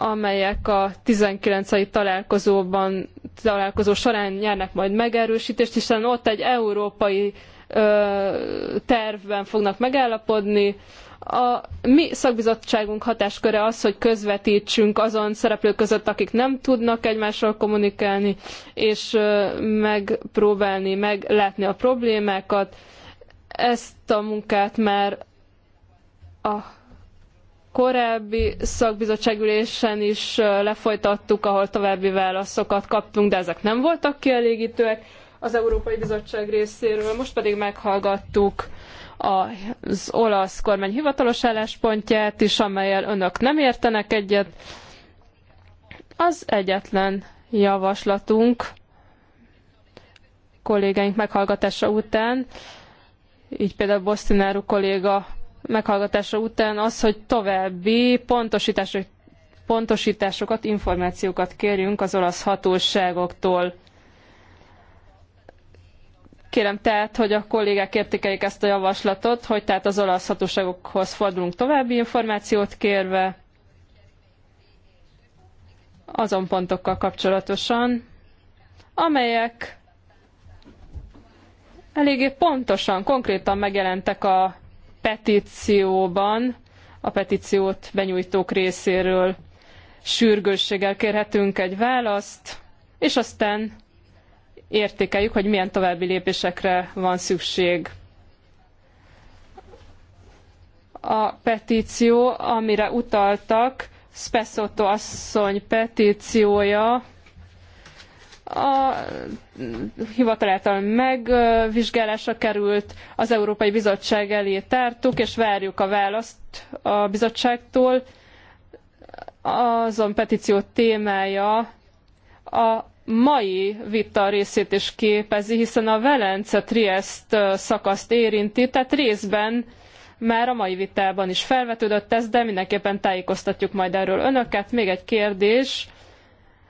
amelyek a 19. találkozóban, találkozó során nyernek majd megerősítést, hiszen ott egy európai ö, tervben fognak megállapodni. A mi szakbizottságunk hatásköre az, hogy közvetítsünk azon szereplők között, akik nem tudnak egymással kommunikálni, és ö, megpróbálni meglátni a problémákat. Ezt a munkát már a korábbi szakbizottságülésen is lefolytattuk, ahol további válaszokat kaptunk, de ezek nem voltak kielégítőek az Európai Bizottság részéről. Most pedig meghallgattuk az olasz kormány hivatalos álláspontját is, amelyel önök nem értenek egyet. Az egyetlen javaslatunk kollégáink meghallgatása után, így például Bosztináru kolléga meghallgatása után az, hogy további pontosítások, pontosításokat, információkat kérjünk az olasz hatóságoktól. Kérem tehát, hogy a kollégák értékeljék ezt a javaslatot, hogy tehát az olasz hatóságokhoz fordulunk további információt kérve azon pontokkal kapcsolatosan, amelyek eléggé pontosan, konkrétan megjelentek a petícióban a petíciót benyújtók részéről sürgősséggel kérhetünk egy választ, és aztán értékeljük, hogy milyen további lépésekre van szükség. A petíció, amire utaltak, Spessotto asszony petíciója a hivatal által megvizsgálásra került, az Európai Bizottság elé tártuk, és várjuk a választ a bizottságtól. Azon petíció témája a mai vita részét is képezi, hiszen a Velence-Triest szakaszt érinti, tehát részben már a mai vitában is felvetődött ez, de mindenképpen tájékoztatjuk majd erről önöket. Még egy kérdés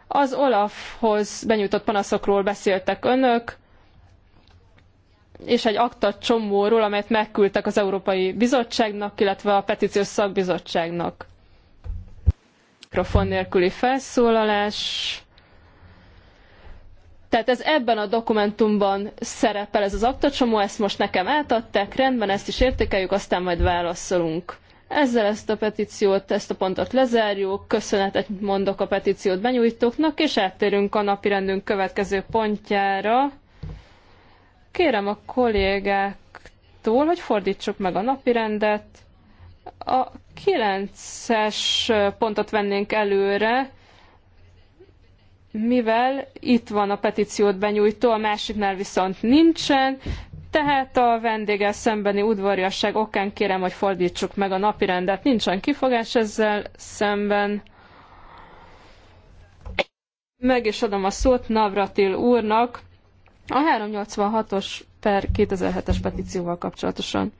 az Olafhoz benyújtott panaszokról beszéltek önök, és egy akta csomóról, amelyet megküldtek az Európai Bizottságnak, illetve a Petíciós Szakbizottságnak. Mikrofon nélküli felszólalás. Tehát ez ebben a dokumentumban szerepel ez az aktacsomó, ezt most nekem átadták, rendben, ezt is értékeljük, aztán majd válaszolunk. Ezzel ezt a petíciót, ezt a pontot lezárjuk, köszönetet mondok a petíciót benyújtóknak, és áttérünk a napirendünk következő pontjára. Kérem a kollégáktól, hogy fordítsuk meg a napirendet. A 9-es pontot vennénk előre, mivel itt van a petíciót benyújtó, a másiknál viszont nincsen, tehát a vendéges szembeni udvariasság okán kérem, hogy fordítsuk meg a napirendet. Nincsen kifogás ezzel szemben. Meg is adom a szót Navratil úrnak a 386-os per 2007-es petícióval kapcsolatosan.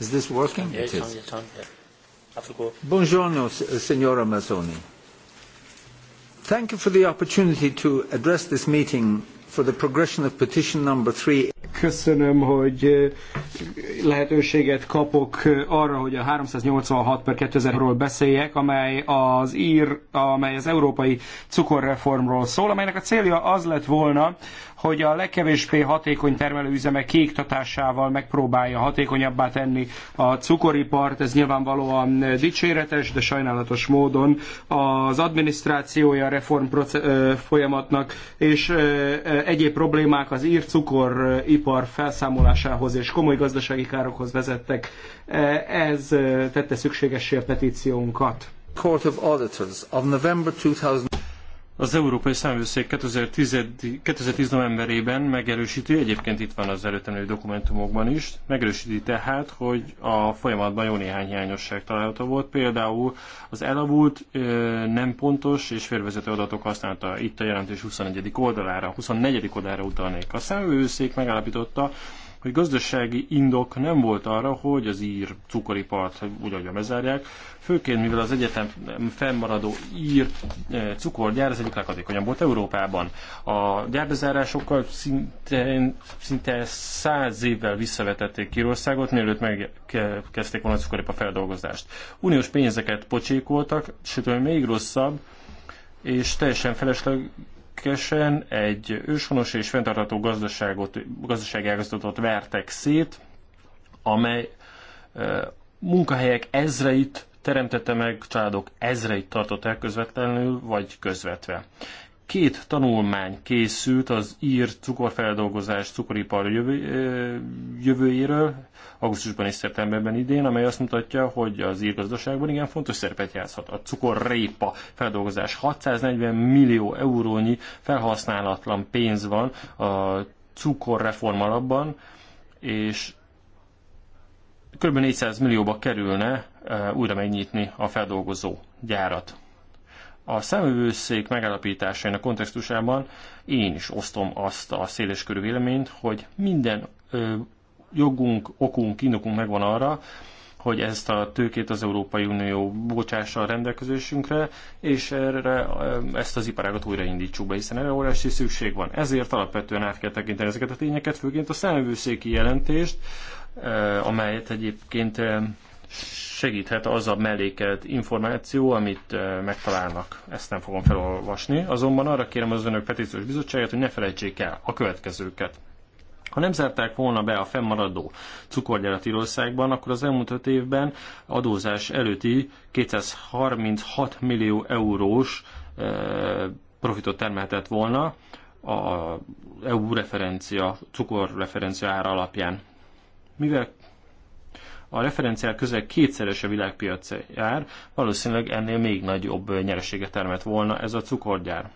Is this working? Yeah, it's on, it's on. Yeah. Buongiorno, signora Mazzoni. Thank you for the opportunity to address this meeting for the progression of petition number three. Köszönöm, hogy eh, lehetőséget kapok eh, arra, hogy a 386 per 2000-ről beszéljek, amely az ír, amely az európai cukorreformról szól, amelynek a célja az lett volna, hogy a legkevésbé hatékony termelőüzemek kiiktatásával megpróbálja hatékonyabbá tenni a cukoripart. Ez nyilvánvalóan eh, dicséretes, de sajnálatos módon az adminisztrációja a reform folyamatnak, és egyéb problémák az ír cukoripar felszámolásához és komoly gazdasági károkhoz vezettek. Ez eh, tette szükségessé a petíciónkat. Court of Auditors of November 2000 az Európai Számvőszék 2010, 2010 novemberében megerősíti, egyébként itt van az előttem lévő dokumentumokban is, megerősíti tehát, hogy a folyamatban jó néhány hiányosság található volt, például az elavult, nem pontos és félvezető adatok használta itt a jelentés 21. oldalára, 24. oldalára utalnék. A számvőszék megállapította, hogy gazdasági indok nem volt arra, hogy az ír cukoripart úgy, adja bezárják, főként mivel az egyetem fennmaradó ír eh, cukorgyár az egyik leghatékonyabb volt Európában. A gyárbezárásokkal szinte, szinte száz évvel visszavetették Kirországot, mielőtt megkezdték volna a cukoripa feldolgozást. Uniós pénzeket pocsékoltak, sőt, még rosszabb, és teljesen felesleg, érdekesen egy őshonos és fenntartható gazdaságot, gazdasági ágazatot vertek szét, amely munkahelyek ezreit teremtette meg, családok ezreit tartották közvetlenül vagy közvetve. Két tanulmány készült az ír cukorfeldolgozás cukoripar jövő, jövőjéről, augusztusban és szeptemberben idén, amely azt mutatja, hogy az írgazdaságban igen fontos szerepet játszhat. A cukorrépa feldolgozás 640 millió eurónyi felhasználatlan pénz van a cukorreform alapban, és kb. 400 millióba kerülne e, újra megnyitni a feldolgozó gyárat. A szemövőszék megállapításainak kontextusában én is osztom azt a széleskörű véleményt, hogy minden jogunk, okunk, indokunk megvan arra, hogy ezt a tőkét az Európai Unió bocsássa a rendelkezésünkre, és erre ezt az iparágat újraindítsuk be, hiszen erre óriási szükség van. Ezért alapvetően át kell tekinteni ezeket a tényeket, főként a számvőszéki jelentést, eh, amelyet egyébként eh, segíthet az a melléket információ, amit eh, megtalálnak. Ezt nem fogom felolvasni. Azonban arra kérem az önök petíciós bizottságát, hogy ne felejtsék el a következőket. Ha nem zárták volna be a fennmaradó cukorgyárat Írországban, akkor az elmúlt öt évben adózás előtti 236 millió eurós profitot termelhetett volna a EU referencia, cukorreferencia ára alapján. Mivel a referenciál közel kétszeres a világpiaci ár, valószínűleg ennél még nagyobb nyereséget termett volna ez a cukorgyár.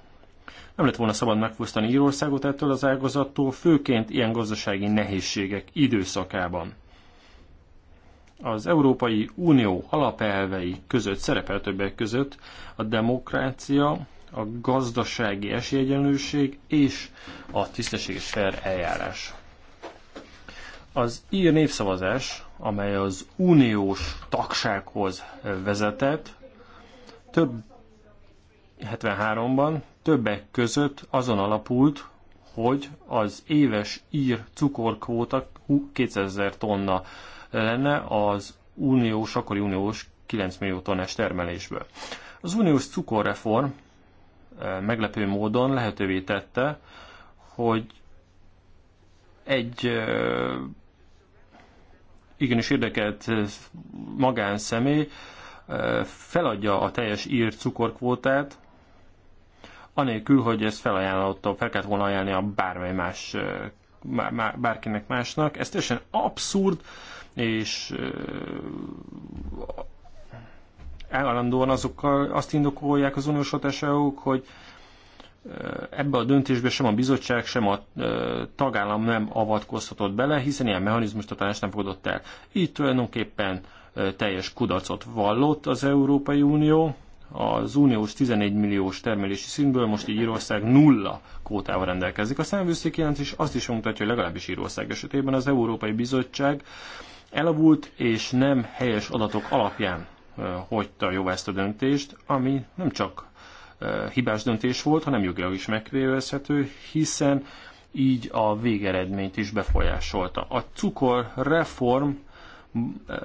Nem lett volna szabad megfosztani Írországot ettől az ágazattól, főként ilyen gazdasági nehézségek időszakában. Az Európai Unió alapelvei között szerepel többek között a demokrácia, a gazdasági esélyegyenlőség és a tisztességes fair eljárás. Az ír népszavazás, amely az uniós tagsághoz vezetett, több 73-ban többek között azon alapult, hogy az éves ír cukorkvóta 200 ezer tonna lenne az uniós, akkori uniós 9 millió tonnás termelésből. Az uniós cukorreform eh, meglepő módon lehetővé tette, hogy egy eh, igenis érdekelt eh, magánszemély feladja a teljes ír cukorkvótát, anélkül, hogy ezt felajánlotta, fel kellett volna ajánlani a bármely más, bárkinek másnak. Ez teljesen abszurd, és állandóan azokkal azt indokolják az uniós hatáságok, hogy ebbe a döntésbe sem a bizottság, sem a tagállam nem avatkozhatott bele, hiszen ilyen mechanizmust a tanács nem fogadott el. Így tulajdonképpen teljes kudarcot vallott az Európai Unió, az uniós 11 milliós termelési szintből most így Írország nulla kvótával rendelkezik. A számvőszék jelentés azt is mutatja, hogy legalábbis Írország esetében az Európai Bizottság elavult és nem helyes adatok alapján hagyta jóvá ezt a döntést, ami nem csak hibás döntés volt, hanem jogilag is megkérdezhető, hiszen így a végeredményt is befolyásolta. A cukor reform Eh,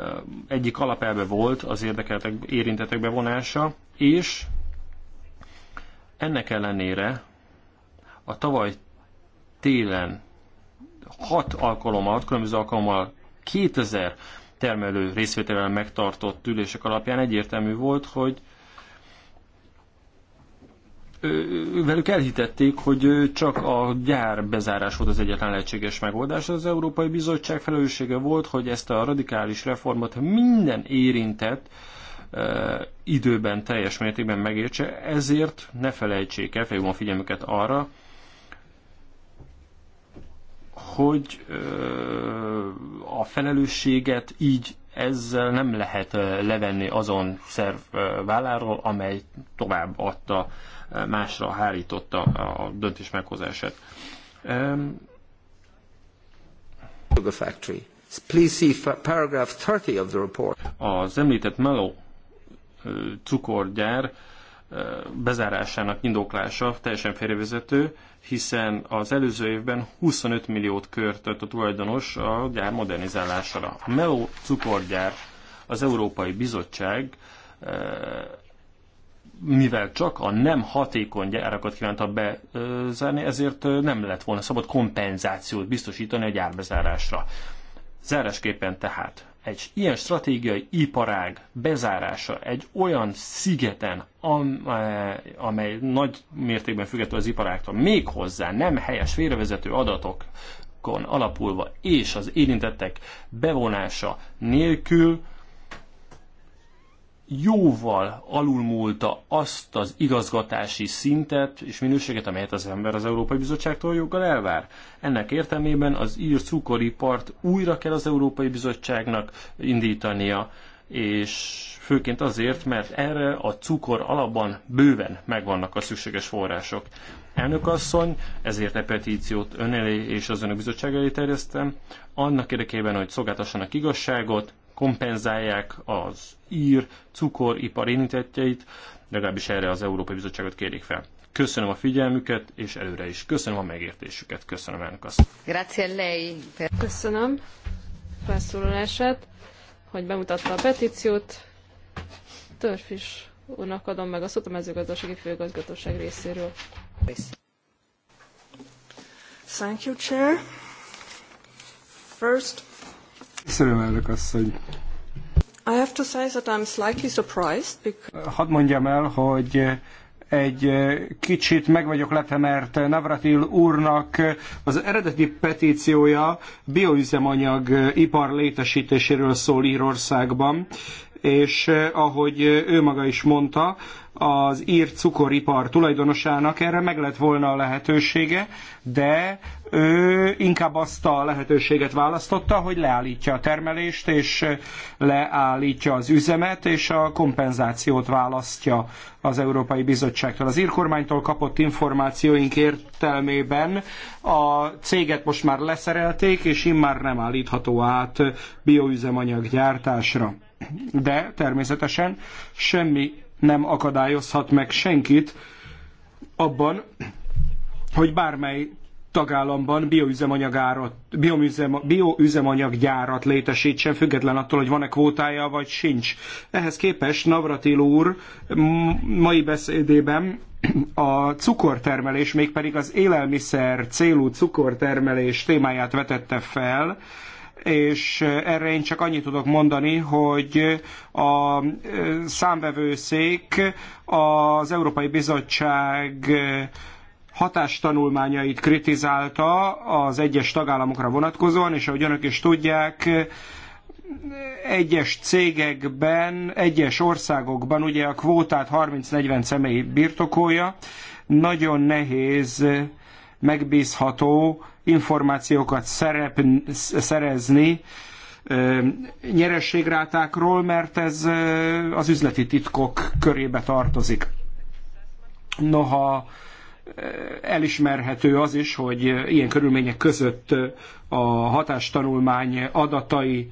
egyik alapelve volt az érdekeltek, érintetek bevonása, és ennek ellenére a tavaly télen hat alkalommal, hat különböző alkalommal 2000 termelő részvételen megtartott ülések alapján egyértelmű volt, hogy velük elhitették, hogy csak a gyár bezárás volt az egyetlen lehetséges megoldás. Az Európai Bizottság felelőssége volt, hogy ezt a radikális reformot minden érintett időben teljes mértékben megértse, ezért ne felejtsék el, felhívom a figyelmüket arra, hogy a felelősséget így ezzel nem lehet levenni azon szerv válláról, amely tovább adta másra hárította a döntés meghozását. The factory. Please see paragraph 30 of the report. Az említett meló cukorgyár bezárásának indoklása teljesen félrevezető, hiszen az előző évben 25 milliót körtött a tulajdonos a gyár modernizálására. A Melo cukorgyár az Európai Bizottság mivel csak a nem hatékony gyárakat kívánta bezárni, ezért nem lett volna szabad kompenzációt biztosítani a gyárbezárásra. Zárásképpen tehát egy ilyen stratégiai iparág bezárása egy olyan szigeten, amely nagy mértékben függető az iparágtól, méghozzá nem helyes félrevezető adatokon alapulva és az érintettek bevonása nélkül jóval alulmúlta azt az igazgatási szintet és minőséget, amelyet az ember az Európai Bizottságtól joggal elvár. Ennek értelmében az ír cukoripart újra kell az Európai Bizottságnak indítania, és főként azért, mert erre a cukor alapban bőven megvannak a szükséges források. Elnök asszony, ezért a e petíciót ön elé és az önök bizottság elé terjesztem, annak érdekében, hogy szolgáltassanak igazságot, kompenzálják az ír cukoripar érintettjeit, legalábbis erre az Európai Bizottságot kérik fel. Köszönöm a figyelmüket, és előre is köszönöm a megértésüket. Köszönöm elnök azt. Grazie Köszönöm felszólalását, hogy bemutatta a petíciót. Törfis úrnak adom meg a szót a mezőgazdasági főgazgatóság részéről. Thank you, Chair. First. Köszönöm, elnök asszony. I have to say that I'm slightly surprised because... Hadd mondjam el, hogy egy kicsit meg vagyok lepve, mert Navratil úrnak az eredeti petíciója bioüzemanyag ipar létesítéséről szól Írországban, és ahogy ő maga is mondta, az ír cukoripar tulajdonosának erre meg lett volna a lehetősége, de ő inkább azt a lehetőséget választotta, hogy leállítja a termelést, és leállítja az üzemet, és a kompenzációt választja az Európai Bizottságtól. Az írkormánytól kapott információink értelmében a céget most már leszerelték, és immár nem állítható át bioüzemanyag gyártásra. De természetesen semmi nem akadályozhat meg senkit abban, hogy bármely tagállamban bioüzemanyagárat, bioüzem, bioüzemanyaggyárat létesítsen, független attól, hogy van-e kvótája, vagy sincs. Ehhez képest Navratil úr mai beszédében a cukortermelés, mégpedig az élelmiszer célú cukortermelés témáját vetette fel, és erre én csak annyit tudok mondani, hogy a számvevőszék az Európai Bizottság hatástanulmányait kritizálta az egyes tagállamokra vonatkozóan, és ahogy önök is tudják, egyes cégekben, egyes országokban ugye a kvótát 30-40 személy birtokolja, nagyon nehéz megbízható információkat szerep, szerezni nyerességrátákról, mert ez az üzleti titkok körébe tartozik. Noha elismerhető az is, hogy ilyen körülmények között a hatástanulmány adatai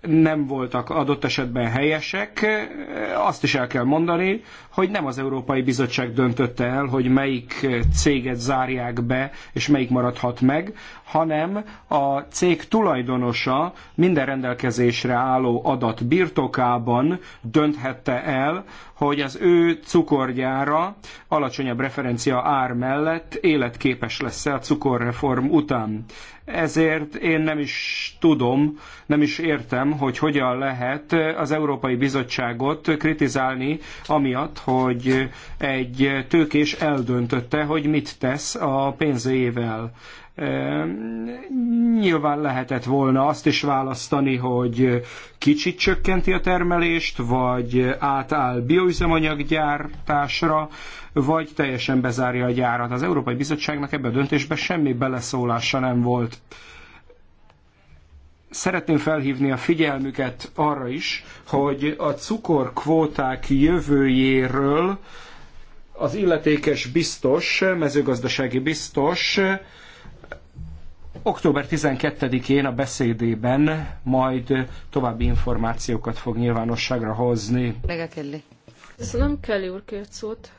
nem voltak adott esetben helyesek. Azt is el kell mondani, hogy nem az Európai Bizottság döntötte el, hogy melyik céget zárják be, és melyik maradhat meg, hanem a cég tulajdonosa minden rendelkezésre álló adat birtokában dönthette el, hogy az ő cukorgyára alacsonyabb referencia ár mellett életképes lesz-e a cukorreform után ezért én nem is tudom, nem is értem, hogy hogyan lehet az Európai Bizottságot kritizálni, amiatt, hogy egy tőkés eldöntötte, hogy mit tesz a pénzével. Nyilván lehetett volna azt is választani, hogy kicsit csökkenti a termelést, vagy átáll bioüzemanyaggyártásra, vagy teljesen bezárja a gyárat. Az Európai Bizottságnak ebben a döntésben semmi beleszólása nem volt. Szeretném felhívni a figyelmüket arra is, hogy a cukorkvóták jövőjéről az illetékes biztos, mezőgazdasági biztos Október 12-én a beszédében majd további információkat fog nyilvánosságra hozni. Legekelli. Köszönöm, Kelly úr kért szót.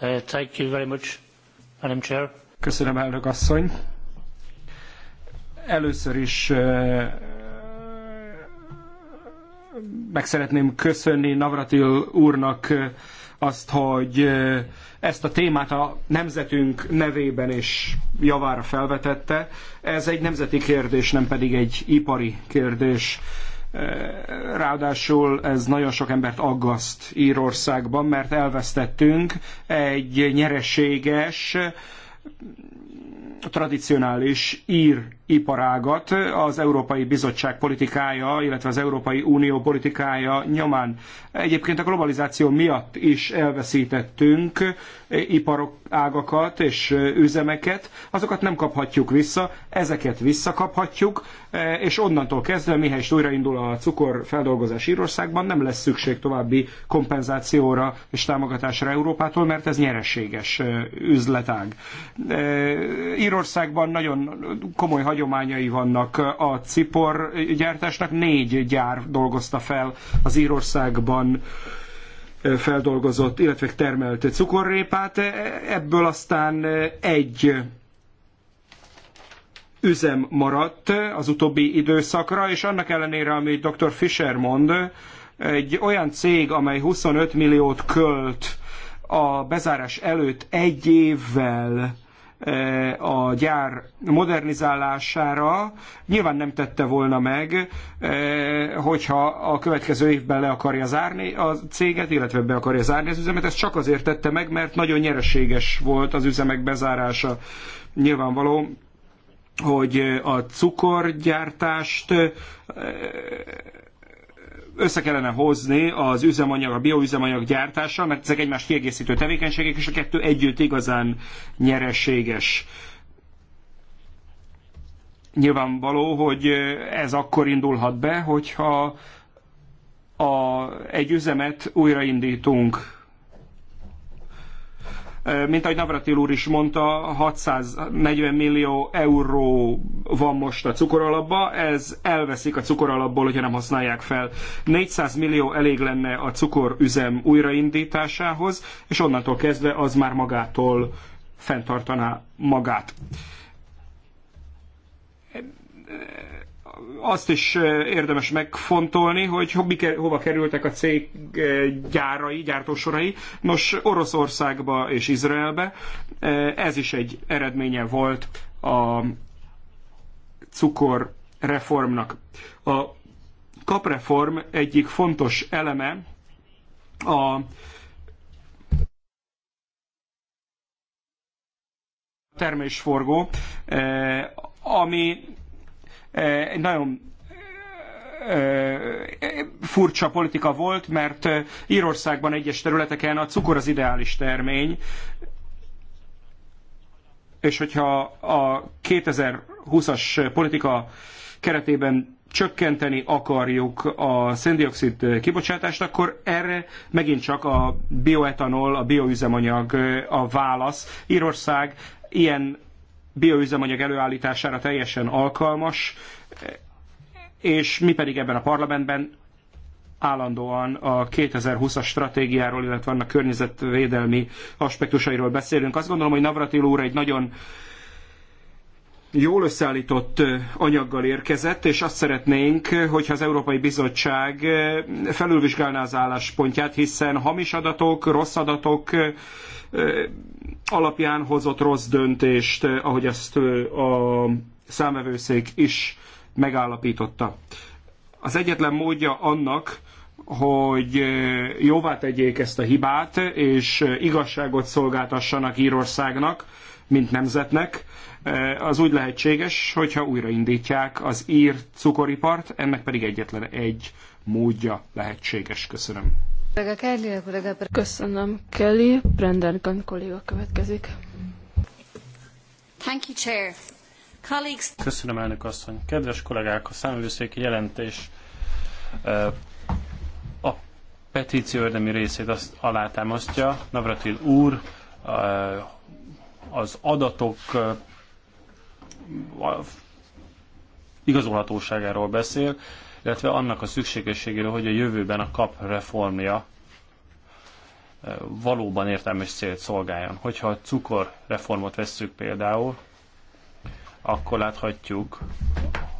Uh, thank you very much, Madam Chair. Köszönöm, elnök asszony. Először is uh, meg szeretném köszönni Navratil úrnak uh, azt, hogy ezt a témát a nemzetünk nevében és javára felvetette. Ez egy nemzeti kérdés, nem pedig egy ipari kérdés. Ráadásul ez nagyon sok embert aggaszt Írországban, mert elvesztettünk egy nyereséges, tradicionális ír iparágat az Európai Bizottság politikája, illetve az Európai Unió politikája nyomán. Egyébként a globalizáció miatt is elveszítettünk iparágakat és üzemeket, azokat nem kaphatjuk vissza, ezeket visszakaphatjuk, és onnantól kezdve, mihelyest is újraindul a cukorfeldolgozás Írországban, nem lesz szükség további kompenzációra és támogatásra Európától, mert ez nyereséges üzletág. Írországban nagyon komoly hagyományai vannak a cipor gyártásnak. Négy gyár dolgozta fel az Írországban feldolgozott, illetve termelt cukorrépát. Ebből aztán egy üzem maradt az utóbbi időszakra, és annak ellenére, amit dr. Fischer mond, egy olyan cég, amely 25 milliót költ a bezárás előtt egy évvel Eh, a gyár modernizálására nyilván nem tette volna meg, eh, hogyha a következő évben le akarja zárni a céget, illetve be akarja zárni az üzemet. Ez csak azért tette meg, mert nagyon nyereséges volt az üzemek bezárása. Nyilvánvaló, hogy a cukorgyártást eh, össze kellene hozni az üzemanyag, a bioüzemanyag gyártása, mert ezek egymást kiegészítő tevékenységek, és a kettő együtt igazán nyereséges nyilvánvaló, hogy ez akkor indulhat be, hogyha a, egy üzemet újraindítunk. Mint ahogy Navratil úr is mondta, 640 millió euró van most a cukoralapba, ez elveszik a cukoralapból, hogyha nem használják fel. 400 millió elég lenne a cukorüzem újraindításához, és onnantól kezdve az már magától fenntartaná magát azt is érdemes megfontolni, hogy hova kerültek a cég gyárai, gyártósorai. Nos, Oroszországba és Izraelbe. Ez is egy eredménye volt a cukor reformnak. A kapreform egyik fontos eleme a termésforgó, ami egy nagyon furcsa politika volt, mert Írországban egyes területeken a cukor az ideális termény, és hogyha a 2020-as politika keretében csökkenteni akarjuk a széndiokszid kibocsátást, akkor erre megint csak a bioetanol, a bioüzemanyag a válasz. Írország ilyen bioüzemanyag előállítására teljesen alkalmas, és mi pedig ebben a parlamentben állandóan a 2020-as stratégiáról, illetve annak környezetvédelmi aspektusairól beszélünk. Azt gondolom, hogy Navratil úr egy nagyon jól összeállított anyaggal érkezett, és azt szeretnénk, hogyha az Európai Bizottság felülvizsgálná az álláspontját, hiszen hamis adatok, rossz adatok alapján hozott rossz döntést, ahogy ezt a számvevőszék is megállapította. Az egyetlen módja annak, hogy jóvá tegyék ezt a hibát, és igazságot szolgáltassanak Írországnak, mint nemzetnek, Eh, az úgy lehetséges, hogyha újraindítják az ír cukoripart, ennek pedig egyetlen egy módja lehetséges. Köszönöm. Köszönöm, Kelly. Brendan kolléga következik. Thank you, Chair. Colleagues... Köszönöm, elnök asszony. Kedves kollégák, a számvőszéki jelentés eh, a petíció érdemi részét azt alátámasztja. Navratil úr eh, az adatok igazolhatóságáról beszél, illetve annak a szükségességéről, hogy a jövőben a kap reformja eh, valóban értelmes célt szolgáljon. Hogyha a cukor reformot vesszük például, akkor láthatjuk,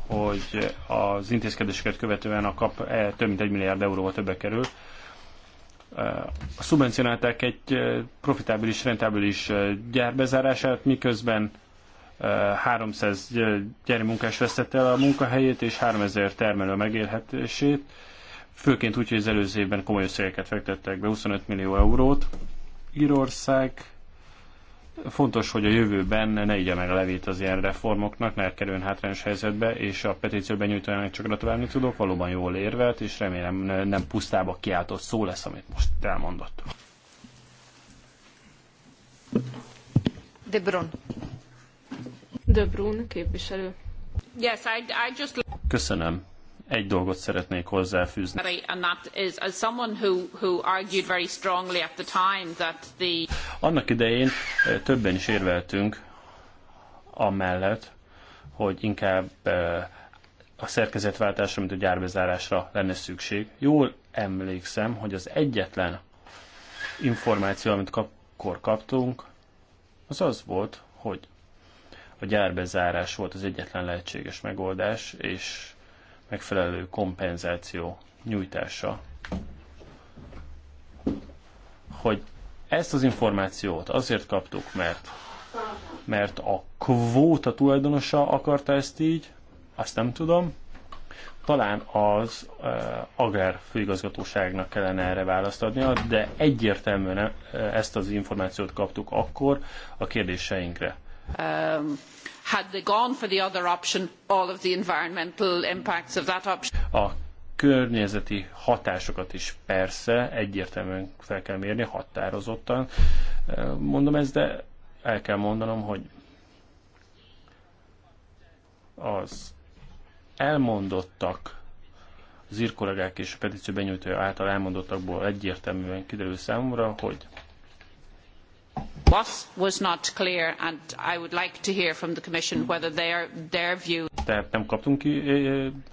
hogy az intézkedéseket követően a kap eh, több mint egy milliárd euróval többe kerül. Eh, szubvencionálták egy profitábilis, rentábilis gyárbezárását, miközben 300 munkás vesztette el a munkahelyét, és 3000 termelő megélhetését, főként úgy, hogy az előző évben komoly összegeket fektettek be, 25 millió eurót. Írország fontos, hogy a jövőben ne igye meg a levét az ilyen reformoknak, ne kerüljön hátrányos helyzetbe, és a petícióben nyújtanának csak gratulálni tudok, valóban jól érvelt, és remélem nem pusztába kiáltott szó lesz, amit most elmondott. De Brun. De Brun képviselő. Yes, I, I just... Köszönöm. Egy dolgot szeretnék hozzáfűzni. Annak idején többen is érveltünk amellett, hogy inkább a szerkezetváltásra, mint a gyárbezárásra lenne szükség. Jól emlékszem, hogy az egyetlen információ, amit akkor kaptunk, az az volt, hogy a gyárbezárás volt az egyetlen lehetséges megoldás, és megfelelő kompenzáció nyújtása. Hogy ezt az információt azért kaptuk, mert, mert a kvóta tulajdonosa akarta ezt így, azt nem tudom. Talán az uh, Agrár főigazgatóságnak kellene erre választ adnia, de egyértelműen ezt az információt kaptuk akkor a kérdéseinkre. Um, had they gone for the other option, all of the environmental impacts of that option. A környezeti hatásokat is persze egyértelműen fel kell mérni, határozottan. Um, mondom ezt, de el kell mondanom, hogy az elmondottak, az írkollégák és a petíció benyújtója által elmondottakból egyértelműen kiderül számomra, hogy was not clear and I would like to hear from the Commission whether their, their view Tehát nem kaptunk ki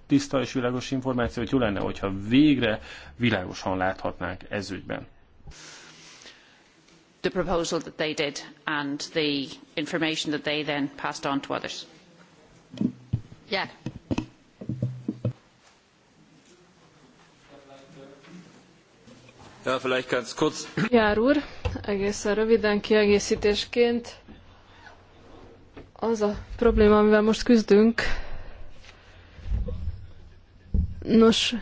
tiszta és világos információt, jó lenne, hogyha végre világosan láthatnánk ezügyben. The proposal that they did and the information that they then passed on to others. Yeah. Ja, vielleicht ganz kurz. Ja, Ruhr egészen röviden kiegészítésként. Az a probléma, amivel most küzdünk, nos,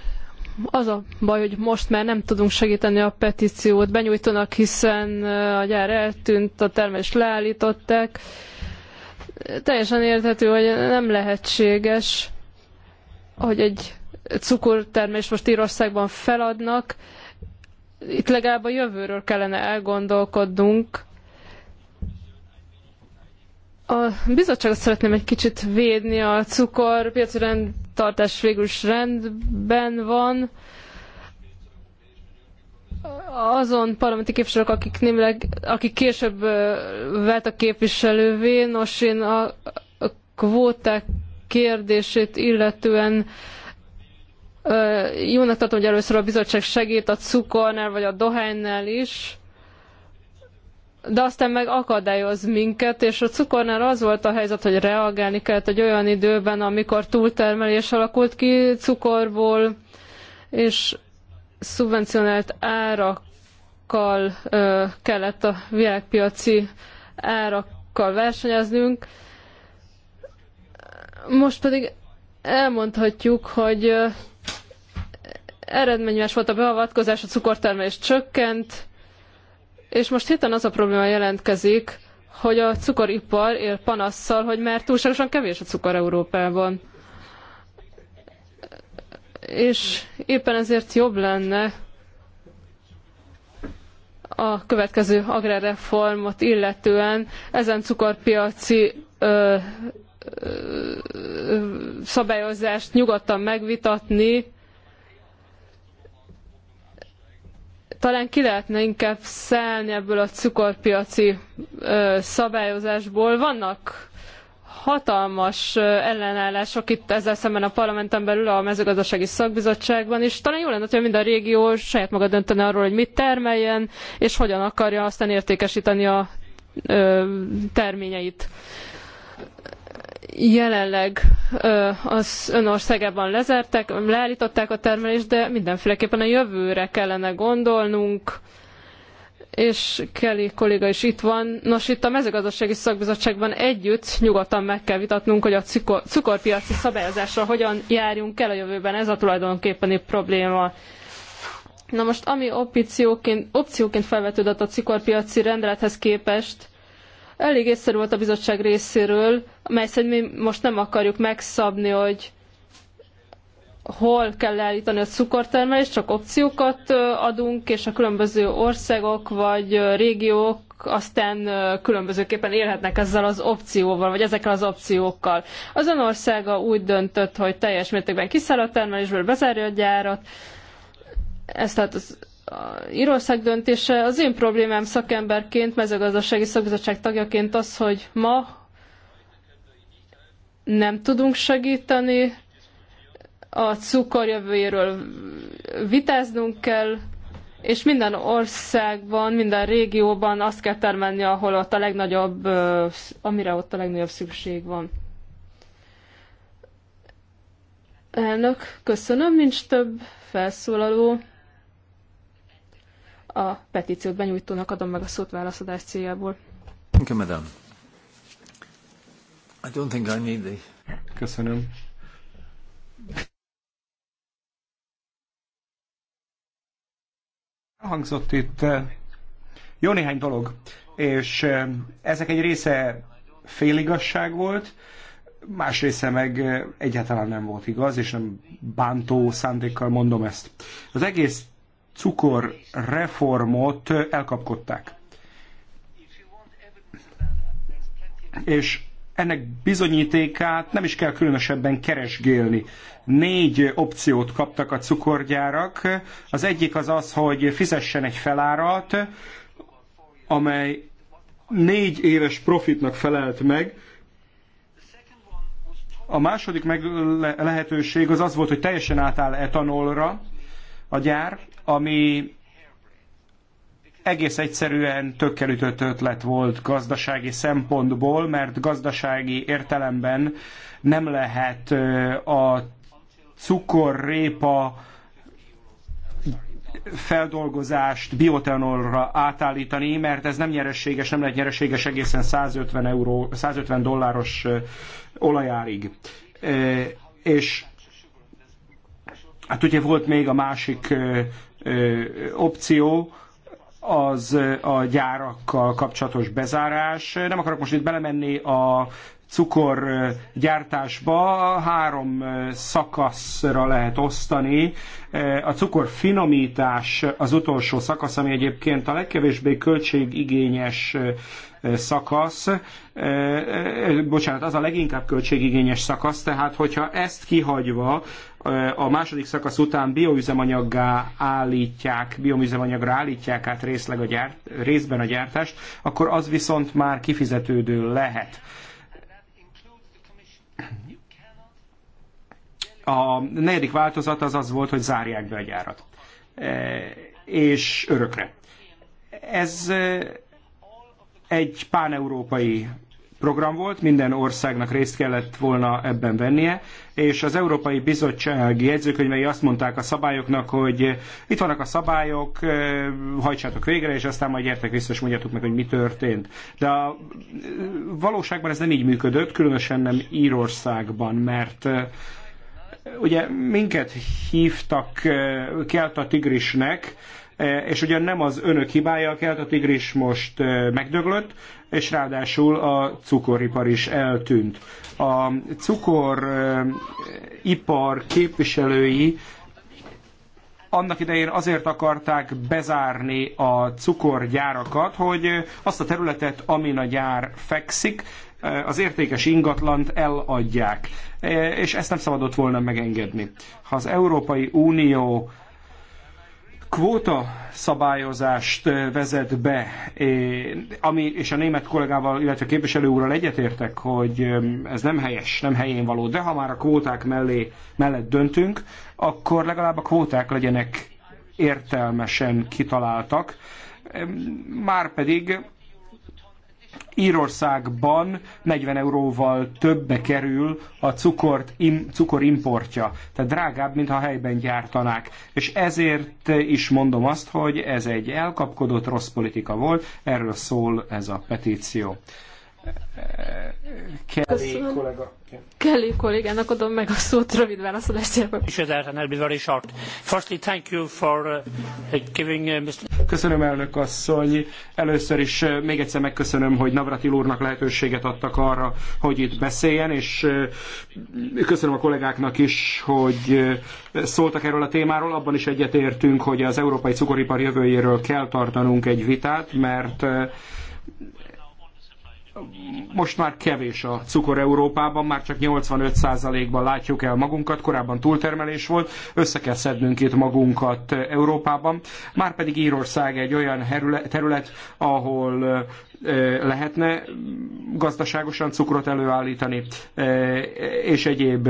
az a baj, hogy most már nem tudunk segíteni a petíciót. Benyújtanak, hiszen a gyár eltűnt, a termés leállították. Teljesen érthető, hogy nem lehetséges, hogy egy cukortermés most Írországban feladnak, itt legalább a jövőről kellene elgondolkodnunk. A bizottságot szeretném egy kicsit védni, a cukor piaci rendtartás végül is rendben van. Azon parlamenti képviselők, akik, némileg, akik később a képviselővé, nos én a kvóták kérdését illetően jónak tartom, hogy először a bizottság segít a cukornál vagy a dohánynál is, de aztán meg akadályoz minket, és a cukornál az volt a helyzet, hogy reagálni kellett egy olyan időben, amikor túltermelés alakult ki cukorból, és szubvencionált árakkal ö, kellett a világpiaci árakkal versenyeznünk. Most pedig elmondhatjuk, hogy eredményes volt a beavatkozás, a cukortermelés csökkent, és most hirtelen az a probléma jelentkezik, hogy a cukoripar él panasszal, hogy már túlságosan kevés a cukor Európában. És éppen ezért jobb lenne a következő agrárreformot illetően ezen cukorpiaci ö, szabályozást nyugodtan megvitatni. Talán ki lehetne inkább szállni ebből a cukorpiaci szabályozásból. Vannak hatalmas ellenállások itt ezzel szemben a parlamenten belül, a mezőgazdasági szakbizottságban is. Talán jó lenne, hogy minden régió saját maga döntene arról, hogy mit termeljen, és hogyan akarja aztán értékesíteni a terményeit jelenleg az ön országában lezertek, leállították a termelést, de mindenféleképpen a jövőre kellene gondolnunk, és Kelly kolléga is itt van. Nos, itt a mezőgazdasági szakbizottságban együtt nyugodtan meg kell vitatnunk, hogy a cukorpiaci szabályozással hogyan járjunk el a jövőben. Ez a tulajdonképpen egy probléma. Na most, ami opcióként, opcióként felvetődött a cukorpiaci rendelethez képest, Elég észszerű volt a bizottság részéről, mely szerint mi most nem akarjuk megszabni, hogy hol kell állítani a cukortermelést, csak opciókat adunk, és a különböző országok vagy régiók aztán különbözőképpen élhetnek ezzel az opcióval, vagy ezekkel az opciókkal. Az ön országa úgy döntött, hogy teljes mértékben kiszáll a termelésből, bezárja a gyárat, ez tehát az Írország döntése. Az én problémám szakemberként, mezőgazdasági szakbizottság tagjaként az, hogy ma nem tudunk segíteni, a cukor jövőjéről vitáznunk kell, és minden országban, minden régióban azt kell termelni, ahol ott a legnagyobb, amire ott a legnagyobb szükség van. Elnök, köszönöm, nincs több felszólaló. A petíciót benyújtónak adom meg a szót válaszadás céljából. Thank you, madam. I don't think I need the... Köszönöm. Hangzott itt eh, jó néhány dolog, és eh, ezek egy része féligasság volt, más része meg eh, egyáltalán nem volt igaz, és nem bántó szándékkal mondom ezt. Az egész cukorreformot elkapkodták. És ennek bizonyítékát nem is kell különösebben keresgélni. Négy opciót kaptak a cukorgyárak. Az egyik az az, hogy fizessen egy felárat, amely négy éves profitnak felelt meg. A második meg lehetőség az az volt, hogy teljesen átáll etanolra a gyár, ami egész egyszerűen tökkelütött ötlet volt gazdasági szempontból, mert gazdasági értelemben nem lehet a cukorrépa feldolgozást biotenolra átállítani, mert ez nem nyereséges, nem lehet nyereséges egészen 150, euró, 150 dolláros olajárig. És hát ugye volt még a másik opció az a gyárakkal kapcsolatos bezárás. Nem akarok most itt belemenni a cukorgyártásba három szakaszra lehet osztani. A cukor finomítás az utolsó szakasz, ami egyébként a legkevésbé költségigényes szakasz, bocsánat, az a leginkább költségigényes szakasz, tehát hogyha ezt kihagyva a második szakasz után bioüzemanyaggá állítják, bioüzemanyagra állítják át részleg a gyárt, részben a gyártást, akkor az viszont már kifizetődő lehet a negyedik változat az az volt, hogy zárják be a gyárat. E, és örökre. Ez e, egy páneurópai program volt, minden országnak részt kellett volna ebben vennie, és az Európai Bizottság jegyzőkönyvei azt mondták a szabályoknak, hogy eh, itt vannak a szabályok, eh, hajtsátok végre, és aztán majd gyertek vissza, és mondjátok meg, hogy mi történt. De a eh, valóságban ez nem így működött, különösen nem Írországban, mert ugye minket hívtak, Kelta a tigrisnek, E, és ugyan nem az önök hibája kelt, a tigris most e, megdöglött, és ráadásul a cukoripar is eltűnt. A cukoripar e, képviselői annak idején azért akarták bezárni a cukorgyárakat, hogy azt a területet, amin a gyár fekszik, az értékes ingatlant eladják. És ezt nem szabadott volna megengedni. Ha az Európai Unió kvóta szabályozást vezet be, ami, és a német kollégával, illetve a képviselő úrral egyetértek, hogy ez nem helyes, nem helyén való, de ha már a kvóták mellé, mellett döntünk, akkor legalább a kvóták legyenek értelmesen kitaláltak, Márpedig pedig Írországban 40 euróval többe kerül a cukort, im, cukor importja. Tehát drágább, mintha helyben gyártanák. És ezért is mondom azt, hogy ez egy elkapkodott rossz politika volt, erről szól ez a petíció. Kelly kollégának adom meg a szót rövid válaszolást érve. Uh, uh, köszönöm elnök asszony. Először is uh, még egyszer megköszönöm, hogy Navratil úrnak lehetőséget adtak arra, hogy itt beszéljen, és köszönöm a kollégáknak is, hogy szóltak erről a témáról. Abban is egyetértünk, hogy az európai cukoripar jövőjéről kell tartanunk egy vitát, mert most már kevés a cukor Európában, már csak 85%-ban látjuk el magunkat, korábban túltermelés volt, össze kell szednünk itt magunkat Európában. Márpedig Írország egy olyan terület, ahol lehetne gazdaságosan cukrot előállítani, és egyéb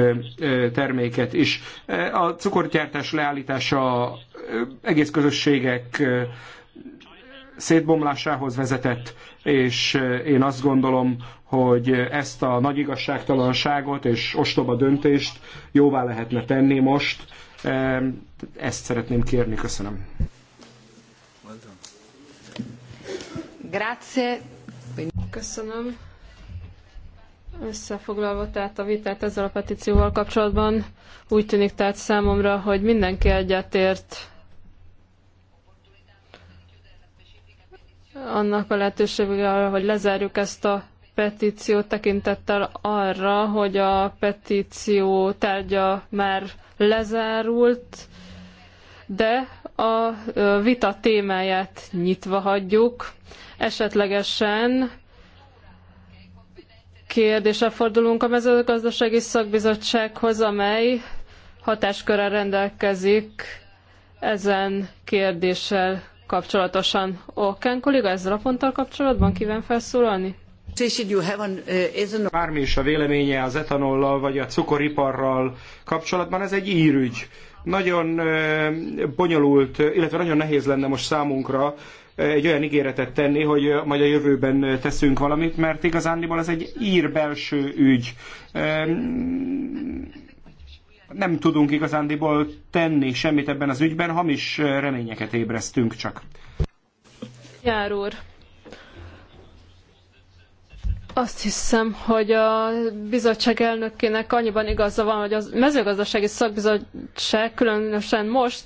terméket is. A cukorgyártás leállítása egész közösségek szétbomlásához vezetett, és eh, én azt gondolom, hogy ezt a nagy igazságtalanságot és ostoba döntést jóvá lehetne tenni most. Ezt szeretném kérni, köszönöm. Grazie. Köszönöm. Összefoglalva tehát a vitát ezzel a petícióval kapcsolatban, úgy tűnik tehát számomra, hogy mindenki egyetért annak a lehetőségével, arra, hogy lezárjuk ezt a petíciót tekintettel arra, hogy a petíció tárgya már lezárult, de a vita témáját nyitva hagyjuk. Esetlegesen kérdésre fordulunk a mezőgazdasági szakbizottsághoz, amely hatáskörrel rendelkezik ezen kérdéssel kapcsolatosan. Oken kolléga, ezzel a ponttal kapcsolatban kíván felszólalni? Uh, Bármi is a véleménye az etanollal vagy a cukoriparral kapcsolatban, ez egy írügy. Nagyon bonyolult, illetve nagyon nehéz lenne most számunkra egy olyan ígéretet tenni, hogy majd a jövőben teszünk valamit, mert igazániból ez egy ír belső ügy nem tudunk igazándiból tenni semmit ebben az ügyben, hamis reményeket ébresztünk csak. Jár úr, azt hiszem, hogy a bizottság elnökének annyiban igaza van, hogy a mezőgazdasági szakbizottság különösen most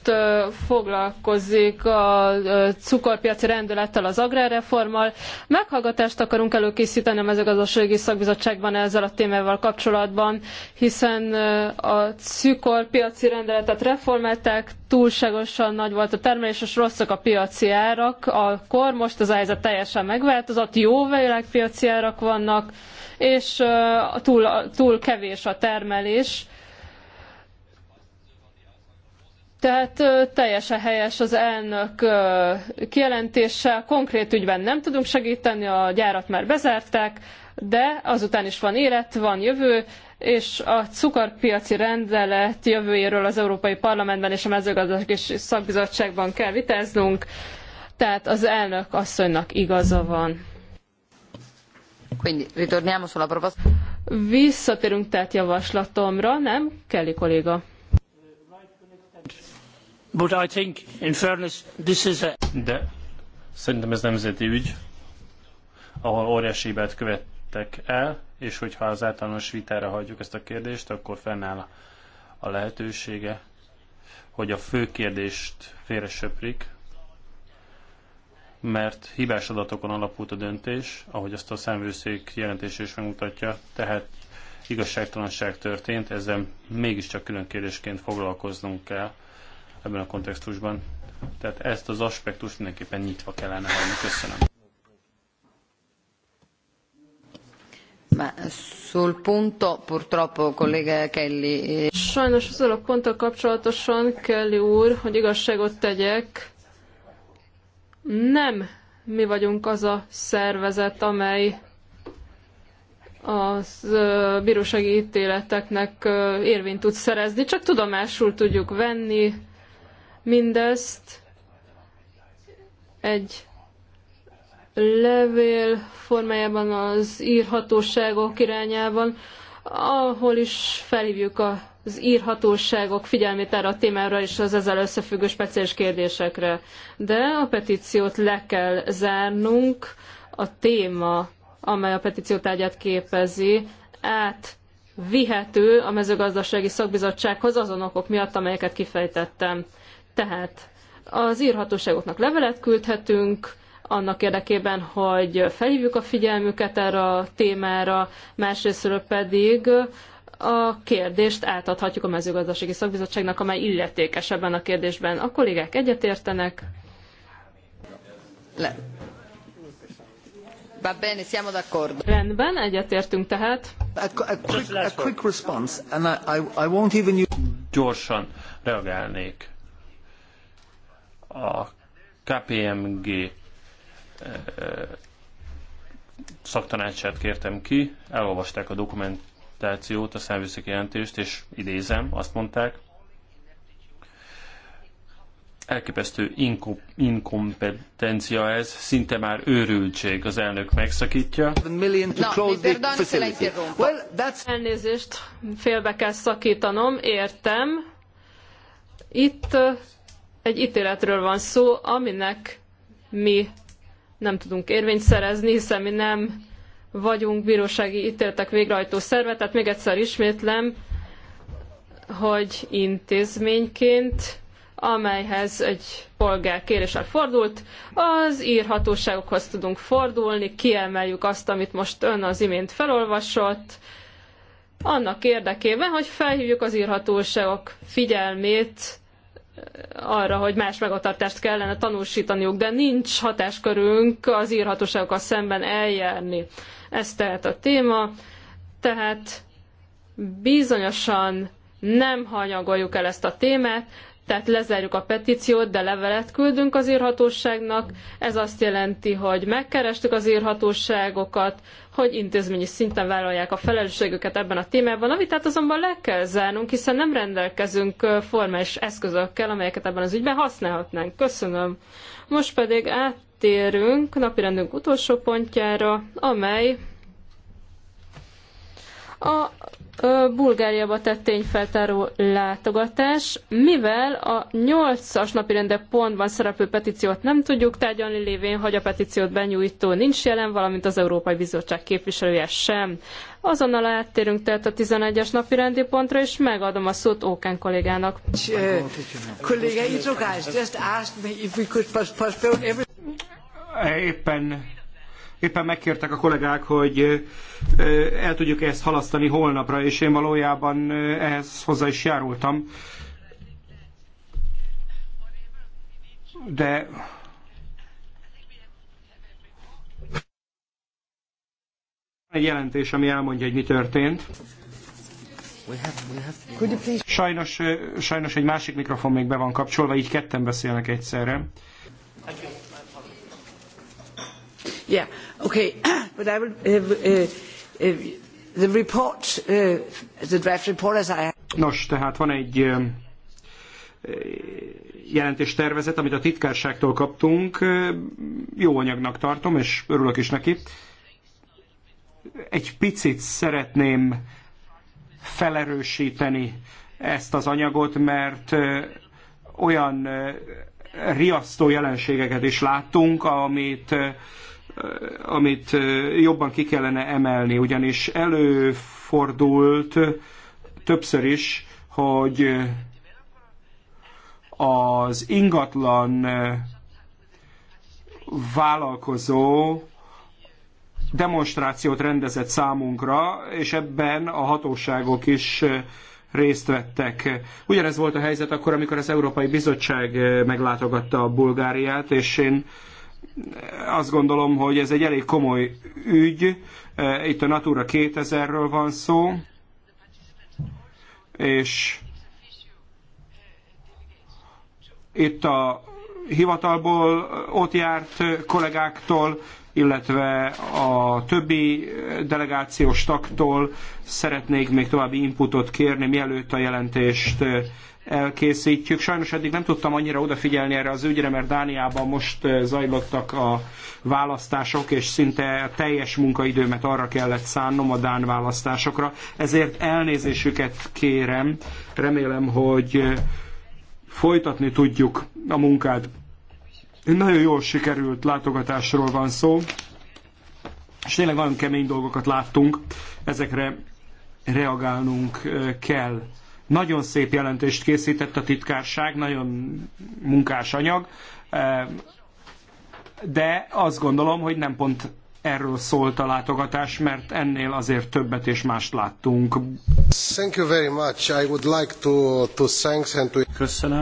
foglalkozik a cukorpiaci rendülettel, az agrárreformmal. Meghallgatást akarunk előkészíteni a mezőgazdasági szakbizottságban ezzel a témával kapcsolatban, hiszen a cukorpiaci rendeletet reformálták, túlságosan nagy volt a termelés, és rosszak a piaci árak. Akkor most az helyzet teljesen megváltozott, jó piaci árak van, vannak, és túl, túl kevés a termelés. Tehát teljesen helyes az elnök kijelentése, konkrét ügyben nem tudunk segíteni, a gyárat már bezárták, de azután is van élet, van jövő, és a cukorpiaci rendelet jövőjéről az Európai Parlamentben és a mezőgazdasági szakbizottságban kell vitáznunk, tehát az elnök asszonynak igaza van. Quindi ritorniamo Visszatérünk tehát javaslatomra, nem? Kelly kolléga. But I think, in fairness, this is a... De szerintem ez nemzeti ügy, ahol óriási hibát követtek el, és hogyha az általános vitára hagyjuk ezt a kérdést, akkor fennáll a lehetősége, hogy a fő kérdést félresöprik, mert hibás adatokon alapult a döntés, ahogy azt a számvőszék jelentése is megmutatja, tehát igazságtalanság történt, ezzel mégiscsak külön kérdésként foglalkoznunk kell ebben a kontextusban. Tehát ezt az aspektust mindenképpen nyitva kellene hagyni. Köszönöm. Sul punto, purtroppo, Kelly. Eh. Sajnos azzal a ponttal kapcsolatosan, Kelly úr, hogy igazságot tegyek, nem mi vagyunk az a szervezet, amely az bírósági ítéleteknek érvényt tud szerezni, csak tudomásul tudjuk venni mindezt. Egy levél formájában az írhatóságok irányában, ahol is felhívjuk a az írhatóságok figyelmét erre a témára és az ezzel összefüggő speciális kérdésekre. De a petíciót le kell zárnunk, a téma, amely a petíció tárgyát képezi, át vihető a mezőgazdasági szakbizottsághoz azon okok miatt, amelyeket kifejtettem. Tehát az írhatóságoknak levelet küldhetünk, annak érdekében, hogy felhívjuk a figyelmüket erre a témára, másrészt pedig a kérdést átadhatjuk a mezőgazdasági szakbizottságnak, amely illetékes ebben a kérdésben. A kollégák egyetértenek? Le. Va bene, siamo d'accordo. Rendben, egyetértünk tehát. A, a, quick, a quick response, and I, I, won't even use... Gyorsan reagálnék. A KPMG eh, eh, szaktanácsát kértem ki, elolvasták a dokumentumot, konzultációt, a számvőszék jelentést, és idézem, azt mondták, elképesztő inko- inkompetencia ez, szinte már őrültség, az elnök megszakítja. Well, Elnézést, félbe kell szakítanom, értem. Itt egy ítéletről van szó, aminek mi nem tudunk érvényt szerezni, hiszen mi nem vagyunk bírósági ítéletek végrehajtó szerve, tehát még egyszer ismétlem, hogy intézményként, amelyhez egy polgár kéréssel fordult, az írhatóságokhoz tudunk fordulni, kiemeljük azt, amit most ön az imént felolvasott, annak érdekében, hogy felhívjuk az írhatóságok figyelmét arra, hogy más megatartást kellene tanúsítaniuk, de nincs hatáskörünk az írhatóságokkal szemben eljárni. Ez tehát a téma. Tehát bizonyosan nem hanyagoljuk el ezt a témát, tehát lezárjuk a petíciót, de levelet küldünk az írhatóságnak. Ez azt jelenti, hogy megkerestük az írhatóságokat, hogy intézményi szinten vállalják a felelősségüket ebben a témában. amit tehát azonban le kell zárnunk, hiszen nem rendelkezünk formális eszközökkel, amelyeket ebben az ügyben használhatnánk. Köszönöm. Most pedig át áttérünk napirendünk utolsó pontjára, amely a Bulgáriába tett tényfeltáró látogatás, mivel a 8-as napi pontban szereplő petíciót nem tudjuk tárgyalni lévén, hogy a petíciót benyújtó nincs jelen, valamint az Európai Bizottság képviselője sem. Azonnal áttérünk tehát a 11-es napi rendi pontra, és megadom a szót Ókán kollégának. Éppen éppen megkértek a kollégák, hogy el tudjuk ezt halasztani holnapra, és én valójában ehhez hozzá is járultam. De egy jelentés, ami elmondja, hogy mi történt. Sajnos, sajnos egy másik mikrofon még be van kapcsolva, így ketten beszélnek egyszerre. Yeah, okay, [CLEARS THROAT] but I will, uh, uh, uh, the report, uh, the draft report as I... Nos, tehát van egy jelentés tervezet, amit a titkárságtól kaptunk. Jó anyagnak tartom, és örülök is neki. Egy picit szeretném felerősíteni ezt az anyagot, mert olyan riasztó jelenségeket is láttunk, amit amit jobban ki kellene emelni, ugyanis előfordult többször is, hogy az ingatlan vállalkozó demonstrációt rendezett számunkra, és ebben a hatóságok is részt vettek. Ugyanez volt a helyzet akkor, amikor az Európai Bizottság meglátogatta a Bulgáriát, és én azt gondolom, hogy ez egy elég komoly ügy. E, itt a Natura 2000-ről van szó, és itt a hivatalból ott járt kollégáktól, illetve a többi delegációs taktól szeretnék még további inputot kérni, mielőtt a jelentést elkészítjük. Sajnos eddig nem tudtam annyira odafigyelni erre az ügyre, mert Dániában most eh, zajlottak a választások, és szinte teljes munkaidőmet arra kellett szánnom a Dán választásokra. Ezért elnézésüket kérem. Remélem, hogy eh, folytatni tudjuk a munkát. nagyon jól sikerült látogatásról van szó, és tényleg nagyon kemény dolgokat láttunk, ezekre reagálnunk eh, kell. Nagyon szép jelentést készített a titkárság, nagyon munkás anyag, eh, de azt gondolom, hogy nem pont erről szólt a látogatás, mert ennél azért többet és mást láttunk. Köszönöm.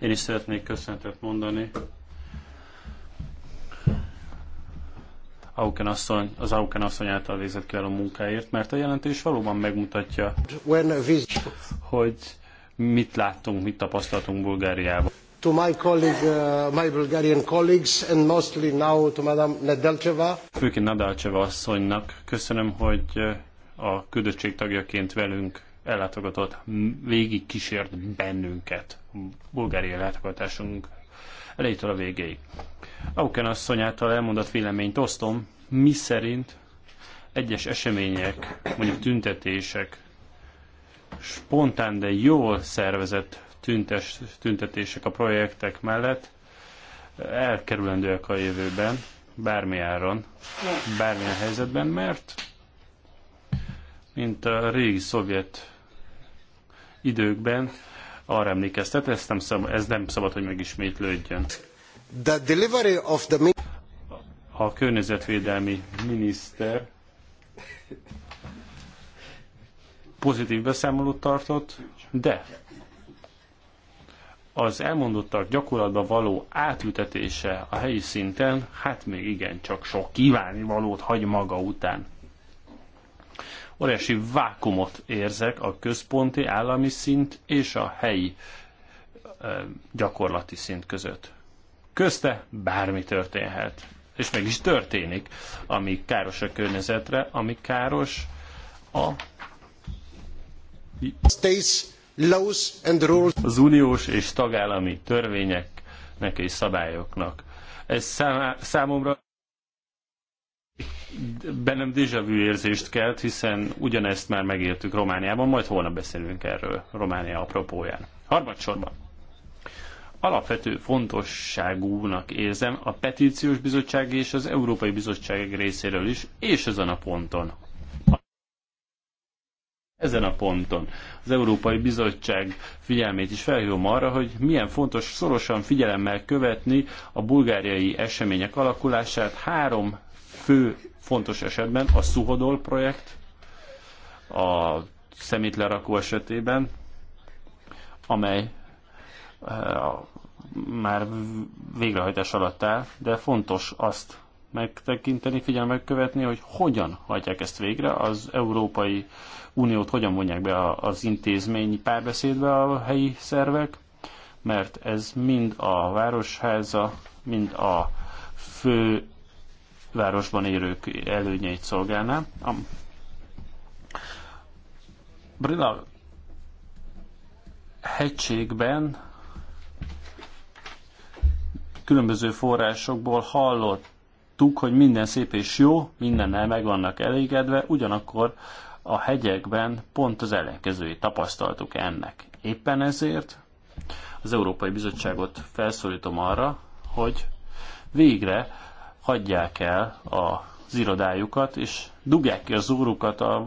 Én is szeretnék köszönetet mondani Auken asszony, az Auken asszony által végzett kiváló munkáért, mert a jelentés valóban megmutatja, hogy mit láttunk, mit tapasztaltunk Bulgáriában. To my colleague, uh, my Bulgarian colleagues, and mostly now to Madame Nedelcheva. Főként Nedelcheva asszonynak köszönöm, hogy uh, a küldöttség tagjaként velünk ellátogatott, végig kísért bennünket, bulgári látogatásunk elejétől a végéig. Auken asszony által elmondott véleményt osztom, mi szerint egyes események, mondjuk tüntetések, spontán, de jól szervezett tüntes, tüntetések a projektek mellett elkerülendőek a jövőben, bármi áron, bármilyen helyzetben, mert mint a régi szovjet időkben arra emlékeztet, nem szabad, ez nem szabad, hogy megismétlődjön. The delivery of the... A környezetvédelmi miniszter pozitív beszámolót tartott, de az elmondottak gyakorlatba való átütetése a helyi szinten, hát még igen, csak sok kívánivalót hagy maga után. Óriási vákumot érzek a központi állami szint és a helyi gyakorlati szint között. Közte bármi történhet. És meg is történik, ami káros a környezetre, ami káros a az uniós és tagállami törvényeknek és szabályoknak. Ez számomra bennem déjà vu érzést kelt, hiszen ugyanezt már megéltük Romániában, majd holnap beszélünk erről Románia apropóján. Harmadsorban alapvető fontosságúnak érzem a Petíciós Bizottság és az Európai Bizottság részéről is, és ezen a ponton. Ezen a ponton az Európai Bizottság figyelmét is felhívom arra, hogy milyen fontos szorosan figyelemmel követni a bulgáriai események alakulását három fő fontos esetben, a Suhodol projekt, a szemétlerakó esetében, amely már végrehajtás alatt áll, de fontos azt megtekinteni, figyelmek követni, hogy hogyan hajtják ezt végre, az Európai Uniót hogyan vonják be az intézményi párbeszédbe a helyi szervek, mert ez mind a városháza, mind a fő városban érők előnyeit szolgálná. A Brilla hegységben különböző forrásokból hallottuk, hogy minden szép és jó, mindennel meg vannak elégedve, ugyanakkor a hegyekben pont az ellenkezőjét tapasztaltuk ennek. Éppen ezért az Európai Bizottságot felszólítom arra, hogy végre hagyják el az irodájukat, és dugják ki az órukat a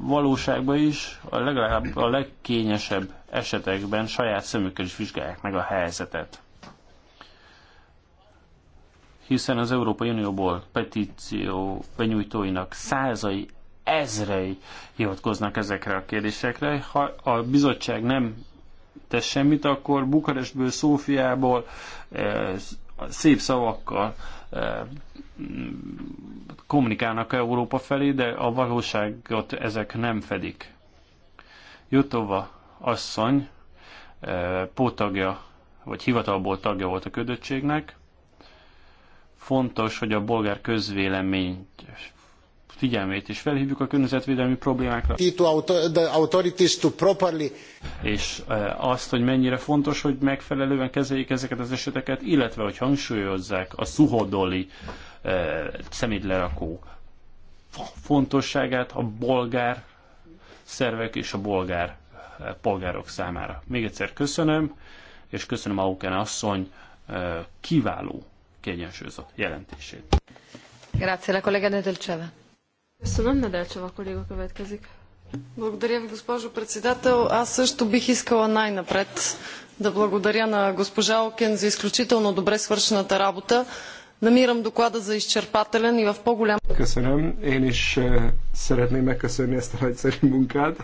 valóságba is, a legalább a legkényesebb esetekben saját szemükkel is vizsgálják meg a helyzetet hiszen az Európai Unióból petíció benyújtóinak százai, ezrei hivatkoznak ezekre a kérdésekre. Ha a bizottság nem tesz semmit, akkor Bukarestből, Szófiából eh, szép szavakkal eh, kommunikálnak Európa felé, de a valóságot ezek nem fedik. Jutova asszony eh, pótagja, vagy hivatalból tagja volt a ködöttségnek, Fontos, hogy a bolgár közvélemény figyelmét is felhívjuk a környezetvédelmi problémákra. És eh, azt, hogy mennyire fontos, hogy megfelelően kezeljék ezeket az eseteket, illetve hogy hangsúlyozzák a szuhodoli eh, szemétlerakó fontosságát a bolgár szervek és a bolgár eh, polgárok számára. Még egyszer köszönöm, és köszönöm Auken asszony eh, kiváló kiegyensúlyozott jelentését. Grazie, la collega Nedelcseva. Köszönöm, Nedelcseva kolléga következik. Благодаря ви, госпожо председател. Аз също бих искала най-напред да благодаря на госпожа Окен за изключително добре свършената работа. Намирам доклада за изчерпателен и в по-голям... Köszönöm. Én is szeretném megköszönni ezt a nagyszerű munkát.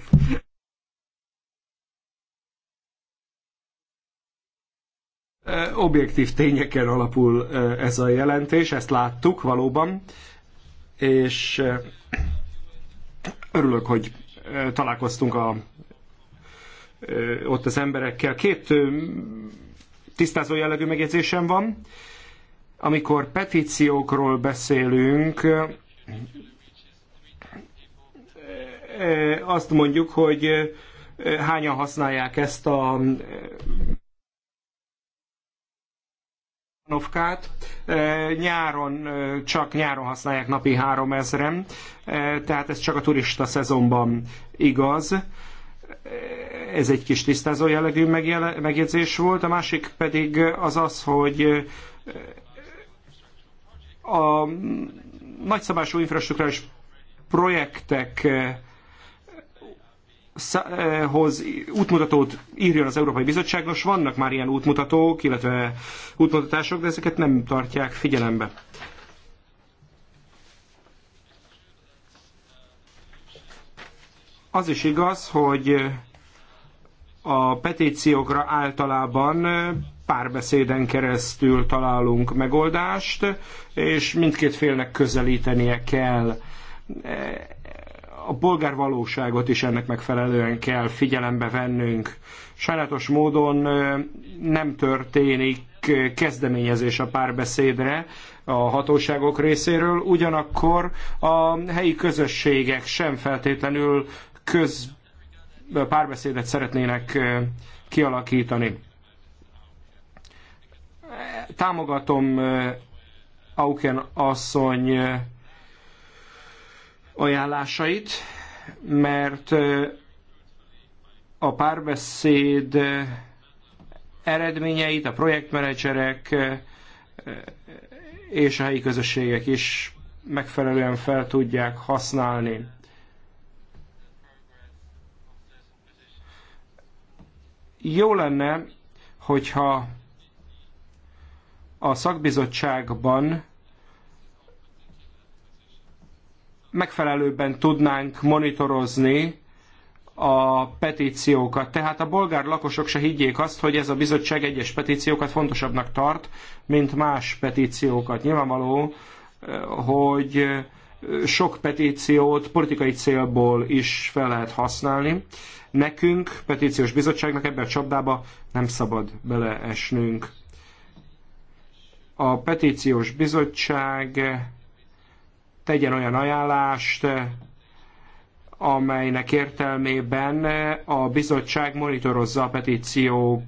objektív tényeken alapul ez a jelentés, ezt láttuk valóban, és örülök, hogy találkoztunk a, ott az emberekkel. Két tisztázó jellegű megjegyzésem van. Amikor petíciókról beszélünk, azt mondjuk, hogy hányan használják ezt a Novkát. Nyáron, csak nyáron használják napi 3000-en, tehát ez csak a turista szezonban igaz. Ez egy kis tisztázó jellegű megjegyzés volt. A másik pedig az az, hogy a nagyszabású infrastruktúrális projektek Eh, hoz útmutatót írjon az Európai Bizottság. Nos, vannak már ilyen útmutatók, illetve útmutatások, de ezeket nem tartják figyelembe. Az is igaz, hogy a petíciókra általában párbeszéden keresztül találunk megoldást, és mindkét félnek közelítenie kell a polgárvalóságot is ennek megfelelően kell figyelembe vennünk. Sajnálatos módon nem történik kezdeményezés a párbeszédre a hatóságok részéről, ugyanakkor a helyi közösségek sem feltétlenül köz párbeszédet szeretnének kialakítani. Támogatom Auken asszony ajánlásait, mert a párbeszéd eredményeit a projektmenedzserek és a helyi közösségek is megfelelően fel tudják használni. Jó lenne, hogyha a szakbizottságban megfelelőbben tudnánk monitorozni a petíciókat. Tehát a bolgár lakosok se higgyék azt, hogy ez a bizottság egyes petíciókat fontosabbnak tart, mint más petíciókat. Nyilvánvaló, eh, hogy eh, sok petíciót politikai célból is fel lehet használni. Nekünk, petíciós bizottságnak ebben a csapdába nem szabad beleesnünk. A petíciós bizottság tegyen olyan ajánlást, amelynek értelmében a bizottság monitorozza a petíciók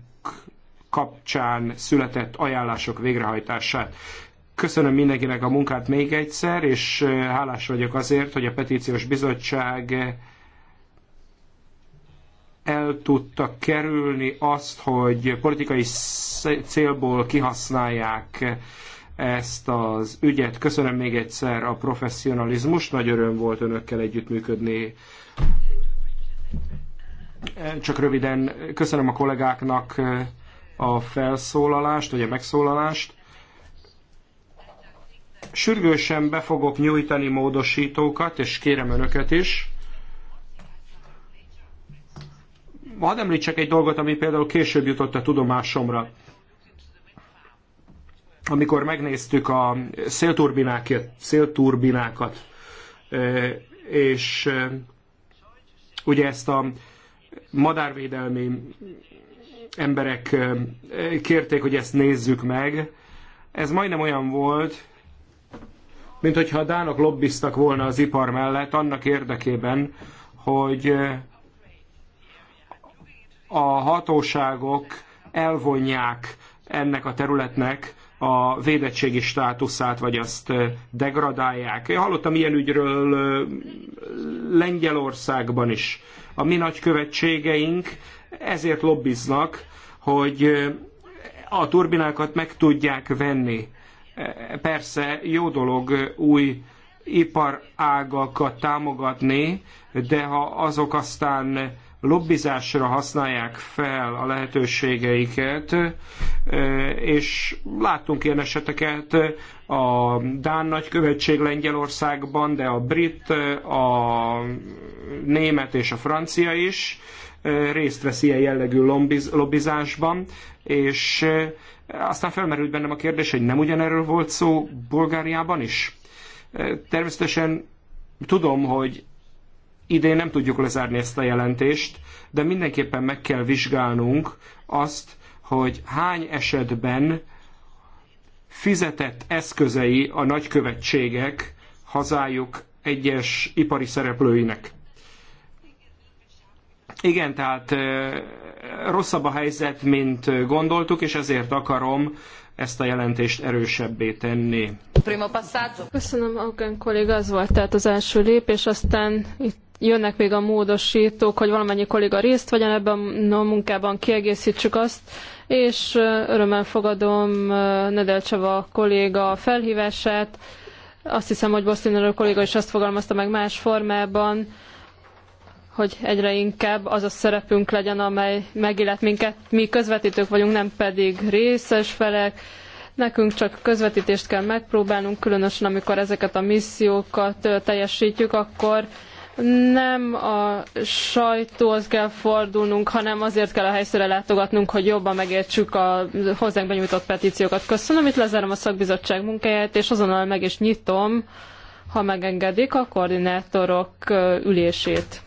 kapcsán született ajánlások végrehajtását. Köszönöm mindenkinek a munkát még egyszer, és hálás vagyok azért, hogy a petíciós bizottság el tudta kerülni azt, hogy politikai célból kihasználják ezt az ügyet. Köszönöm még egyszer a professzionalizmus, nagy öröm volt önökkel együttműködni. Csak röviden köszönöm a kollégáknak a felszólalást, vagy a megszólalást. Sürgősen be fogok nyújtani módosítókat, és kérem önöket is. Hadd említsek egy dolgot, ami például később jutott a tudomásomra amikor megnéztük a szélturbinákat, szélturbinákat e, és e, ugye ezt a madárvédelmi emberek e, kérték, hogy ezt nézzük meg. Ez majdnem olyan volt, mint hogyha a dánok lobbiztak volna az ipar mellett annak érdekében, hogy a hatóságok elvonják ennek a területnek a védettségi státuszát, vagy azt degradálják. Én hallottam ilyen ügyről Lengyelországban is. A mi nagykövetségeink ezért lobbiznak, hogy a turbinákat meg tudják venni. Persze jó dolog új iparágakat támogatni, de ha azok aztán lobbizásra használják fel a lehetőségeiket, és láttunk ilyen eseteket a Dán nagykövetség Lengyelországban, de a brit, a német és a francia is részt vesz ilyen jellegű lobbizásban, és aztán felmerült bennem a kérdés, hogy nem ugyanerről volt szó Bulgáriában is. Természetesen tudom, hogy idén nem tudjuk lezárni ezt a jelentést, de mindenképpen meg kell vizsgálnunk azt, hogy hány esetben fizetett eszközei a nagykövetségek hazájuk egyes ipari szereplőinek. Igen, tehát rosszabb a helyzet, mint gondoltuk, és ezért akarom ezt a jelentést erősebbé tenni. Köszönöm, Augen kolléga, az volt tehát az első lépés, aztán itt jönnek még a módosítók, hogy valamennyi kolléga részt vegyen ebben a munkában, kiegészítsük azt, és örömmel fogadom Nedel Csaba kolléga felhívását. Azt hiszem, hogy Bosztin kolléga is azt fogalmazta meg más formában, hogy egyre inkább az a szerepünk legyen, amely megillet minket. Mi közvetítők vagyunk, nem pedig részes felek. Nekünk csak közvetítést kell megpróbálnunk, különösen amikor ezeket a missziókat teljesítjük, akkor nem a sajtóhoz kell fordulnunk, hanem azért kell a helyszíre látogatnunk, hogy jobban megértsük a hozzánk benyújtott petíciókat. Köszönöm, itt lezárom a szakbizottság munkáját, és azonnal meg is nyitom, ha megengedik, a koordinátorok ülését.